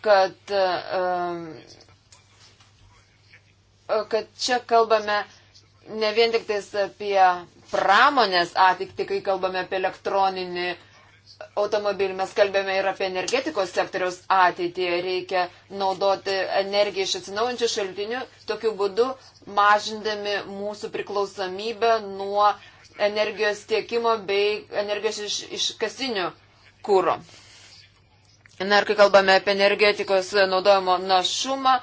kad, e, kad čia kalbame ne vien tik apie pramonės atikti, kai kalbame apie elektroninį automobilį, mes kalbame ir apie energetikos sektoriaus ateitį. Reikia naudoti energiją iš atsinaujančių šaltinių, tokiu būdu mažindami mūsų priklausomybę nuo energijos tiekimo bei energijos iš, iš kasinių kūro. Na ir kai kalbame apie energetikos naudojimo našumą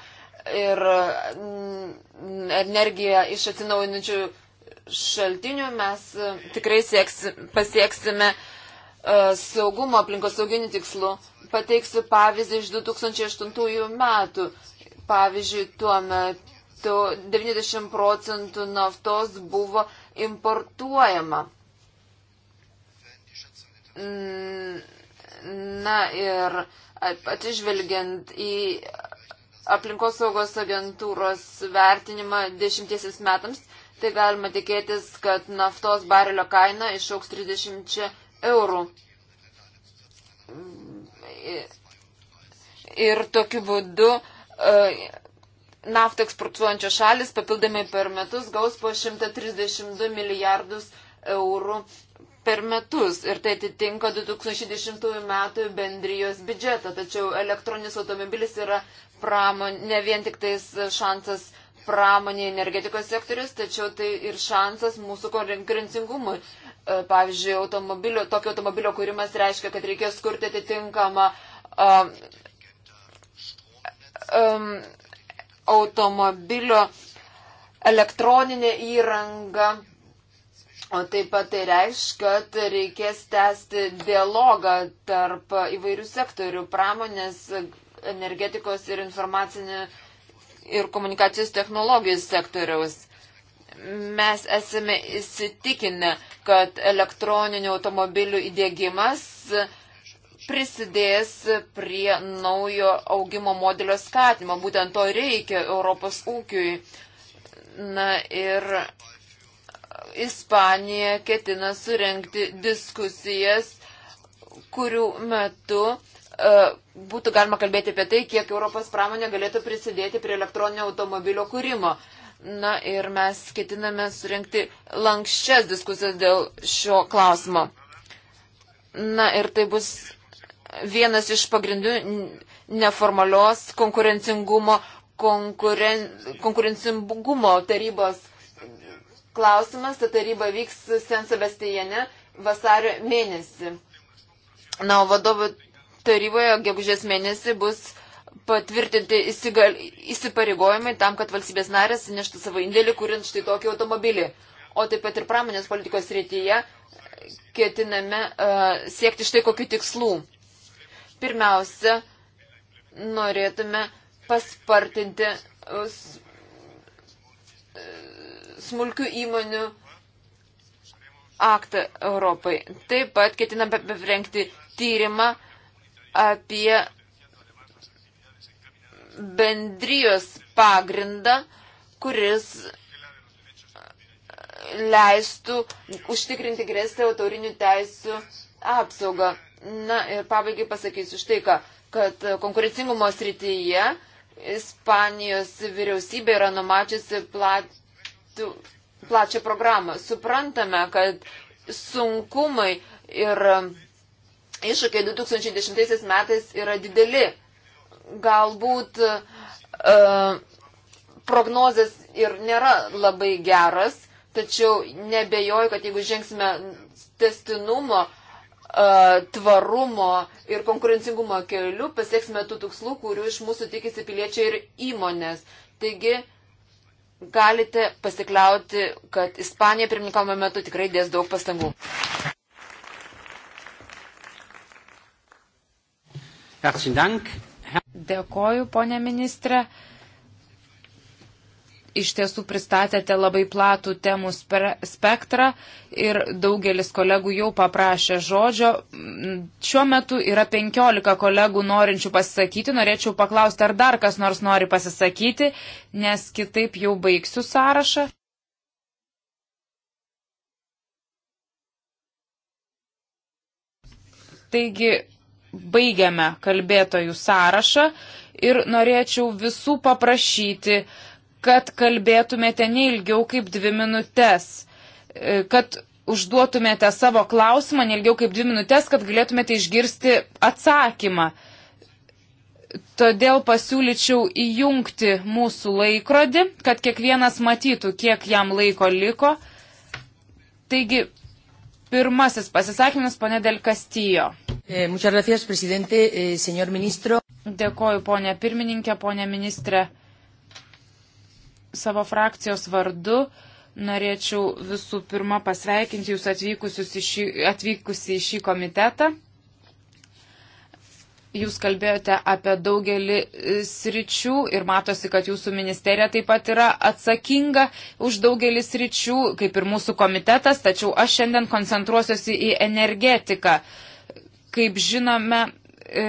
ir mm, energiją iš atsinaujinančių šaltinių, mes e, tikrai sieks, pasieksime uh, saugumo aplinkos sauginių tikslų. Pateiksiu pavyzdį iš 2008 metų. Pavyzdžiui, tuo metu metų 90 procentų naftos buvo importuojama. Mm, na ir atsižvelgiant į aplinkos saugos agentūros vertinimą dešimtiesis metams, tai galima tikėtis, kad naftos barelio kaina išauks 30 eurų. Mm, ir tokiu būdu e, naftą eksportuojančios šalis papildomai per metus gaus po 132 milijardus eurų per metus ir tai atitinka 2010 metų bendrijos biudžetą. Tačiau elektroninis automobilis yra pramon, ne vien tik tais šansas pramonė energetikos sektorius, tačiau tai ir šansas mūsų konkurencingumui. E, pavyzdžiui, automobilio, tokio automobilio kūrimas reiškia, kad reikės kurti atitinkamą um, um, automobilio elektroninė įranga. O taip pat tai reiškia, kad reikės tęsti dialogą tarp įvairių sektorių - pramonės, energetikos ir informacinė ir komunikacijos technologijų sektoriaus. Mes esame įsitikinę, kad elektroninių automobilių įdėgymas prisidės prie naujo augimo modelio skatimo. Būtent to reikia Europos ūkiui. Na ir Ispanija ketina surenkti diskusijas, kurių metu uh, būtų galima kalbėti apie tai, kiek Europos pramonė galėtų prisidėti prie elektroninio automobilio kūrimo. Na ir mes ketiname surenkti lankščias diskusijas dėl šio klausimo. Na ir tai bus vienas iš pagrindų neformalios konkurencingumo, konkuren, konkurencingumo tarybos klausimas. Ta taryba vyks Sen Sebastijane vasario mėnesį. Na, o vadovų taryboje gegužės mėnesį bus patvirtinti įsigal, įsipareigojimai tam, kad valstybės narės neštų savo indėlį, kuriant štai tokį automobilį. O taip pat ir pramonės politikos rytyje ketiname uh, siekti štai kokiu tikslu. Pirmiausia, norėtume paspartinti uh, uh, smulkių įmonių aktą Europai. Taip pat ketiname parengti tyrimą apie bendrijos pagrindą, kuris leistų užtikrinti grėsę autorinių teisų apsaugą. Na ir pabaigai pasakysiu štai ką, kad konkurencingumo srityje Ispanijos vyriausybė yra numačiusi platų, plačią programą. Suprantame, kad sunkumai ir iššūkiai 2010 metais yra dideli. Galbūt uh, prognozės ir nėra labai geras, tačiau nebejoju, kad jeigu žengsime testinumo uh, tvarumo ir konkurencingumo keliu pasieksime tų tikslų, kurių iš mūsų tikisi piliečiai ir įmonės. Taigi, galite pasikliauti, kad Ispanija pirmininkavimo metu tikrai dės daug pastangų. Dėkoju, ponė ministrė iš tiesų pristatėte labai platų temų spektrą ir daugelis kolegų jau paprašė žodžio. Šiuo metu yra 15 kolegų norinčių pasisakyti. Norėčiau paklausti, ar dar kas nors nori pasisakyti, nes kitaip jau baigsiu sąrašą. Taigi, baigiame kalbėtojų sąrašą ir norėčiau visų paprašyti uh, kad kalbėtumėte neilgiau kaip dvi minutės, e, kad užduotumėte savo klausimą neilgiau kaip dvi minutės, kad galėtumėte išgirsti atsakymą. Todėl pasiūlyčiau įjungti mūsų laikrodį, kad kiekvienas matytų, kiek jam laiko liko. Taigi, pirmasis pasisakymas, ponė Del Castillo. E, gracias, e, Dėkoju, ponė pirmininkė, ponė ministrė savo frakcijos vardu norėčiau visų pirma pasveikinti Jūs į šį, atvykusi į šį komitetą. Jūs kalbėjote apie daugelį sričių ir matosi, kad jūsų ministerija taip pat yra atsakinga už daugelį sričių, kaip ir mūsų komitetas, tačiau aš šiandien koncentruosiuosi į energetiką. Kaip žinome, e,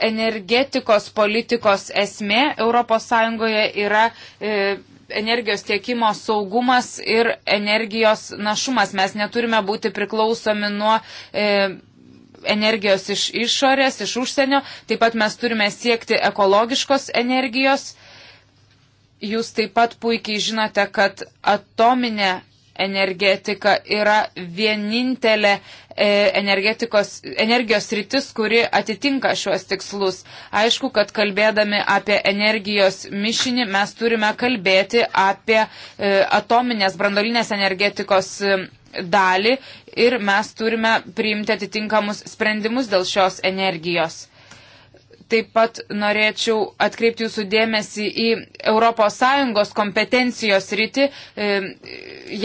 energetikos politikos esmė ES yra e, energijos tiekimo saugumas ir energijos našumas. Mes neturime būti priklausomi nuo e, energijos iš išorės, iš užsienio. Taip pat mes turime siekti ekologiškos energijos. Jūs taip pat puikiai žinote, kad atominė energetika yra vienintelė E, energijos rytis, kuri atitinka šiuos tikslus. Aišku, kad kalbėdami apie energijos mišinį mes turime kalbėti apie e, atominės brandolinės energetikos e, dalį ir mes turime priimti atitinkamus sprendimus dėl šios energijos. Taip pat norėčiau atkreipti jūsų dėmesį į ES kompetencijos rytį. E,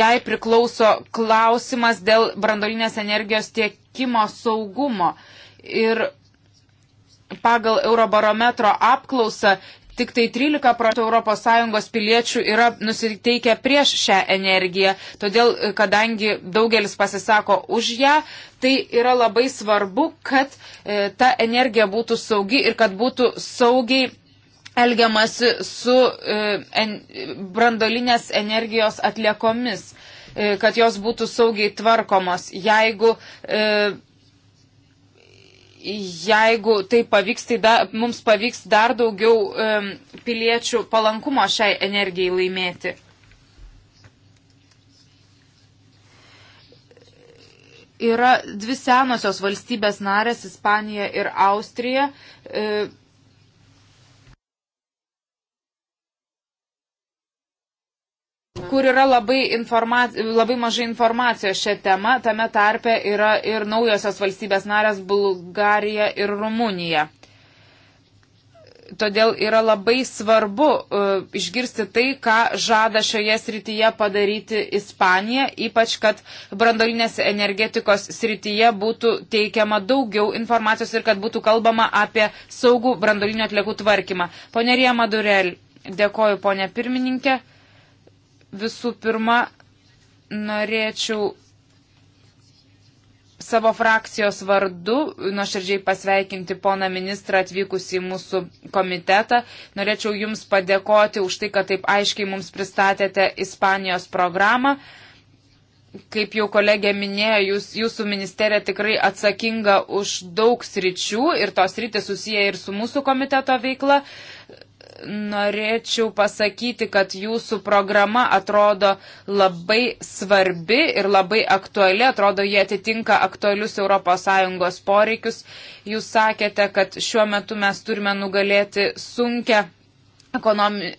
jai priklauso klausimas dėl brandolinės energijos tiekimo saugumo. Ir pagal Eurobarometro apklausą tik tai 13 procentų ES piliečių yra nusiteikę prieš šią energiją. Todėl, e, kadangi daugelis pasisako už ją, tai yra labai svarbu, kad e, ta energija būtų saugi ir kad būtų saugiai elgiamasi su e, en, brandolinės energijos atliekomis, e, kad jos būtų saugiai tvarkomos. Jeigu e, jeigu tai pavyks, tai da, mums pavyks dar daugiau um, piliečių palankumo šiai energijai laimėti. Yra dvi senosios valstybės narės - Ispanija ir Austrija. E, kur yra labai, informac... labai mažai informacijos šią temą, tame tarpe yra ir naujosios valstybės narės Bulgarija ir Rumunija. Todėl yra labai svarbu uh, išgirsti tai, ką žada šioje srityje padaryti Ispanija, ypač kad brandolinės energetikos srityje būtų teikiama daugiau informacijos ir kad būtų kalbama apie saugų brandolinio atliekų tvarkymą. Pone Rija Madurel, dėkoju ponė pirmininkė. Uh, Visų pirma, norėčiau savo frakcijos vardu nuoširdžiai pasveikinti poną ministrą atvykus į mūsų komitetą. Norėčiau Jums padėkoti už tai, kad taip aiškiai mums pristatėte Ispanijos programą. Kaip jau kolegė minėjo, jūs, jūsų ministerija tikrai atsakinga už daug sričių ir tos rytis susiję ir su mūsų komiteto veikla norėčiau pasakyti, kad jūsų programa atrodo labai svarbi ir labai aktuali, atrodo, jie atitinka aktualius ES poreikius. Jūs sakėte, kad šiuo metu mes turime nugalėti sunkę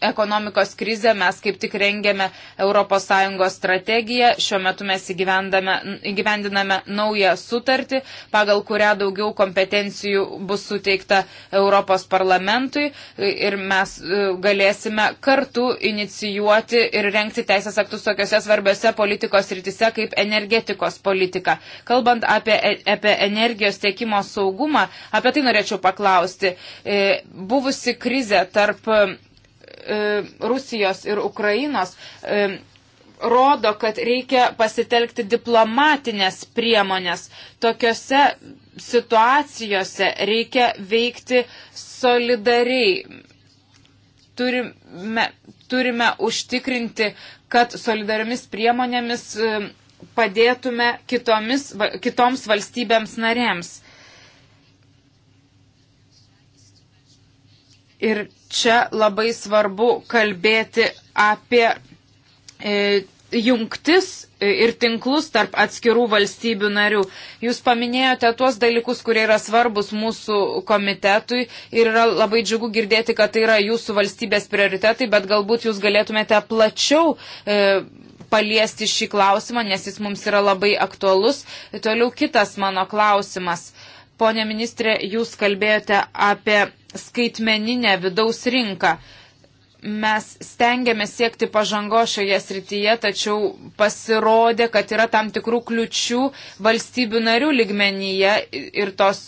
ekonomikos krizę, mes kaip tik rengėme ES strategiją, šiuo metu mes įgyvendiname naują sutartį, pagal kurią daugiau kompetencijų bus suteikta Europos parlamentui ir mes e, galėsime kartu inicijuoti ir renkti teisės aktus tokiuose svarbiose politikos rytise kaip energetikos politika. Kalbant apie, e, apie energijos tiekimo saugumą, apie tai norėčiau paklausti. E, buvusi krizė tarp E, Rusijos ir Ukrainos e, rodo, kad reikia pasitelkti diplomatinės priemonės. Tokiose situacijose reikia veikti solidariai. Turime, turime užtikrinti, kad solidariomis priemonėmis e, padėtume kitomis, kitoms valstybėms narėms. Ir čia labai svarbu kalbėti apie e, jungtis e, ir tinklus tarp atskirų valstybių narių. Jūs paminėjote tuos dalykus, kurie yra svarbus mūsų komitetui ir yra labai džiugu girdėti, kad tai yra jūsų valstybės prioritetai, bet galbūt jūs galėtumėte plačiau e, paliesti šį klausimą, nes jis mums yra labai aktualus. Toliau kitas mano klausimas. Pone ministrė, jūs kalbėjote apie skaitmeninę vidaus rinką. Mes stengiamės siekti pažango šioje srityje, tačiau pasirodė, kad yra tam tikrų kliučių valstybių narių ligmenyje ir tos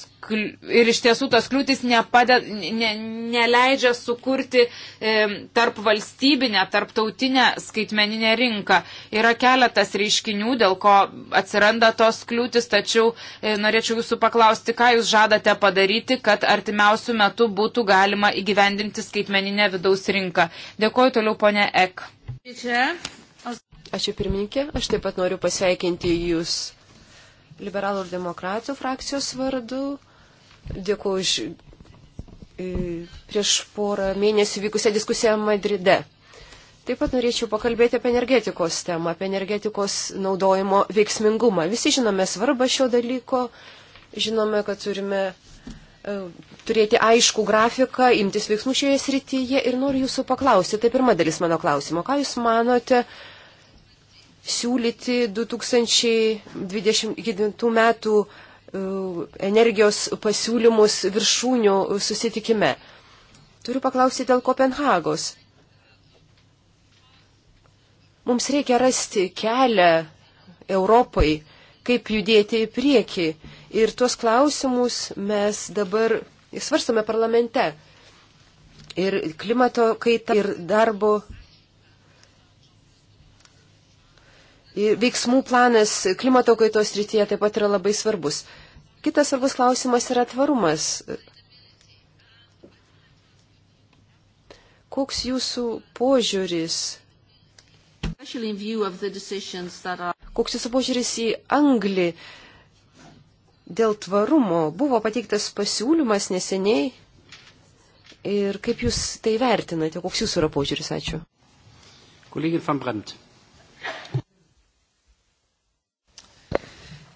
ir iš tiesų tos kliūtis nepade, ne, neleidžia sukurti e, tarp valstybinę, tarptautinę skaitmeninę rinką. Yra keletas reiškinių, dėl ko atsiranda tos kliūtis, tačiau e, norėčiau jūsų paklausti, ką jūs žadate padaryti, kad artimiausių metų būtų galima įgyvendinti skaitmeninę vidaus rinką. Dėkuoju toliau, ponė Ek. Ačiū pirmininkė, aš taip pat noriu pasveikinti jūs liberalų ir demokratų frakcijos vardu Dėkuoju už e, prieš porą mėnesių vykusią diskusiją Madride. Taip pat norėčiau pakalbėti apie energetikos temą, apie energetikos naudojimo veiksmingumą. Visi žinome svarbą šio dalyko, žinome, kad turime e, turėti aišku grafiką, imtis veiksmų šioje srityje ir noriu jūsų paklausti, tai pirma dalis mano klausimo, ką jūs manote siūlyti 2020 metų energijos pasiūlymus viršūnių susitikime. Turiu paklausyti dėl Kopenhagos. Mums reikia rasti kelią Europai, kaip judėti į priekį. Ir tuos klausimus mes dabar svarstome parlamente. Ir klimato kaita, ir darbo veiksmų planas klimato kaitos rytyje taip pat yra labai svarbus. Kitas svarbus klausimas yra tvarumas. Koks jūsų požiūris? Koks jūsų požiūris į Anglį dėl tvarumo? Buvo pateiktas pasiūlymas neseniai. Ir kaip jūs tai vertinate? Koks jūsų yra požiūris? Ačiū. Kolegė Van Brandt.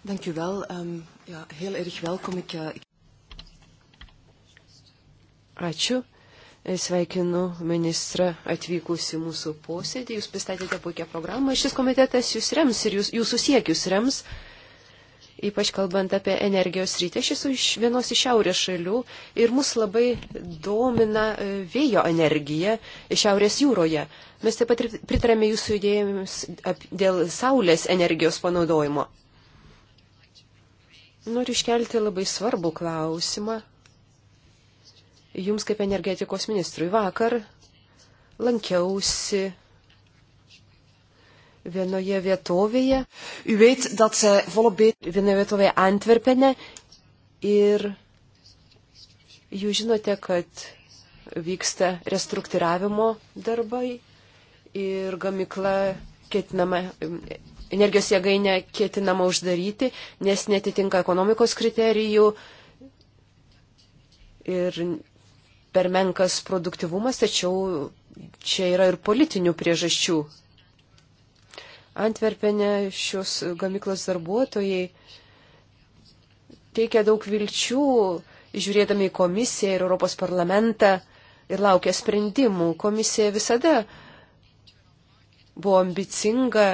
Dank u wel. Um, ja, heel erg welkom. Ik, uh, ik... Ačiū. Eh, sveikinu ministrą atvykusi mūsų posėdį. Jūs pristatėte puikią programą. Šis komitetas jūs rems ir jūs, jūsų siekius rems. Ypač kalbant apie energijos rytį, aš esu iš vienos iš šiaurės šalių ir mus labai domina eh, vėjo energija šiaurės jūroje. Mes taip pat pritarėme jūsų idėjams dėl saulės energijos panaudojimo. Noriu iškelti labai svarbų klausimą. Jums kaip energetikos ministrui vakar lankiausi vienoje vietovėje. Weet, dat, uh, volop... Vienoje vietovėje Antverpene. Ir jūs žinote, kad vyksta restruktūravimo darbai ir gamikla ketinama energijos jėgainę ketinama uždaryti, nes netitinka ekonomikos kriterijų ir per menkas produktivumas, tačiau čia yra ir politinių priežasčių. Antverpenė šios gamyklos darbuotojai teikia daug vilčių, žiūrėdami į komisiją ir Europos parlamentą ir laukia sprendimų. Komisija visada buvo ambicinga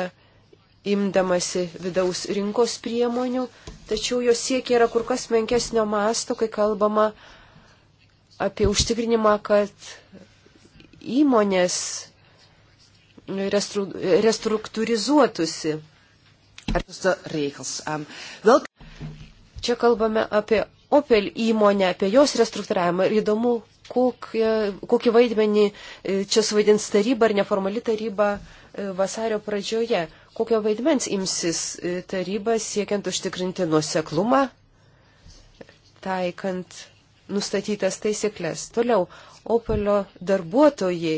imdamasi vidaus rinkos priemonių, tačiau jos siekia yra kur kas menkesnio masto, kai kalbama apie užtikrinimą, kad įmonės restru, restruktūrizuotųsi. Ehm, čia kalbame apie Opel įmonę, apie jos restruktūravimą ir įdomu, kokį, kokį vaidmenį e, čia suvaidins taryba ar neformali taryba e, vasario pradžioje kokio vaidmens imsis e, taryba siekiant užtikrinti nuoseklumą, taikant nustatytas taisyklės. Toliau, Opelio darbuotojai.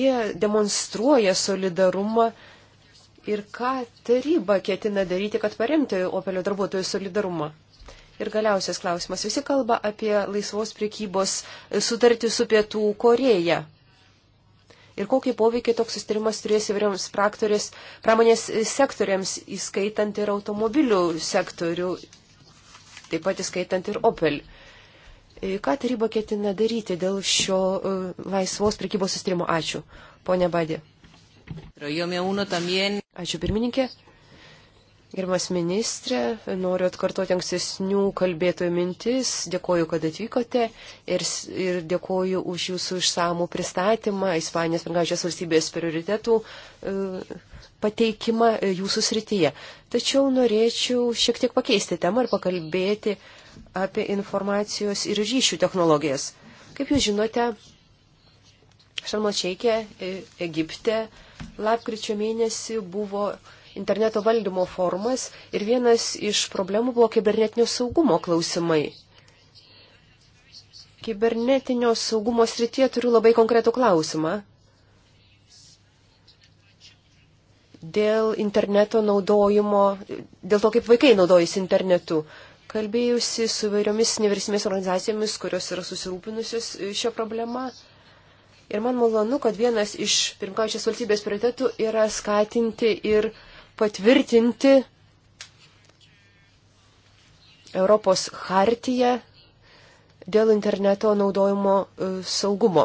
Jie demonstruoja solidarumą ir ką taryba ketina daryti, kad paremti Opelio darbuotojų solidarumą. Ir galiausias klausimas. Visi kalba apie laisvos priekybos sutartį su Pietų Koreja ir kokį poveikį toks sustarimas turės įvairioms praktorės pramonės sektoriams, įskaitant ir automobilių sektorių, taip pat įskaitant ir Opel. E, ką taryba ketina daryti dėl šio e, laisvos prekybos sustarimo? Ačiū. Pone Badė. Ačiū pirmininkė. Gerbiamas ministrė, noriu atkartoti ankstesnių kalbėtojų mintis. Dėkoju, kad atvykote ir, ir dėkoju už jūsų išsamų pristatymą, Ispanijos pirmgaučios valstybės prioritetų e, pateikimą e, jūsų srityje. Tačiau norėčiau šiek tiek pakeisti temą ir pakalbėti apie informacijos ir ryšių technologijas. Kaip jūs žinote, Šalmočeikė e, Egipte lapkričio mėnesį buvo interneto valdymo formas ir vienas iš problemų buvo kibernetinio saugumo klausimai. Kibernetinio saugumo srityje turiu labai konkretų klausimą. Dėl interneto naudojimo, dėl to, kaip vaikai naudojasi internetu, kalbėjusi su vairiomis nevyriausybės organizacijomis, kurios yra susirūpinusios e, šią problemą. Ir man malonu, kad vienas iš pirmkaučios valstybės prioritetų yra skatinti ir patvirtinti Europos hartiją dėl interneto naudojimo e, saugumo.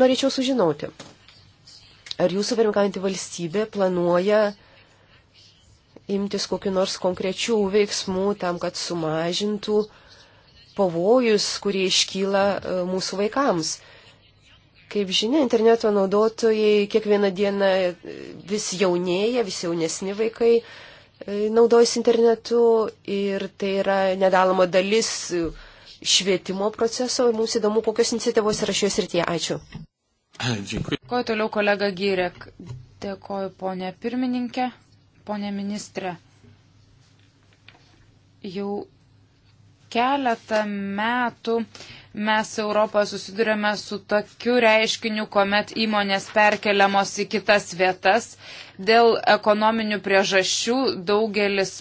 Norėčiau sužinoti, ar jūsų pirmkantį valstybė planuoja imtis kokiu nors konkrečių veiksmų tam, kad sumažintų pavojus, kurie iškyla e, mūsų vaikams. Kaip žinia, interneto naudotojai kiekvieną dieną vis jaunėja, vis jaunesni vaikai e, naudojasi internetu ir tai yra nedaloma dalis švietimo proceso ir mums įdomu, kokios iniciatyvos yra šioje srityje. Ačiū. Dėkuoju toliau kolega Gyrek. Dėkuoju ponė pirmininkė, ponė ministrė. Jau keletą metų mes Europoje susidurėme su tokiu reiškiniu, kuomet įmonės perkeliamos į kitas vietas. Dėl ekonominių priežasčių daugelis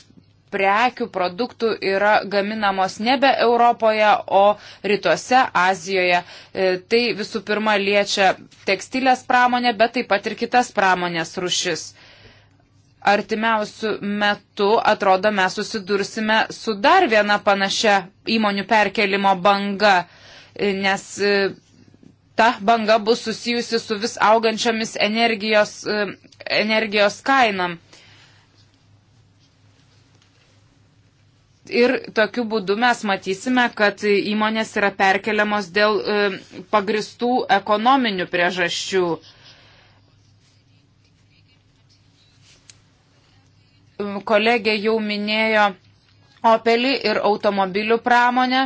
prekių, produktų yra gaminamos nebe Europoje, o rytuose, Azijoje. E, tai visų pirma liečia tekstilės pramonę, bet taip pat ir kitas pramonės rušis artimiausių metų, atrodo, mes susidursime su dar viena panašia įmonių perkelimo banga, e, nes e, ta banga bus susijusi su vis augančiamis energijos, e, energijos kainam. Ir tokiu būdu mes matysime, kad įmonės yra perkeliamos dėl pagristų ekonominių priežasčių. kolegė jau minėjo Opelį ir automobilių pramonę.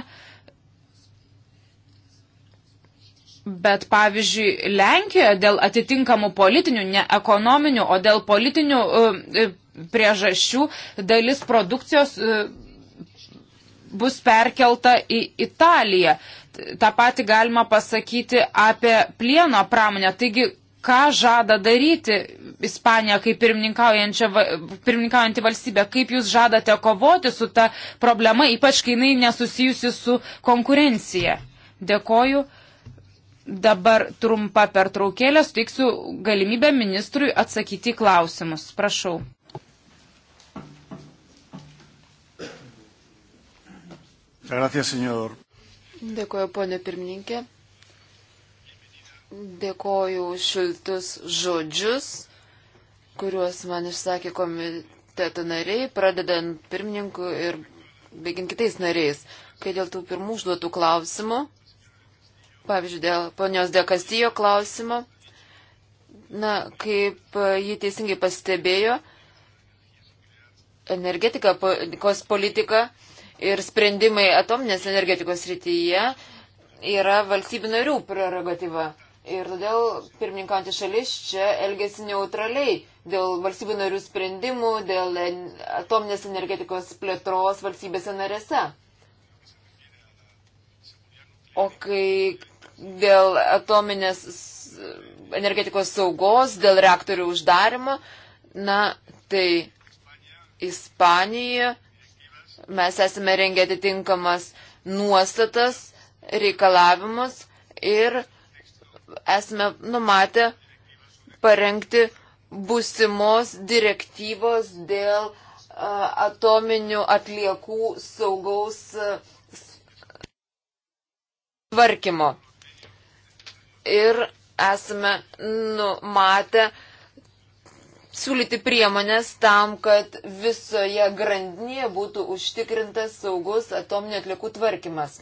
Bet pavyzdžiui, Lenkijoje dėl atitinkamų politinių, ne ekonominių, o dėl politinių e, e, priežasčių dalis produkcijos e, bus perkelta į Italiją. Ta pati galima pasakyti apie plieno pramonę. Taigi, ką žada daryti Ispanija kaip pirmininkaujanti valstybė, kaip jūs žadate kovoti su ta problema, ypač kai jinai nesusijusi su konkurencija. Dėkoju. Dabar trumpa pertraukėlė, suteiksiu galimybę ministrui atsakyti klausimus. Prašau. Gracias, señor. Dėkoju, ponė pirmininkė. Dėkoju už šiltus žodžius, kuriuos man išsakė komiteto nariai, pradedant pirmininku ir baigiant kitais nariais. Kai dėl tų pirmų užduotų klausimų, pavyzdžiui, dėl ponios Dekastijo klausimo, na, kaip jį teisingai pastebėjo, energetika, kos politika ir sprendimai atominės energetikos rytyje yra valstybių narių prerogatyva. Ir todėl pirmininkantis šalis čia elgesi neutraliai dėl valstybių narių sprendimų, dėl atominės energetikos plėtros valstybėse narėse. O kai dėl atominės energetikos saugos, dėl reaktorių uždarimo, na, tai Ispanija mes esame rengę atitinkamas nuostatas, reikalavimus ir esame numatę parengti būsimos direktyvos dėl atominių atliekų saugaus tvarkymo. Ir esame numatę siūlyti priemonės tam, kad visoje grandinėje būtų užtikrintas saugus atominių atliekų tvarkymas.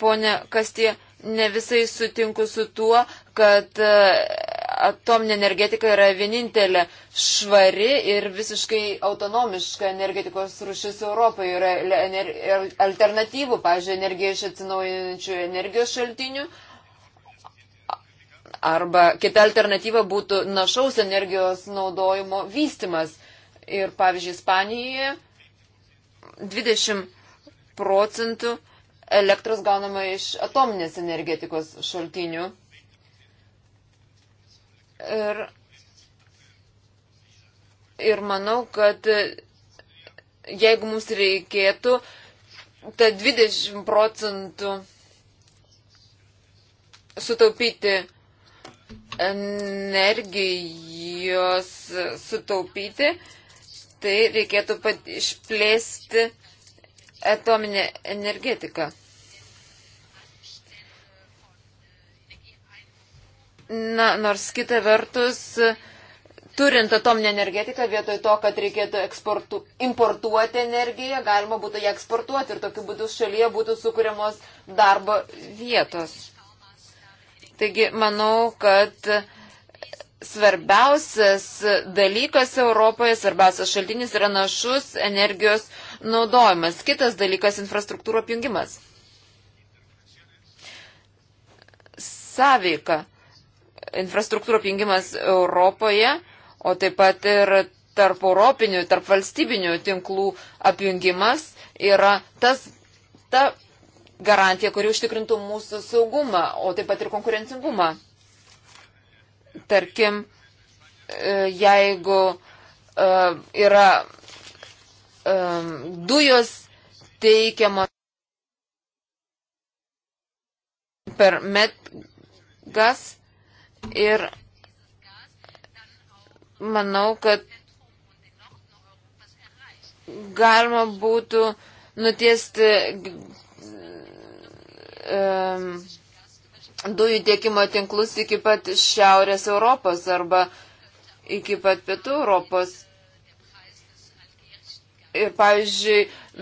Pone Kastie, ne visai sutinku su tuo, kad e, atominė energetika yra vienintelė švari ir visiškai autonomiška energetikos rušis Europoje. Yra alternatyvų, pavyzdžiui, energija iš atsinaujinančių energijos šaltinių. Arba kita alternatyva būtų našaus energijos naudojimo vystimas. Ir pavyzdžiui, Ispanijoje 20 procentų elektros gaunama iš atominės energetikos šaltinių. Ir, ir manau, kad jeigu mums reikėtų, ta 20 procentų sutaupyti energijos sutaupyti, tai reikėtų pat išplėsti atominė energetika. Na, nors kita vertus, turint atominę energetiką, vietoj to, kad reikėtų eksportu, importuoti energiją, galima būtų ją eksportuoti ir tokiu būdu šalyje būtų sukūriamos darbo vietos. Taigi, manau, kad svarbiausias dalykas Europoje, svarbiausias šaltinis yra našus energijos naudojimas. Kitas dalykas - infrastruktūro apjungimas. Sąveika. Infrastruktūro apjungimas Europoje, o taip pat ir tarp europinių, tarp valstybinių tinklų apjungimas yra tas, ta garantija, kuri užtikrintų mūsų saugumą, o taip pat ir konkurencingumą. Tarkim, e, jeigu e, yra um, dujos teikiamos per metgas ir manau, kad galima būtų nutiesti um, dujų tiekimo tinklus iki pat Šiaurės Europos arba iki pat Pietų Europos. Ir, pavyzdžiui,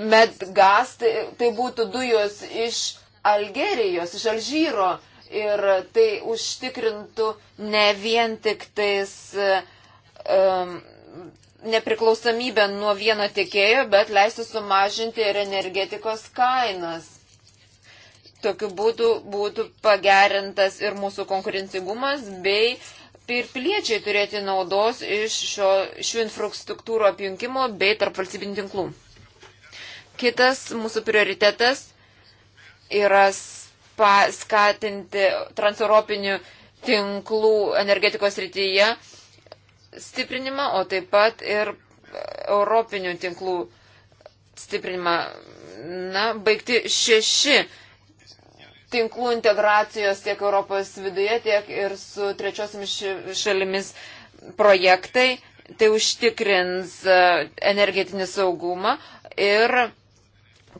medgas, tai, tai būtų dujos iš Algerijos, iš Alžyro. Ir tai užtikrintų ne vien tik tais um, nepriklausomybę nuo vieno tiekėjo, bet leistų sumažinti ir energetikos kainas. Tokiu būdu būtų pagerintas ir mūsų konkurencingumas bei uh, ir piliečiai turėti naudos iš šio, šių infrastruktūrų apjungimo bei tarp valstybinių tinklų. Kitas mūsų prioritetas yra paskatinti transeuropinių tinklų energetikos rytyje stiprinimą, o taip pat ir europinių tinklų stiprinimą. Na, baigti šeši tinklų integracijos tiek Europos viduje, tiek ir su trečiosiamis šalimis projektai. Tai užtikrins e, energetinį saugumą ir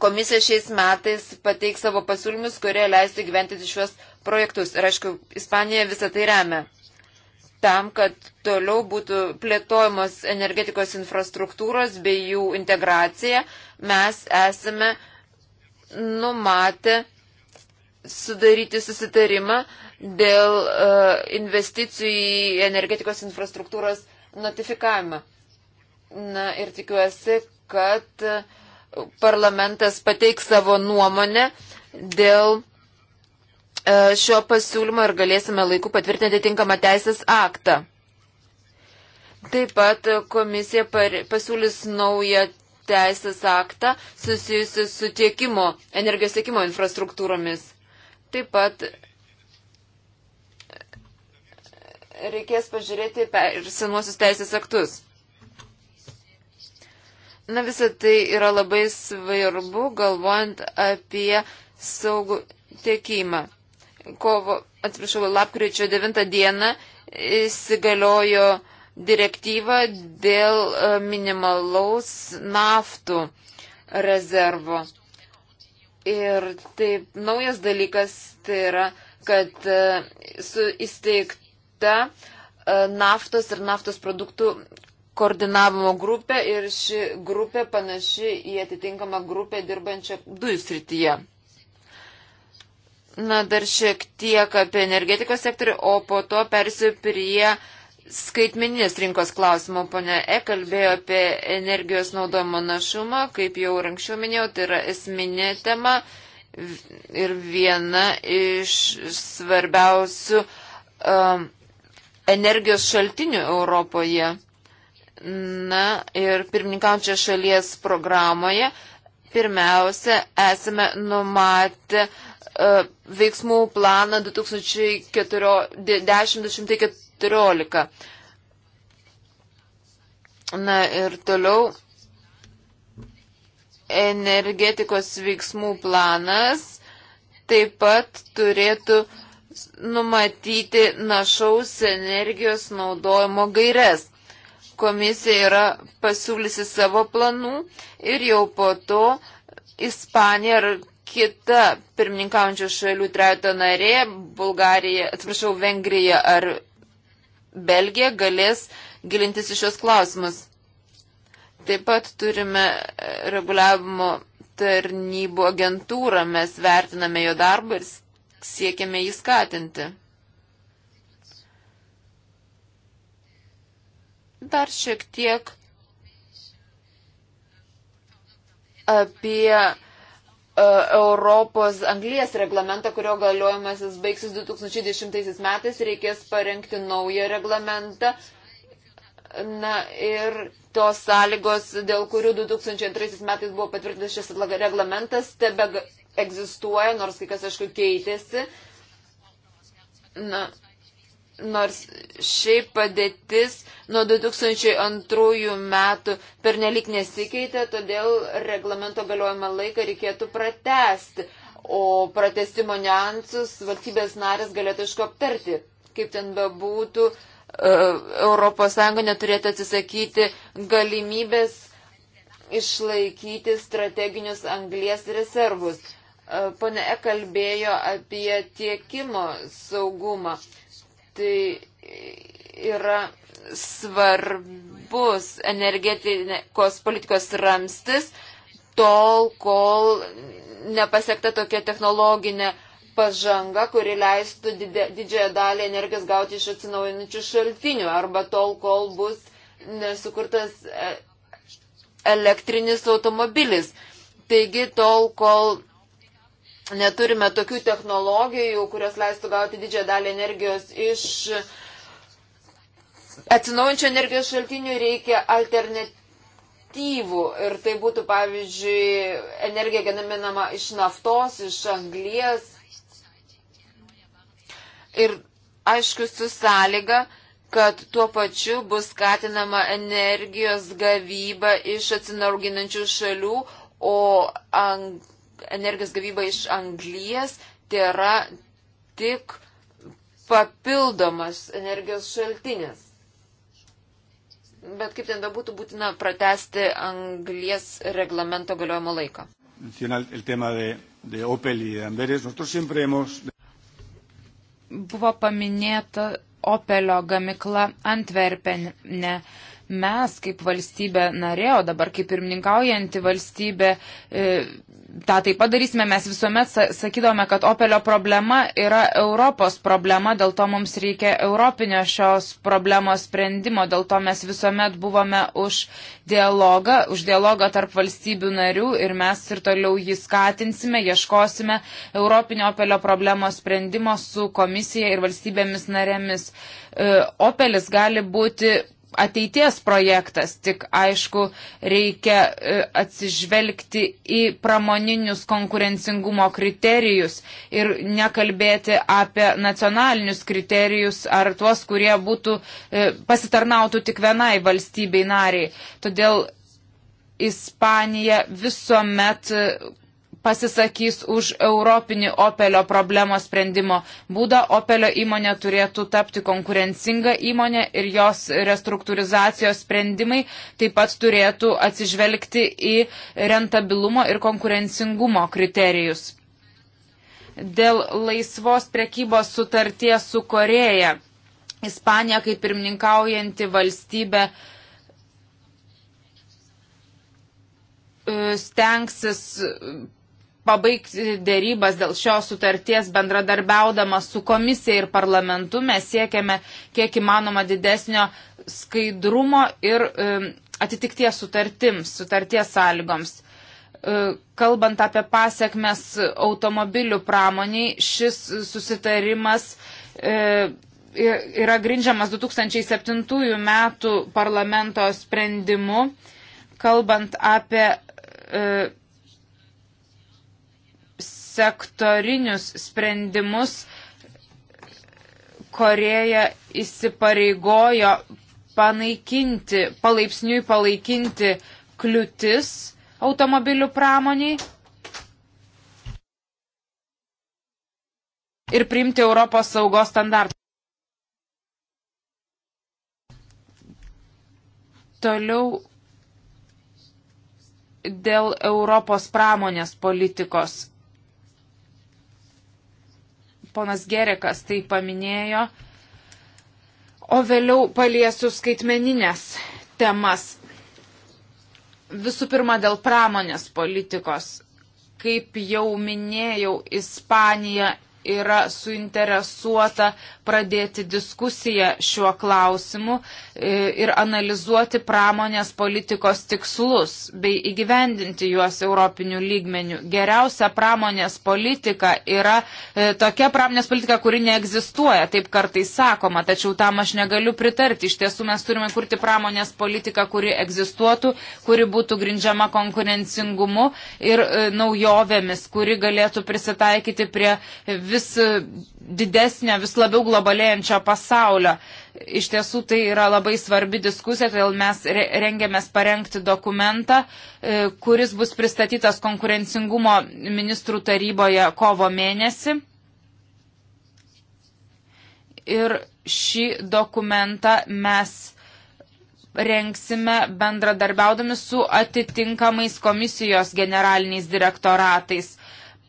komisija šiais metais pateiks savo pasiūlymus, kurie leistų gyventi šiuos projektus. Ir aišku, Ispanija visą tai remia tam, kad toliau būtų plėtojamos energetikos infrastruktūros bei jų integracija, mes esame numatę sudaryti susitarimą dėl uh, investicijų į energetikos infrastruktūros notifikavimą. Na ir tikiuosi, kad e, parlamentas pateiks savo nuomonę dėl uh, šio pasiūlymo ir galėsime laiku patvirtinti tinkamą teisės aktą. Taip pat komisija pasiūlys naują teisės aktą susijusi su tiekimo, energijos tiekimo infrastruktūromis. Taip pat reikės pažiūrėti ir senuosius teisės aktus. Na, visa tai yra labai svarbu, galvojant apie saugų tiekimą. Kovo, atsiprašau, lapkričio 9 dieną įsigaliojo direktyva dėl e, minimalaus naftų rezervo. Ir taip, naujas dalykas tai yra, kad e, su įsteigta e, naftos ir naftos produktų koordinavimo grupė ir ši grupė panaši į atitinkamą grupę dirbančią dujų srityje. Na, dar šiek tiek apie energetikos sektorių, o po to persiu prie uh, skaitmeninės rinkos klausimų, ponė E kalbėjo apie energijos naudojimo našumą, kaip jau ir anksčiau minėjau, tai yra esminė tema ir viena iš svarbiausių um, energijos šaltinių Europoje. Na ir pirmininkaučia šalies programoje pirmiausia esame numatę uh, veiksmų planą 2014. 10, 10, 14. Na ir toliau energetikos veiksmų planas taip pat turėtų numatyti našaus energijos naudojimo gairias. Komisija yra pasiūlysi savo planų ir jau po to Ispanija ar kita pirmininkaujančių šalių trejato narė, Bulgarija, atsiprašau, Vengrija ar Belgija galės gilintis į šios klausimus. Taip pat turime e, reguliavimo tarnybų agentūrą, mes vertiname jo darbą ir siekiame jį skatinti. Dar šiek tiek apie E, Europos anglijas reglamentą, kurio galiojimasis baigsis 2010 metais, reikės parengti naują reglamentą. Na ir tos sąlygos, dėl kurių 2002 metais buvo patvirtintas šis reglamentas, tebe egzistuoja, nors kai kas, aišku, keitėsi. Na, nors šiaip padėtis nuo 2002 metų pernelik nesikeitė, todėl reglamento galiojimą laiką reikėtų pratesti, o pratestimo niansus valstybės narės galėtų iško aptarti. Kaip ten bebūtų, ES neturėtų atsisakyti galimybės išlaikyti strateginius anglies reservus. E, Pane E kalbėjo apie tiekimo saugumą tai yra svarbus energetikos politikos ramstis, tol, kol nepasiekta tokia technologinė pažanga, kuri leistų didė, didžiąją dalį energijos gauti iš atsinaujinančių šaltinių, arba tol, kol bus nesukurtas e, elektrinis automobilis. Taigi, tol, kol neturime tokių technologijų, kurios leistų gauti didžiąją dalį energijos iš atsinaujančio energijos šaltinių, reikia alternatyvų. Ir tai būtų, pavyzdžiui, energija gaminama iš naftos, iš anglies. Ir aišku, su sąlyga, kad tuo pačiu bus skatinama energijos gavyba iš atsinauginančių šalių, o ang energijos gavyba iš anglijas tai yra tik papildomas energijos šaltinis. Bet kaip ten bebūtų, būtina pratesti anglies reglamento galiojimo laiką. Buvo paminėta Opelio gamikla Antverpenė. Mes kaip valstybė narė, o dabar kaip pirmininkaujanti valstybė, e, tą taip padarysime, mes visuomet sakydome, kad Opelio problema yra Europos problema, dėl to mums reikia europinio šios problemos sprendimo, dėl to mes visuomet buvome už dialogą, už dialogą tarp valstybių narių ir mes ir toliau jį skatinsime, ieškosime europinio Opelio problemos sprendimo su komisija ir valstybėmis narėmis. E, Opelis gali būti ateities projektas, tik aišku, reikia e, atsižvelgti į pramoninius konkurencingumo kriterijus ir nekalbėti apie nacionalinius kriterijus ar tuos, kurie būtų, e, pasitarnautų tik vienai valstybei nariai. Todėl Ispanija visuomet e, pasisakys už europinį Opelio problemos sprendimo būdą. Opelio įmonė turėtų tapti konkurencinga įmonė ir jos restruktūrizacijos sprendimai taip pat turėtų atsižvelgti į rentabilumo ir konkurencingumo kriterijus. Dėl laisvos prekybos sutarties su Koreja. Ispanija kaip pirmininkaujanti valstybė e, stengsis pabaigti dėrybas dėl šios sutarties bendradarbiaudama su komisija ir parlamentu. Mes siekiame kiek įmanoma didesnio skaidrumo ir um, atitikties sutartims, sutarties sąlygoms. Uh, kalbant apie pasiekmes automobilių pramoniai, šis susitarimas uh, yra grindžiamas 2007 metų parlamento sprendimu, kalbant apie uh, sektorinius sprendimus Koreja įsipareigojo panaikinti, palaipsniui palaikinti kliūtis automobilių pramoniai ir priimti Europos saugos standartą. Toliau dėl Europos pramonės politikos ponas Gerekas tai paminėjo, o vėliau paliesiu skaitmeninės temas. Visų pirma, dėl pramonės politikos. Kaip jau minėjau, Ispanija yra suinteresuota pradėti diskusiją šiuo klausimu e, ir analizuoti pramonės politikos tikslus bei įgyvendinti juos europinių lygmenių. Geriausia pramonės politika yra e, tokia pramonės politika, kuri neegzistuoja, taip kartais sakoma, tačiau tam aš negaliu pritarti. Iš tiesų mes turime kurti pramonės politiką, kuri egzistuotų, kuri būtų grindžiama konkurencingumu ir e, naujovėmis, kuri galėtų prisitaikyti prie vis didesnio, vis labiau globalėjančio pasaulio. Iš tiesų tai yra labai svarbi diskusija, todėl mes rengiamės parengti dokumentą, e, kuris bus pristatytas konkurencingumo ministrų taryboje kovo mėnesį. Ir šį dokumentą mes rengsime bendradarbiaudami su atitinkamais komisijos generaliniais direktoratais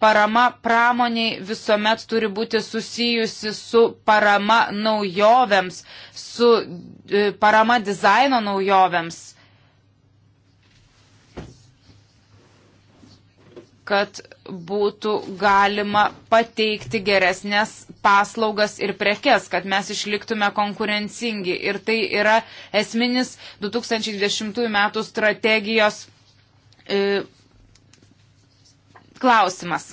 parama pramoniai visuomet turi būti susijusi su parama naujovėms, su e, parama dizaino naujovėms. kad būtų galima pateikti geresnės paslaugas ir prekes, kad mes išliktume konkurencingi. Ir tai yra esminis 2020 m. strategijos e, klausimas.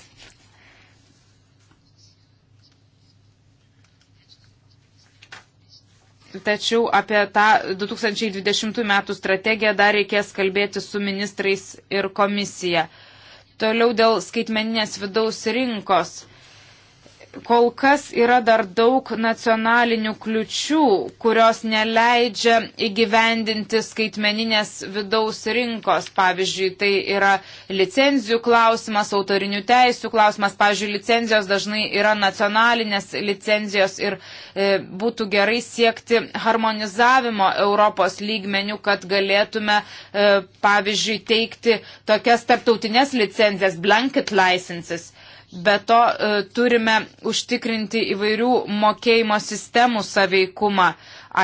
Tačiau apie tą 2020 metų strategiją dar reikės kalbėti su ministrais ir komisija. Toliau dėl skaitmeninės vidaus rinkos kol kas yra dar daug nacionalinių kliučių, kurios neleidžia įgyvendinti skaitmeninės vidaus rinkos. Pavyzdžiui, tai yra licenzijų klausimas, autorinių teisų klausimas. Pavyzdžiui, licenzijos dažnai yra nacionalinės licenzijos ir e, būtų gerai siekti harmonizavimo Europos lygmenių, kad galėtume, e, pavyzdžiui, teikti tokias tarptautinės licenzijas, blanket licenses Be to e, turime užtikrinti įvairių mokėjimo sistemų saveikumą.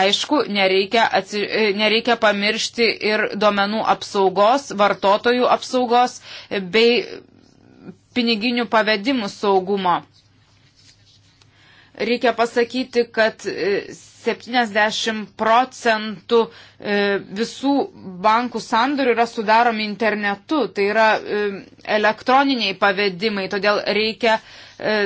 Aišku, nereikia, atsi, e, nereikia pamiršti ir duomenų apsaugos, vartotojų apsaugos bei piniginių pavedimų saugumo. Reikia pasakyti, kad e, 70 procentų e, visų bankų sandorių yra sudaromi internetu, tai yra e, elektroniniai pavedimai, todėl reikia e,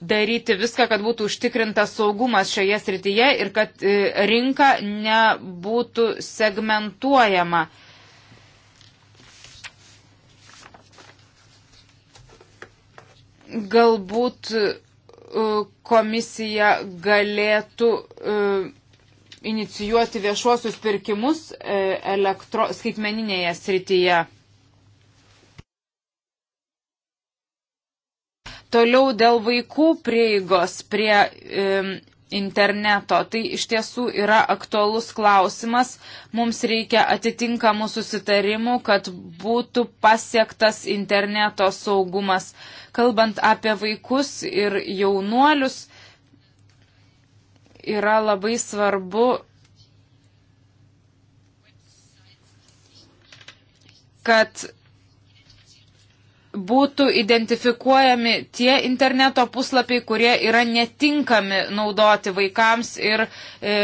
daryti viską, kad būtų užtikrintas saugumas šioje srityje ir kad rinka nebūtų segmentuojama. Galbūt E, komisija galėtų e, inicijuoti viešuosius pirkimus e, elektro, skaitmeninėje srityje. Toliau dėl vaikų prieigos prie e, interneto. Tai iš tiesų yra aktualus klausimas. Mums reikia atitinkamų susitarimų, kad būtų pasiektas interneto saugumas. E, kalbant apie vaikus ir jaunuolius, yra labai svarbu kad būtų identifikuojami tie interneto puslapiai, kurie yra netinkami naudoti vaikams ir e,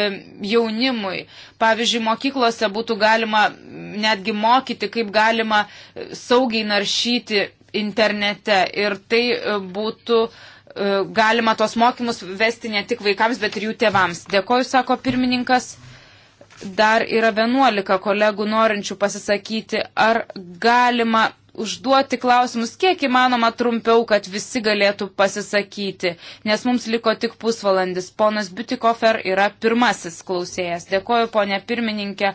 jaunimui. Pavyzdžiui, mokyklose būtų galima netgi mokyti, kaip galima saugiai naršyti internete. Ir tai e, būtų e, galima tos mokymus vesti ne tik vaikams, bet ir jų tėvams. Dėkoju, sako pirmininkas. Dar yra 11 kolegų norinčių pasisakyti, ar galima užduoti klausimus kiek įmanoma trumpiau, kad visi galėtų pasisakyti, nes mums liko tik pusvalandis. Ponas Butikofer yra pirmasis klausėjas. Dėkoju, ponė pirmininkė,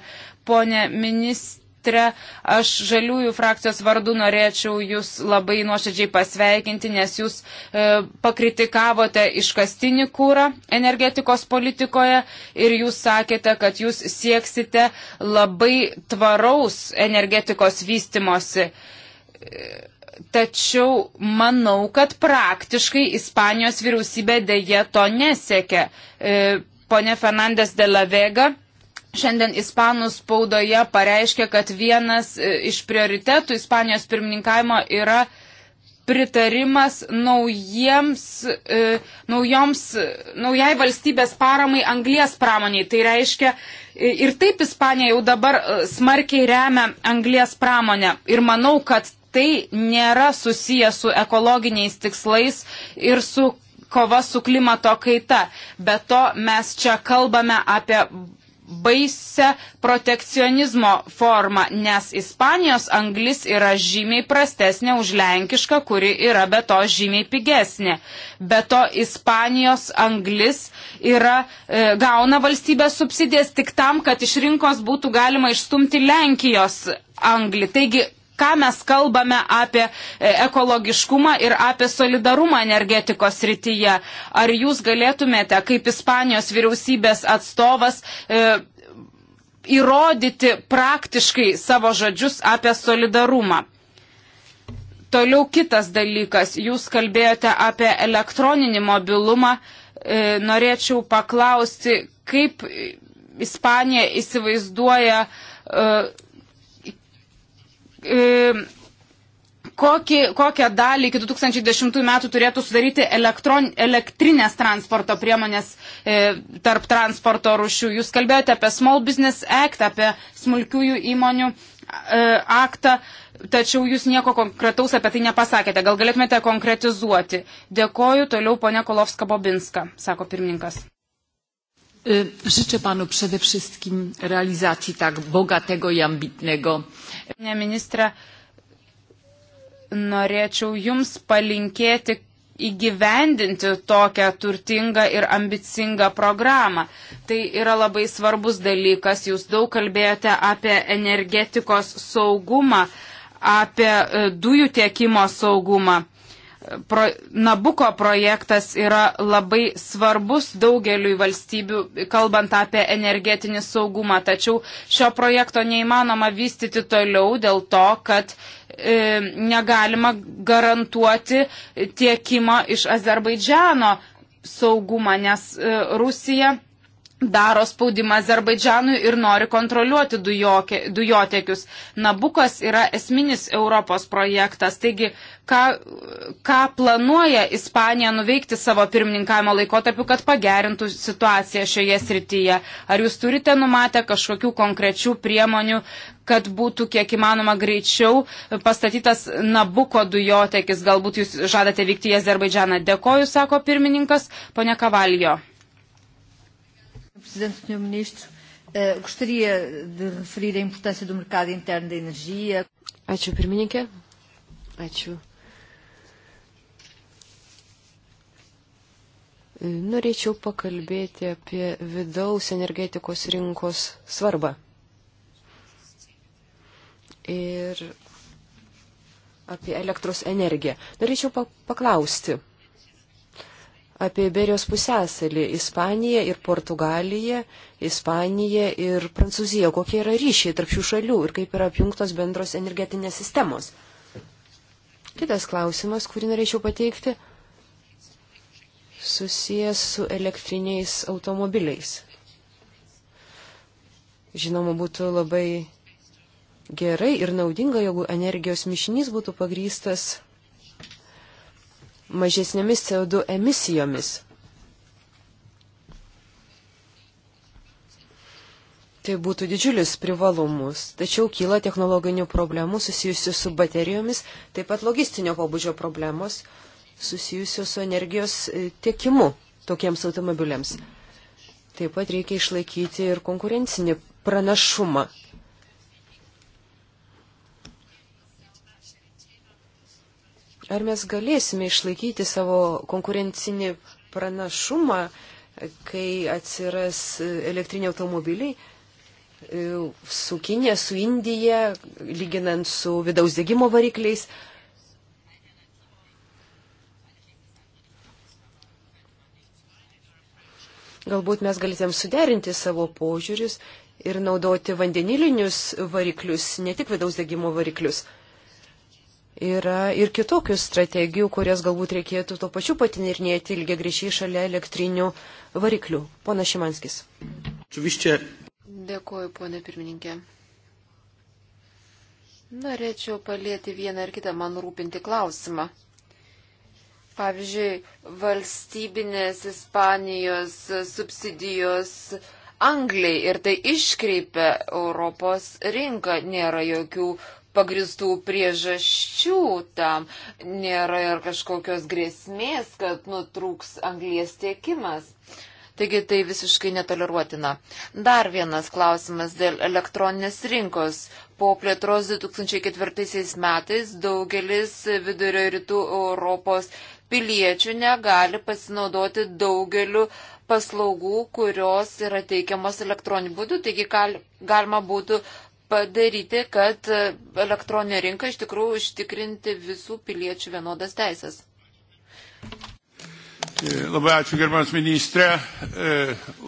ponė ministrė ministrė. Aš žaliųjų frakcijos vardu norėčiau jūs labai nuoširdžiai pasveikinti, nes jūs e, pakritikavote iškastinį kūrą energetikos politikoje ir jūs sakėte, kad jūs sieksite labai tvaraus energetikos vystimosi. E, tačiau manau, kad praktiškai Ispanijos vyriausybė dėje to nesiekia. E, pone Fernandes de la Vega šiandien Ispanų spaudoje pareiškė, kad vienas e, iš prioritetų Ispanijos pirmininkavimo yra pritarimas naujiems, e, naujoms, naujai valstybės paramai anglės pramoniai. Tai reiškia, e, ir taip Ispanija jau dabar e, smarkiai remia anglės pramonę. Ir manau, kad tai nėra susiję su ekologiniais tikslais ir su kova su klimato kaita. Be to mes čia kalbame apie baisę protekcionizmo formą, nes Ispanijos anglis yra žymiai prastesnė už lenkišką, kuri yra be to žymiai pigesnė. Be to Ispanijos anglis yra, e, gauna valstybės subsidijas tik tam, kad iš rinkos būtų galima išstumti Lenkijos anglį. Taigi ką mes kalbame apie e, ekologiškumą ir apie solidarumą energetikos rytyje. Ar jūs galėtumėte, kaip Ispanijos vyriausybės atstovas, e, įrodyti praktiškai savo žodžius apie solidarumą? Toliau kitas dalykas, jūs kalbėjote apie elektroninį mobilumą, e, norėčiau paklausti, kaip Ispanija įsivaizduoja e, E, kokį, kokią dalį iki 2010 metų turėtų sudaryti elektron, elektrinės transporto priemonės e, tarp transporto rušių. Jūs kalbėjote apie Small Business Act, apie smulkiųjų įmonių e, aktą, tačiau jūs nieko konkretaus apie tai nepasakėte. Gal galėtumėte konkretizuoti? Dėkoju toliau ponia Kolovska Bobinska, sako pirmininkas. Życzę panu przede wszystkim realizacji tak bogatego i ambitnego. Ne ministra, norėčiau jums palinkėti įgyvendinti tokią turtingą ir ambicingą programą. Tai yra labai svarbus dalykas. Jūs daug kalbėjote apie energetikos saugumą, apie e, dujų tiekimo saugumą pro, Nabuko projektas yra labai svarbus daugeliui valstybių, kalbant apie energetinį saugumą, tačiau šio projekto neįmanoma vystyti toliau dėl to, kad e, negalima garantuoti tiekimo iš Azerbaidžiano saugumą, nes e, Rusija daro spaudimą Azerbaidžanui ir nori kontroliuoti dujokė, dujotekius. Nabukas yra esminis Europos projektas, taigi ką, ką planuoja Ispanija nuveikti savo pirmininkavimo laikotarpiu, kad pagerintų situaciją šioje srityje? Ar jūs turite numatę kažkokių konkrečių priemonių, kad būtų kiek įmanoma greičiau pastatytas Nabuko dujotekis? Galbūt jūs žadate vykti į Azerbaidžaną. Dėkoju, sako pirmininkas, ponia Kavaljo. Presidente, Sr. Ministro, uh, gostaria de referir a importância do mercado interno da energia. Ačiū pirmininkė. Ačiū. E, norėčiau pakalbėti apie vidaus energetikos rinkos svarbą. Ir apie elektros energiją. Norėčiau paklausti, apie Iberijos pusęsalį - Ispaniją ir Portugaliją, Ispaniją ir Prancūziją. Kokie yra ryšiai tarp šių šalių ir kaip yra apjungtos bendros energetinės sistemos. Kitas klausimas, kurį norėčiau pateikti, susijęs su elektriniais automobiliais. Žinoma, būtų labai gerai ir naudinga, jeigu energijos mišinys būtų pagrystas mažesnėmis CO2 emisijomis. Tai būtų didžiulis privalumus, tačiau kyla technologinių problemų susijusių su baterijomis, taip pat logistinio pobūdžio problemos susijusių su energijos e, tiekimu tokiems automobiliams. Taip pat reikia išlaikyti ir konkurencinį pranašumą Ar mes galėsime išlaikyti savo konkurencinį pranašumą, kai atsiras elektriniai automobiliai e, su Kinė, su Indija, lyginant su vidaus dėgymo varikliais? Galbūt mes galėtum suderinti savo požiūrius ir naudoti vandenilinius variklius, ne tik vidaus degimo variklius. Yra ir kitokių strategijų, kurias galbūt reikėtų to pačiu patinirnėti ilgiai grįžiai šalia elektrinių variklių. Pona Šimanskis. Čia Dėkuoju, ponė pirmininkė. Norėčiau palėti vieną ar kitą man rūpinti klausimą. Pavyzdžiui, valstybinės Ispanijos subsidijos Angliai ir tai iškreipia Europos rinką. Nėra jokių pagristų priežasčių tam. Nėra ir kažkokios grėsmės, kad nutrūks anglies tiekimas. Taigi tai visiškai netoleruotina. Dar vienas klausimas dėl elektroninės rinkos. Po plėtros 2004 metais daugelis vidurio rytų Europos piliečių negali pasinaudoti daugeliu paslaugų, kurios yra teikiamos elektroniniu būdu. Taigi galima būtų padaryti, kad elektroninė rinka iš tikrųjų užtikrinti visų piliečių vienodas teisės. E, labai ačiū gerbiamas ministrė e,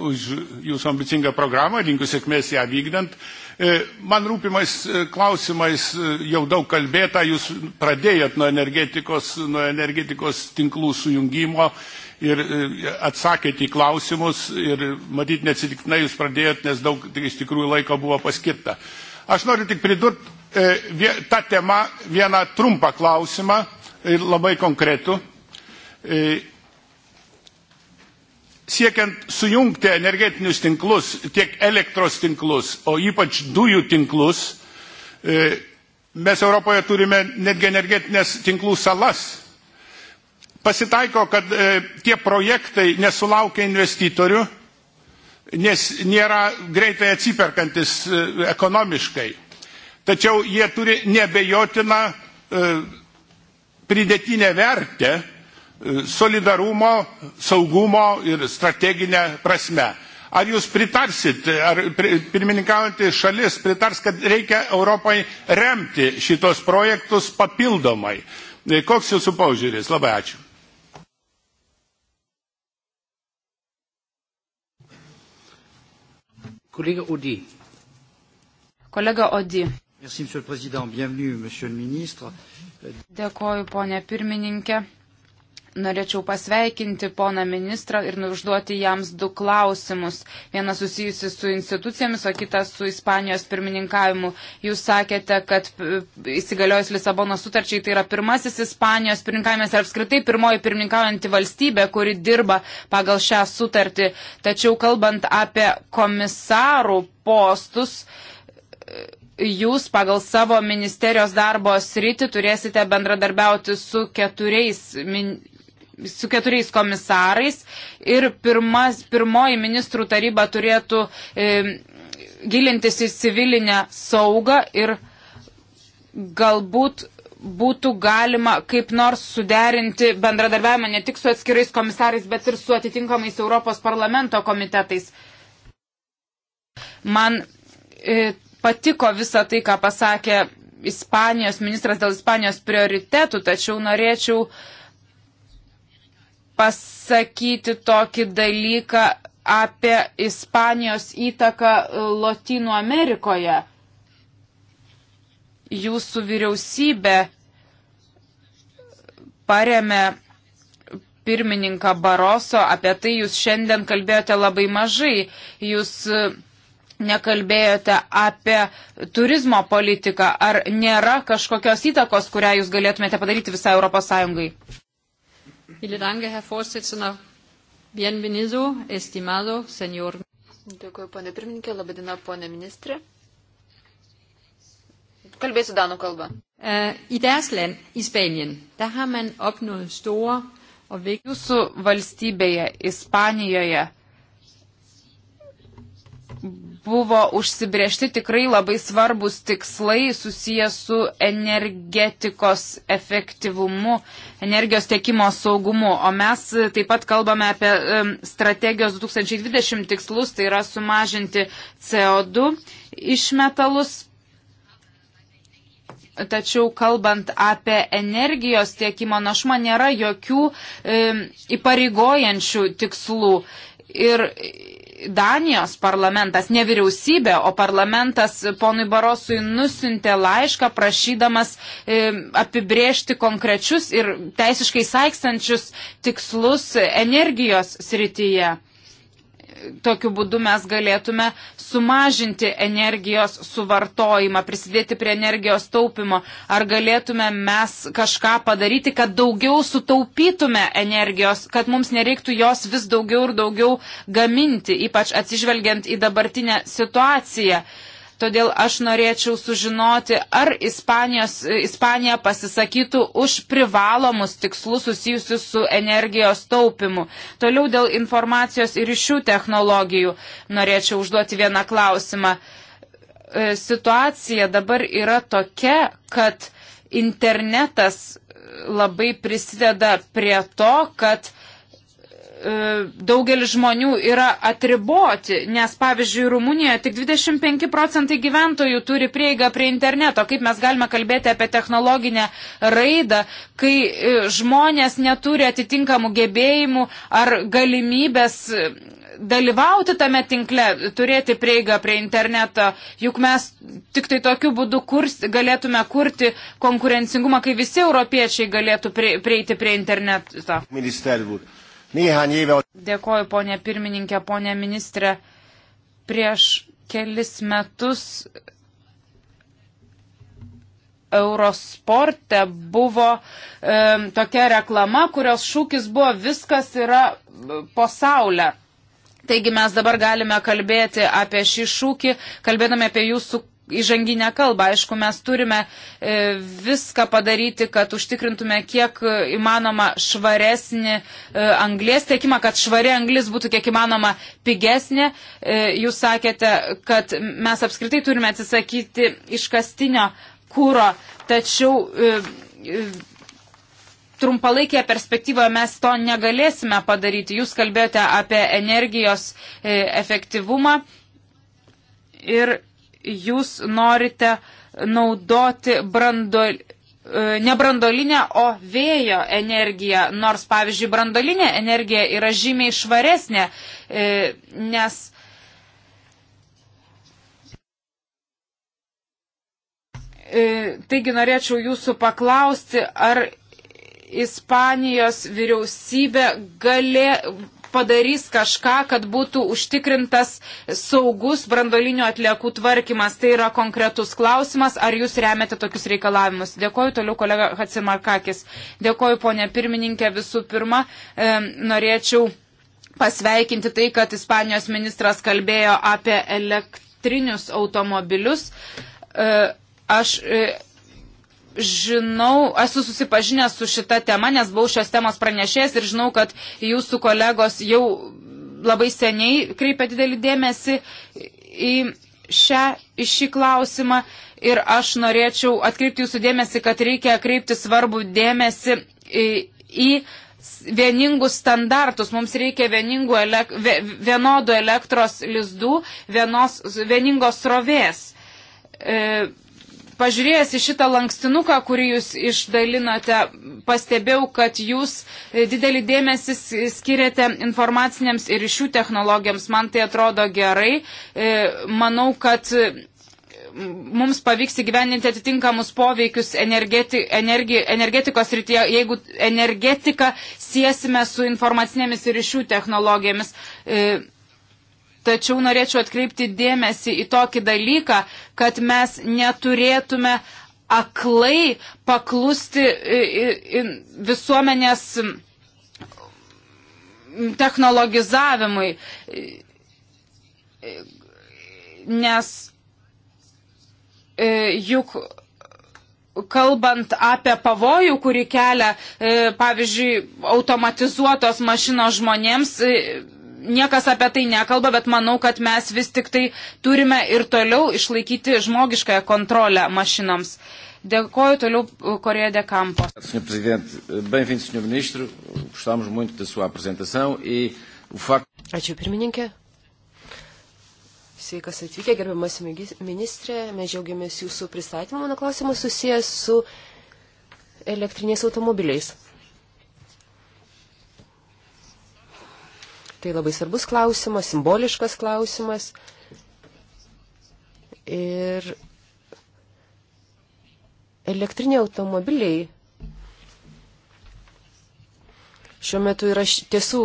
už jūsų ambicingą programą, linkiu sėkmės ją vykdant. E, man rūpimais klausimais jau daug kalbėta, jūs pradėjot nuo energetikos, nuo energetikos tinklų sujungimo ir e, atsakėte į klausimus ir matyt neatsitiktinai jūs pradėjot, nes daug tai iš tikrųjų laiko buvo paskirta. Aš noriu tik pridurti e, tą temą vieną trumpą klausimą ir labai konkretų. E, siekiant sujungti energetinius tinklus, tiek elektros tinklus, o ypač dujų tinklus, e, mes Europoje turime netgi energetinės tinklų salas pasitaiko, kad e, tie projektai nesulaukia investitorių, nes nėra greitai atsiperkantis e, ekonomiškai. Tačiau jie turi nebejotiną e, pridėtinę vertę e, solidarumo, saugumo ir strateginę prasme. Ar jūs pritarsit, ar pirmininkaujantį šalis pritars, kad reikia Europai remti šitos projektus papildomai? E, koks jūsų paužiūris? Labai ačiū. Kolega Odi. Kolega Odi. Merci, Dėkoju, ponė pirmininkė. Norėčiau pasveikinti poną ministrą ir nu, užduoti jams du klausimus. Vienas susijusi su institucijomis, o kitas su Ispanijos pirmininkavimu. Jūs sakėte, kad e, įsigaliojus Lisabono sutarčiai tai yra pirmasis Ispanijos pirmininkavimas ir apskritai pirmoji pirmininkaujanti valstybė, kuri dirba pagal šią sutartį. Tačiau kalbant apie komisarų postus, e, jūs pagal savo ministerijos darbo sritį turėsite bendradarbiauti su keturiais min su keturiais komisarais ir pirmas, pirmoji ministrų taryba turėtų e, gilintis į civilinę saugą ir galbūt būtų galima kaip nors suderinti bendradarbiavimą ne tik su atskirais komisarais, bet ir su atitinkamais Europos parlamento komitetais. Man e, patiko visa tai, ką pasakė Ispanijos ministras dėl Ispanijos prioritetų, tačiau norėčiau e, pasakyti tokį dalyką apie Ispanijos įtaką Lotynų Amerikoje. Jūsų vyriausybė paremė pirmininką Baroso, apie tai jūs šiandien kalbėjote labai mažai. Jūs e, nekalbėjote apie turizmo politiką. Ar nėra kažkokios įtakos, kurią jūs galėtumėte padaryti visai Europos Sąjungai? Vielen Dank, Herr Vorsitzender. Bienvenido, estimado senor. Dėkuoju, ponė pirmininkė, labadiena, ponė ministrė. Kalbėsiu danų kalbą. Eh, I deres land, i Spanien, der har man opnået store og vigtige. Jūsų valstybėje, Ispanijoje, buvo užsibriežti tikrai labai svarbus tikslai susijęs su energetikos efektyvumu, energijos tiekimo saugumu. O mes taip pat kalbame apie strategijos 2020 tikslus, tai yra sumažinti CO2 išmetalus. Tačiau kalbant apie energijos tiekimo našumą, nu, nėra jokių e, įpareigojančių tikslų. Ir Danijos parlamentas, ne vyriausybė, o parlamentas ponui Barosui nusintė laišką prašydamas e, apibriežti konkrečius ir teisiškai saikstančius tikslus energijos srityje tokiu būdu mes galėtume sumažinti energijos suvartojimą, prisidėti prie energijos taupimo. Ar galėtume mes kažką padaryti, kad daugiau sutaupytume energijos, kad mums nereiktų jos vis daugiau ir daugiau gaminti, ypač atsižvelgiant į dabartinę situaciją. Uh, Todėl aš norėčiau sužinoti, ar Ispanijos, Ispanija pasisakytų už privalomus tikslus susijusius su energijos taupimu. Toliau dėl informacijos ir ryšių technologijų norėčiau užduoti vieną klausimą. E, situacija dabar yra tokia, kad internetas labai prisideda prie to, kad E, daugelis žmonių yra atriboti, nes pavyzdžiui, Rumunijoje tik 25 procentai gyventojų turi prieigą prie interneto. Kaip mes galime kalbėti apie technologinę raidą, kai e, žmonės neturi atitinkamų gebėjimų ar galimybės e, dalyvauti tame tinkle, turėti prieigą prie interneto, juk mes tik tai tokiu būdu kurs, galėtume kurti konkurencingumą, kai visi europiečiai galėtų prie, prieiti prie interneto. Ministerbūr. Dėkoju, ponė pirmininkė, ponė ministrė. Prieš kelis metus Eurosporte buvo e, tokia reklama, kurios šūkis buvo viskas yra pasaulė. Taigi mes dabar galime kalbėti apie šį šūkį, kalbėdami apie jūsų įžanginę kalbą. Aišku, mes turime e, viską padaryti, kad užtikrintume kiek įmanoma švaresnį e, anglės tiekimą, kad švari anglis būtų kiek įmanoma pigesnė. E, jūs sakėte, kad mes apskritai turime atsisakyti iškastinio kūro, tačiau trumpalaikėje perspektyvoje mes to negalėsime padaryti. Jūs kalbėjote apie energijos efektyvumą ir jūs norite naudoti brandol, e, nebrandolinę, o vėjo energiją, nors, pavyzdžiui, brandolinė energija yra žymiai švaresnė, e, nes e, Taigi norėčiau jūsų paklausti, ar Ispanijos vyriausybė galė, padarys kažką, kad būtų užtikrintas saugus brandolinio atliekų tvarkymas. Tai yra konkretus klausimas, ar jūs remiate tokius reikalavimus. Dėkoju toliau kolega Hatsimarkakis. Dėkoju ponė pirmininkė visų pirma. E, norėčiau pasveikinti tai, kad Ispanijos ministras kalbėjo apie elektrinius automobilius. E, aš. E, žinau, esu susipažinęs su šita tema, nes buvau šios temos pranešėjęs ir žinau, kad jūsų kolegos jau labai seniai kreipia didelį dėmesį į šią, į šį klausimą ir aš norėčiau atkreipti jūsų dėmesį, kad reikia kreipti svarbų dėmesį į, į vieningus standartus, mums reikia vieningų elek, vienodų elektros lizdų, vienos, vieningos srovės. E, pažiūrėjęs į šitą lankstinuką, kurį jūs išdalinote, pastebėjau, kad jūs e, didelį dėmesį skiriate informacinėms ir šių technologijoms. Man tai atrodo gerai. E, manau, kad e, mums pavyks įgyveninti atitinkamus poveikius energeti, energi, energetikos rytyje, jeigu energetiką siesime su informacinėmis ir ryšių technologijomis. E, Tačiau norėčiau atkreipti dėmesį į tokį dalyką, kad mes neturėtume aklai paklusti visuomenės technologizavimui. Nes e, juk kalbant apie pavojų, kurį kelia, e, pavyzdžiui, automatizuotos mašinos žmonėms, e, niekas apie tai nekalba, bet manau, kad mes vis tik tai turime ir toliau išlaikyti žmogiškąją kontrolę mašinams. Dėkoju toliau e, Korėje de Campo. Sr. Presidente, bem-vindo, Sr. Ministro. Gostamos muito da sua apresentação e o facto. Ačiū pirmininkė. Sveikas atvykę, gerbiamas ministrė. Mes džiaugiamės jūsų pristatymu. Mano klausimas susijęs su elektriniais automobiliais. Tai labai svarbus klausimas, simboliškas klausimas. Ir elektriniai automobiliai šiuo metu yra tiesų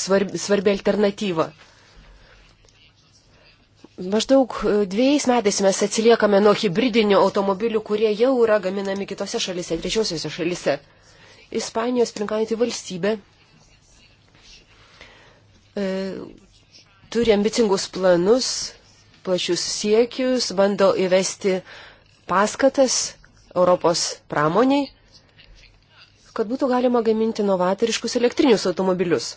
svarbi, svarbi alternatyva. Maždaug e, dviejais metais mes atsiliekame nuo hybridinių automobilių, kurie jau yra gaminami kitose šalise, trečiosiuose šalise. Ispanijos prinkanti valstybė E, turi ambicingus planus, plačius siekius, bando įvesti paskatas Europos pramoniai, kad būtų galima gaminti novatoriškus elektrinius automobilius.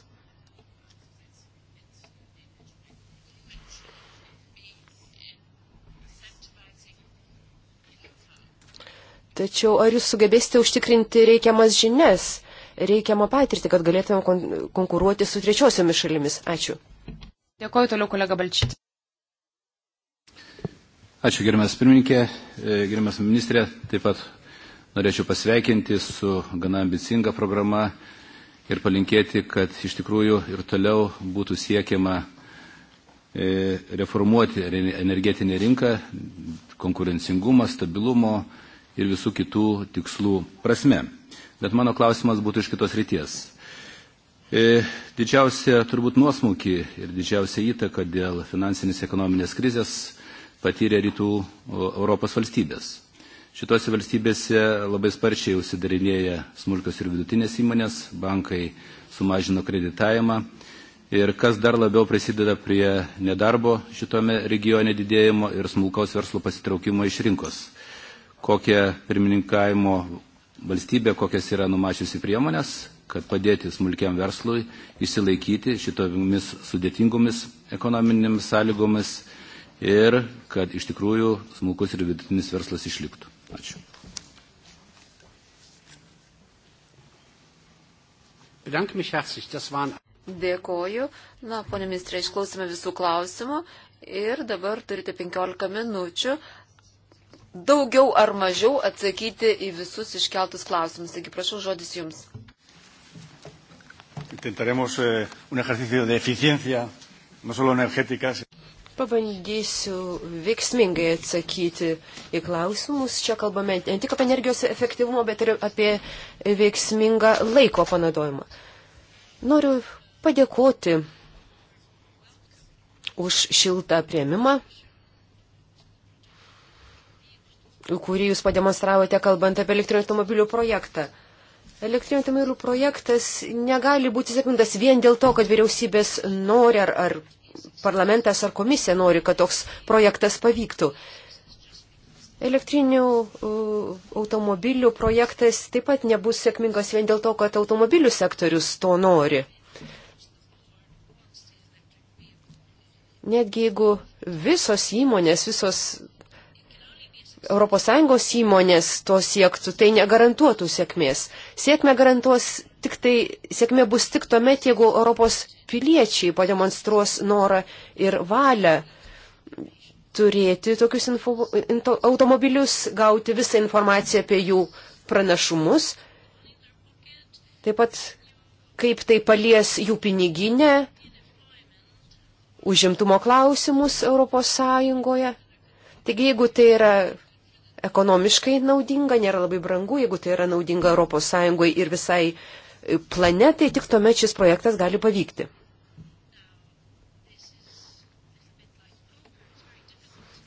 Tačiau ar jūs sugebėsite užtikrinti reikiamas žinias reikiamą patirtį, kad galėtume kon konkuruoti su trečiosiomis šalimis. Ačiū. Dėkoju toliau kolega Balčytis. Ačiū gerimas pirmininkė, e, gerimas ministrė. Taip pat norėčiau pasveikinti su gana ambicinga programa ir palinkėti, kad iš tikrųjų ir toliau būtų siekiama e, reformuoti energetinę rinką, konkurencingumo, stabilumo ir visų kitų tikslų prasme bet mano klausimas būtų iš kitos ryties. E, didžiausia turbūt nuosmukį ir didžiausia įtaka dėl finansinės ekonominės krizės patyrė rytų Europos valstybės. Šitose valstybėse labai sparčiai užsidarinėja smulkios ir vidutinės įmonės, bankai sumažino kreditavimą ir kas dar labiau prisideda prie nedarbo šitome regione didėjimo ir smulkaus verslo pasitraukimo iš rinkos. Kokią pirmininkavimo valstybė, kokias yra numačiusi priemonės, kad padėti smulkiam verslui išsilaikyti šitomis sudėtingomis ekonominėmis sąlygomis ir kad iš tikrųjų smulkus ir vidutinis verslas išliktų. Ačiū. Dėkoju. Na, ponė ministrė, išklausime visų klausimų ir dabar turite 15 minučių daugiau ar mažiau atsakyti į visus iškeltus klausimus. Taigi prašau žodis Jums. Intentaremos eh, un ejercicio de eficiencia, no solo energética. Pabandysiu veiksmingai atsakyti į klausimus. Čia kalbame ne tik apie energijos efektyvumą, bet ir apie veiksmingą laiko panaudojimą. Noriu padėkoti už šiltą prieimimą kurį jūs pademonstravote, kalbant apie elektrinio automobilių projektą. Elektrinio automobilių projektas negali būti sėkmingas vien dėl to, kad vyriausybės nori ar, ar parlamentas ar komisija nori, kad toks projektas pavyktų. Elektrinių automobilių projektas taip pat nebus sėkmingas vien dėl to, kad automobilių sektorius to nori. Netgi jeigu visos įmonės, visos ES įmonės to siektų, tai negarantuotų sėkmės. Sėkmė garantuos tik tai, sėkmė bus tik tuomet, jeigu Europos piliečiai pademonstruos norą ir valią turėti tokius info, into, automobilius, gauti visą informaciją apie jų pranašumus. Taip pat, kaip tai palies jų piniginę, užimtumo klausimus Europos Sąjungoje. Taigi, jeigu tai yra ekonomiškai naudinga, nėra labai brangu, jeigu tai yra naudinga ES ir visai e, planetai, tik tuomet šis projektas gali pavykti.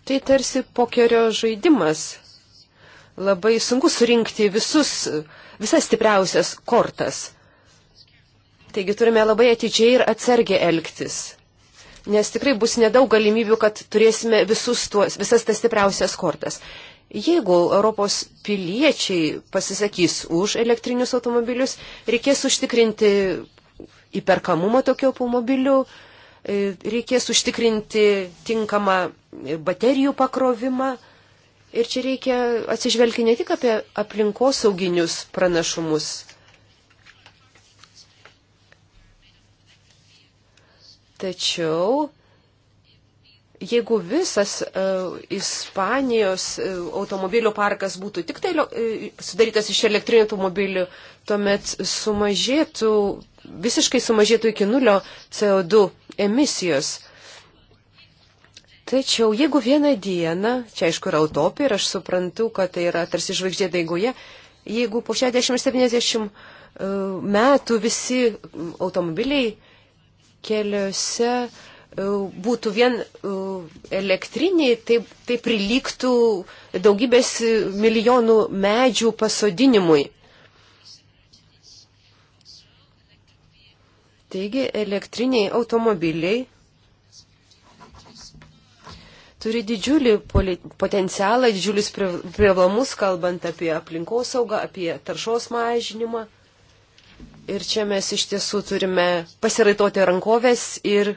Tai tarsi pokerio žaidimas. Labai sunku surinkti visus, visas stipriausias kortas. Taigi turime labai atidžiai ir atsargiai elgtis nes tikrai bus nedaug galimybių, kad turėsime visus tuos, visas tas stipriausias kortas. Jeigu Europos piliečiai pasisakys už elektrinius automobilius, reikės užtikrinti įperkamumą tokių automobilių, e, reikės užtikrinti tinkamą baterijų pakrovimą. Ir čia reikia atsižvelgti ne tik apie aplinkosauginius pranašumus. Tačiau jeigu visas uh, Ispanijos uh, automobilių parkas būtų tik tai uh, sudarytas iš elektrinių automobilių, tuomet sumažėtų, visiškai sumažėtų iki nulio CO2 emisijos. Tačiau jeigu vieną dieną, čia aišku yra utopija ir aš suprantu, kad tai yra tarsi žvaigždė daigoje, jeigu po 60-70 metų visi automobiliai keliuose uh, E, būtų vien e, elektriniai, tai, tai priliktų daugybės milijonų medžių pasodinimui. Taigi elektriniai automobiliai turi didžiulį potencialą, didžiulius privalumus, kalbant apie aplinkosaugą, apie taršos mažinimą. Ir čia mes iš tiesų turime pasiraitoti rankovės ir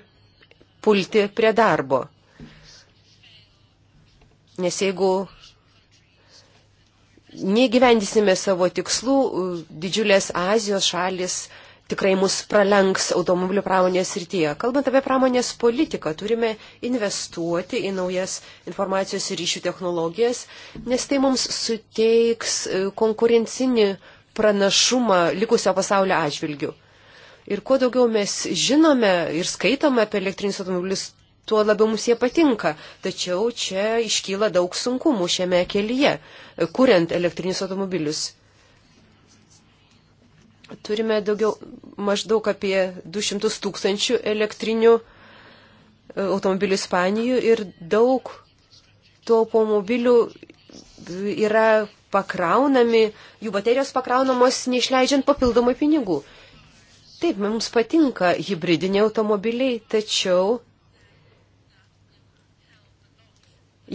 pulti prie darbo. Nes jeigu neįgyvendysime savo tikslų, didžiulės Azijos šalis tikrai mus pralenks automobilių pramonės rytyje. Kalbant apie pramonės politiką, turime investuoti į naujas informacijos ir ryšių technologijas, nes tai mums suteiks konkurencinį pranašumą likusio pasaulio atžvilgių. Ir kuo daugiau mes žinome ir skaitome apie elektrinius automobilius, tuo labiau mums jie patinka. Tačiau čia iškyla daug sunkumų šiame kelyje, kuriant elektrinius automobilius. Turime daugiau, maždaug apie 200 tūkstančių elektrinių e, automobilių Ispanijoje ir daug tų automobilių yra pakraunami, jų baterijos pakraunamos neišleidžiant papildomai pinigų. Taip, mums patinka hybridiniai automobiliai, tačiau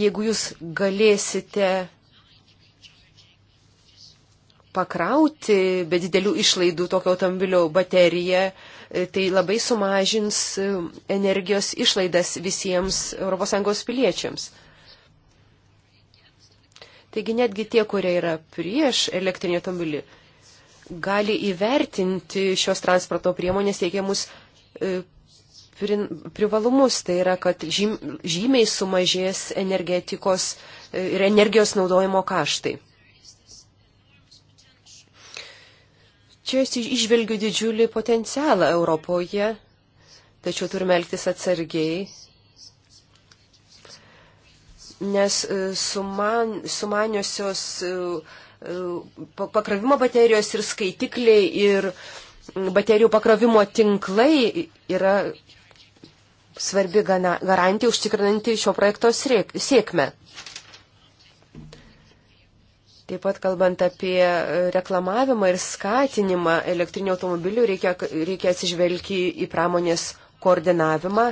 jeigu jūs galėsite pakrauti be didelių išlaidų tokio automobilio bateriją, e, tai labai sumažins e, energijos išlaidas visiems ES piliečiams. Taigi netgi tie, kurie yra prieš elektrinį automobilį, gali įvertinti šios transporto priemonės teikiamus e, privalumus. Tai yra, kad žymiai sumažės energetikos e, ir energijos naudojimo kaštai. Čia išvelgiu didžiulį potencialą Europoje, tačiau turime elgtis atsargiai, nes e, suman, sumaniosios uh, pakrovimo baterijos ir skaitikliai ir baterijų pakrovimo tinklai yra svarbi garantija užtikrinanti šio projekto sėkmę. Taip pat kalbant apie e, reklamavimą ir skatinimą elektrinių automobilių, reikia, reikia atsižvelgti į pramonės koordinavimą.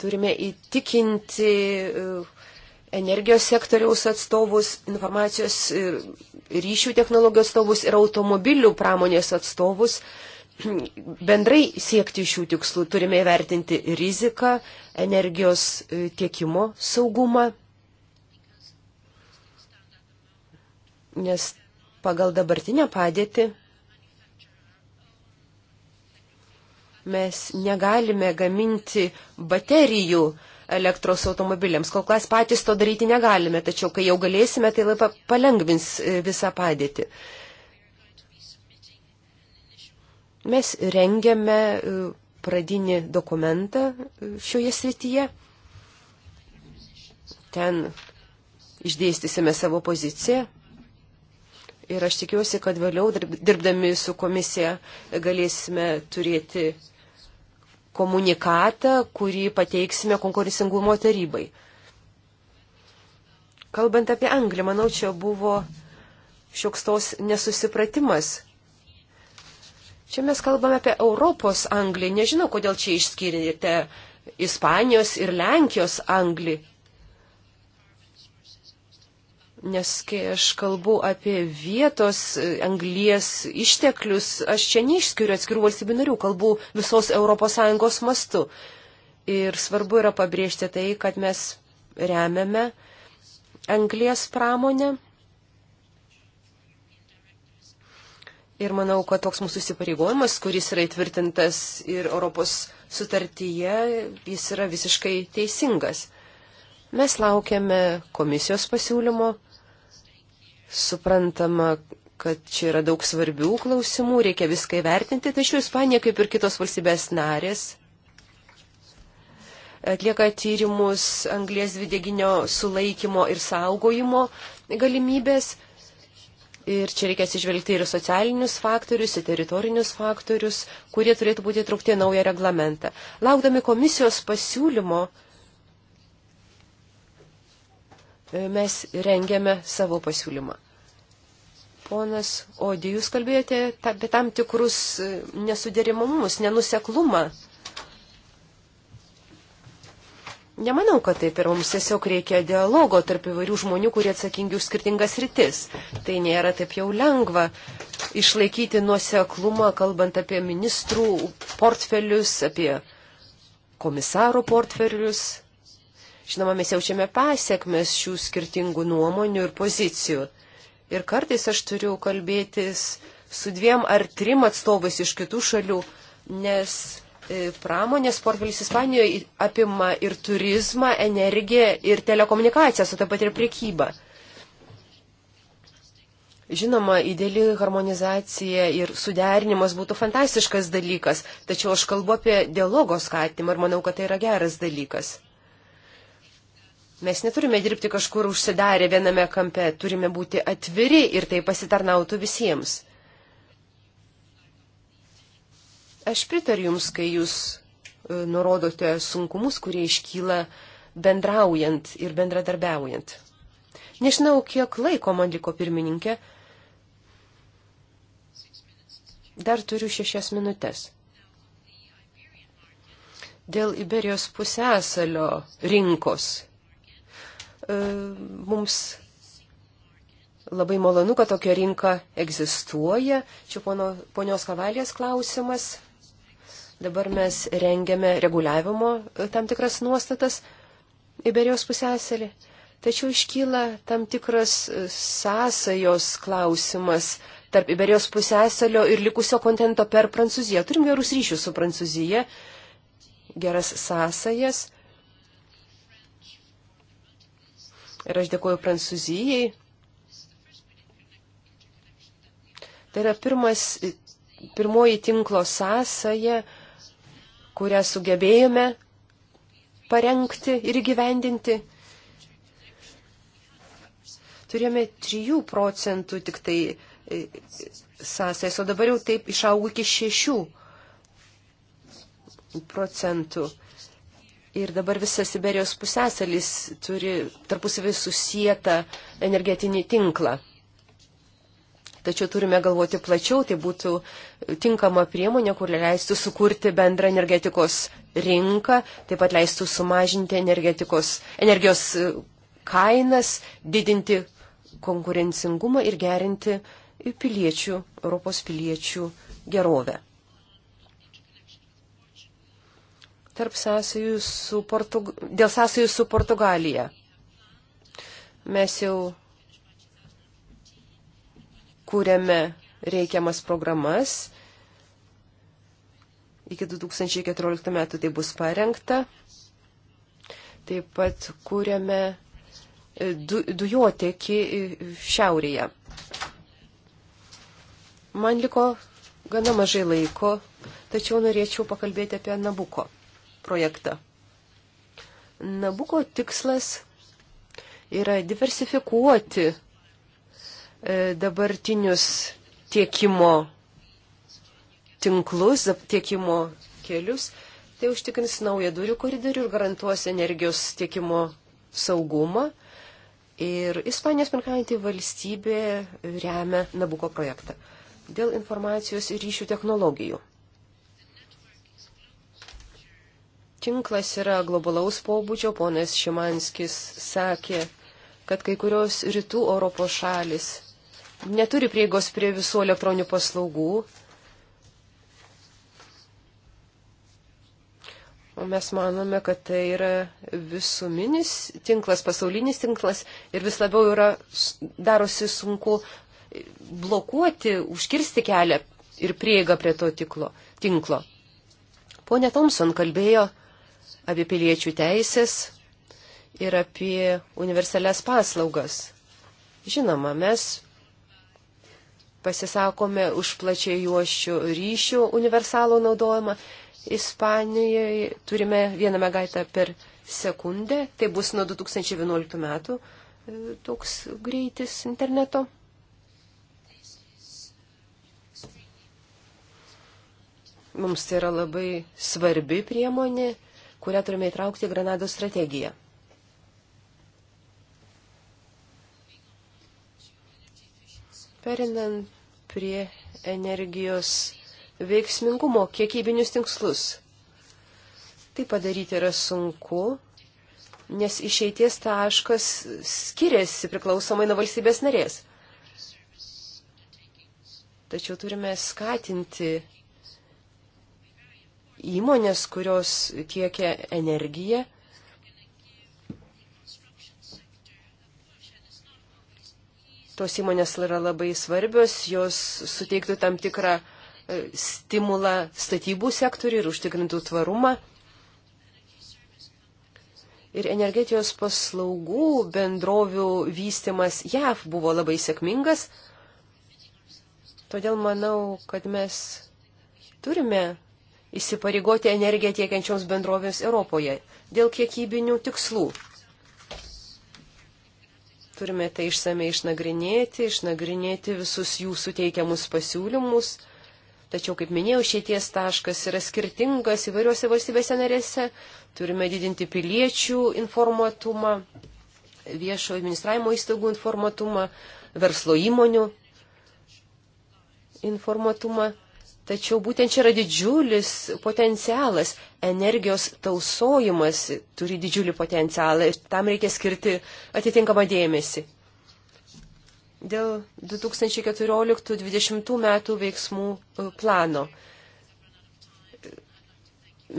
Turime įtikinti e, energijos sektoriaus atstovus, informacijos ir ryšių technologijos atstovus ir automobilių pramonės atstovus. Bendrai siekti šių tikslų turime įvertinti riziką, energijos e, tiekimo saugumą, nes pagal dabartinę padėtį mes negalime gaminti baterijų elektros automobiliams. Kol kas patys to daryti negalime, tačiau kai jau galėsime, tai labai palengvins e, visą padėtį. Mes rengiame e, pradinį dokumentą e, šioje srityje. Ten išdėstysime savo poziciją. Ir aš tikiuosi, kad vėliau dirbdami su komisija galėsime turėti komunikatą, kurį pateiksime konkurencingumo tarybai. Kalbant apie Angliją, manau, čia buvo šioks tos nesusipratimas. Čia mes kalbame apie Europos Angliją. Nežinau, kodėl čia išskirite Ispanijos ir Lenkijos Angliją. Nes kai aš kalbu apie vietos e, anglies išteklius, aš čia neišskiriu atskirų valstybių narių, kalbu visos ES mastu. Ir svarbu yra pabrėžti tai, kad mes remiame anglies pramonę. Ir manau, kad toks mūsų įsipareigojimas, kuris yra įtvirtintas ir Europos sutartyje, jis yra visiškai teisingas. Mes laukiame komisijos pasiūlymo Suprantama, kad čia yra daug svarbių klausimų, reikia viską įvertinti, tačiau Ispanija, kaip ir kitos valstybės narės, atlieka tyrimus anglės dvideginio sulaikymo ir saugojimo galimybės. Ir čia reikia atsižvelgti ir socialinius faktorius, ir teritorinius faktorius, kurie turėtų būti traukti naują reglamentą. Laukdami komisijos pasiūlymo, E, mes rengiame savo pasiūlymą. Ponas Odi, jūs kalbėjote apie tam tikrus e, nesuderimamumus, nenuseklumą. Nemanau, kad taip ir mums tiesiog reikia dialogo tarp įvairių žmonių, kurie atsakingi už skirtingas rytis. Tai nėra taip jau lengva išlaikyti nuoseklumą, kalbant apie ministrų portfelius, apie komisarų portfelius, Žinoma, mes jaučiame pasiekmes šių skirtingų nuomonių ir pozicijų. Ir kartais aš turiu kalbėtis su dviem ar trim atstovais iš kitų šalių, nes e, pramonės portfelis Ispanijoje apima ir turizmą, energiją, ir telekomunikacijas, o taip pat ir priekybą. Žinoma, ideali harmonizacija ir suderinimas būtų fantastiškas dalykas, tačiau aš kalbu apie dialogo skatimą ir manau, kad tai yra geras dalykas. Mes neturime dirbti kažkur užsidarę viename kampe, turime būti atviri ir tai pasitarnautų visiems. Aš pritariu Jums, kai Jūs e, nurodote sunkumus, kurie iškyla bendraujant ir bendradarbiaujant. Nežinau, kiek laiko man liko pirmininkė. Dar turiu šešias minutės. Dėl Iberijos pusėsalio rinkos E, mums labai malonu, kad tokia rinka egzistuoja. Čia pono, ponios kavalės klausimas. Dabar mes rengiame reguliavimo e, tam tikras nuostatas Iberijos pusėselį. Tačiau iškyla tam tikras e, sąsajos klausimas tarp Iberijos pusėselio ir likusio kontento per Prancūziją. Turim gerus ryšius su Prancūzija, geras sąsajas. Ir aš dėkoju Prancūzijai. Tai yra pirmas, pirmoji tinklo sąsaja, kurią sugebėjome parengti ir įgyvendinti. Turėjome 3 procentų tik tai e, sąsajas, o dabar jau taip išaugo iki 6 procentų. Ir dabar visas Siberijos pusęsalis turi tarpusavį susijęta energetinį tinklą. Tačiau turime galvoti plačiau, tai būtų tinkama priemonė, kur leistų sukurti bendrą energetikos rinką, taip pat leistų sumažinti energijos kainas, didinti konkurencingumą ir gerinti piliečių, Europos piliečių gerovę. tarp sąsajų su Portug... dėl sąsajų su Portugalija. Mes jau kūrėme reikiamas programas. Iki 2014 metų tai bus parengta. Taip pat kūrėme e, du, dujotekį e, šiaurėje. Man liko gana mažai laiko, tačiau norėčiau pakalbėti apie Nabuko projektą. Nabuko tikslas yra diversifikuoti e, dabartinius tiekimo tinklus, tiekimo kelius. Tai užtikrins naują dujų koridorių ir garantuos energijos tiekimo saugumą. Ir Ispanijos pirkaujantį valstybė remia Nabuko projektą dėl informacijos ir ryšių technologijų. Tinklas yra globalaus pobūdžio, ponas Šimanskis sakė, kad kai kurios rytų Europos šalis neturi prieigos prie visų elektroninių paslaugų. O mes manome, kad tai yra visuminis tinklas, pasaulinis tinklas ir vis labiau yra, darosi sunku blokuoti, užkirsti kelią ir prieigą prie to tiklo, tinklo. Pone Thompson kalbėjo apie piliečių teisės ir apie universalias paslaugas. Žinoma, mes pasisakome už plačiai juošių ryšių universalo naudojimą. Ispanijoje turime vieną megaitą per sekundę, tai bus nuo 2011 metų e, toks greitis interneto. Mums tai yra labai svarbi priemonė kurią turime įtraukti į Granados strategiją. Perinant prie energijos veiksmingumo kiekybinius tinkslus. Tai padaryti yra sunku, nes išeities taškas skiriasi priklausomai nuo valstybės narės. Tačiau turime skatinti įmonės, kurios tiekia energiją. Tos įmonės yra labai svarbios, jos suteiktų tam tikrą e, stimulą statybų sektoriui ir užtikrintų tvarumą. Ir energetijos paslaugų bendrovių vystimas JAV buvo labai sėkmingas. Todėl manau, kad mes turime įsipareigoti energiją tiekiančioms bendrovėms Europoje dėl kiekybinių tikslų. Turime tai išsamei išnagrinėti, išnagrinėti visus jūsų teikiamus pasiūlymus. Tačiau, kaip minėjau, šėties taškas yra skirtingas įvairiuose valstybėse narėse. Turime didinti piliečių informuotumą, viešo administravimo įstaigų informuotumą, verslo įmonių informuotumą. Tačiau būtent čia yra didžiulis potencialas, energijos tausojimas turi didžiulį potencialą ir tam reikia skirti atitinkamą dėmesį. Dėl 2014-2020 metų veiksmų e, plano.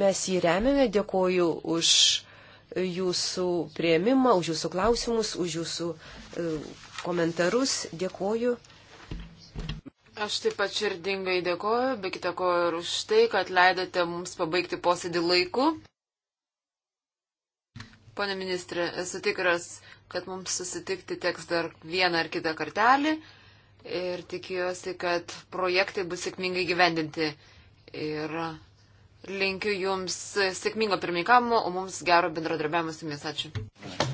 Mes jį remiame, dėkoju už jūsų prieimimą, už jūsų klausimus, už jūsų e, komentarus, dėkoju. Aš taip pat širdingai dėkoju, be kita ko ir už tai, kad leidote mums pabaigti posėdį laiku. Pone ministrė, esu tikras, kad mums susitikti teks dar vieną ar kitą kartelį ir tikiuosi, kad projektai bus sėkmingai gyvendinti. Ir linkiu Jums sėkmingo pirmininkavimo, o mums gero bendradarbiavimo su jumis. Ačiū.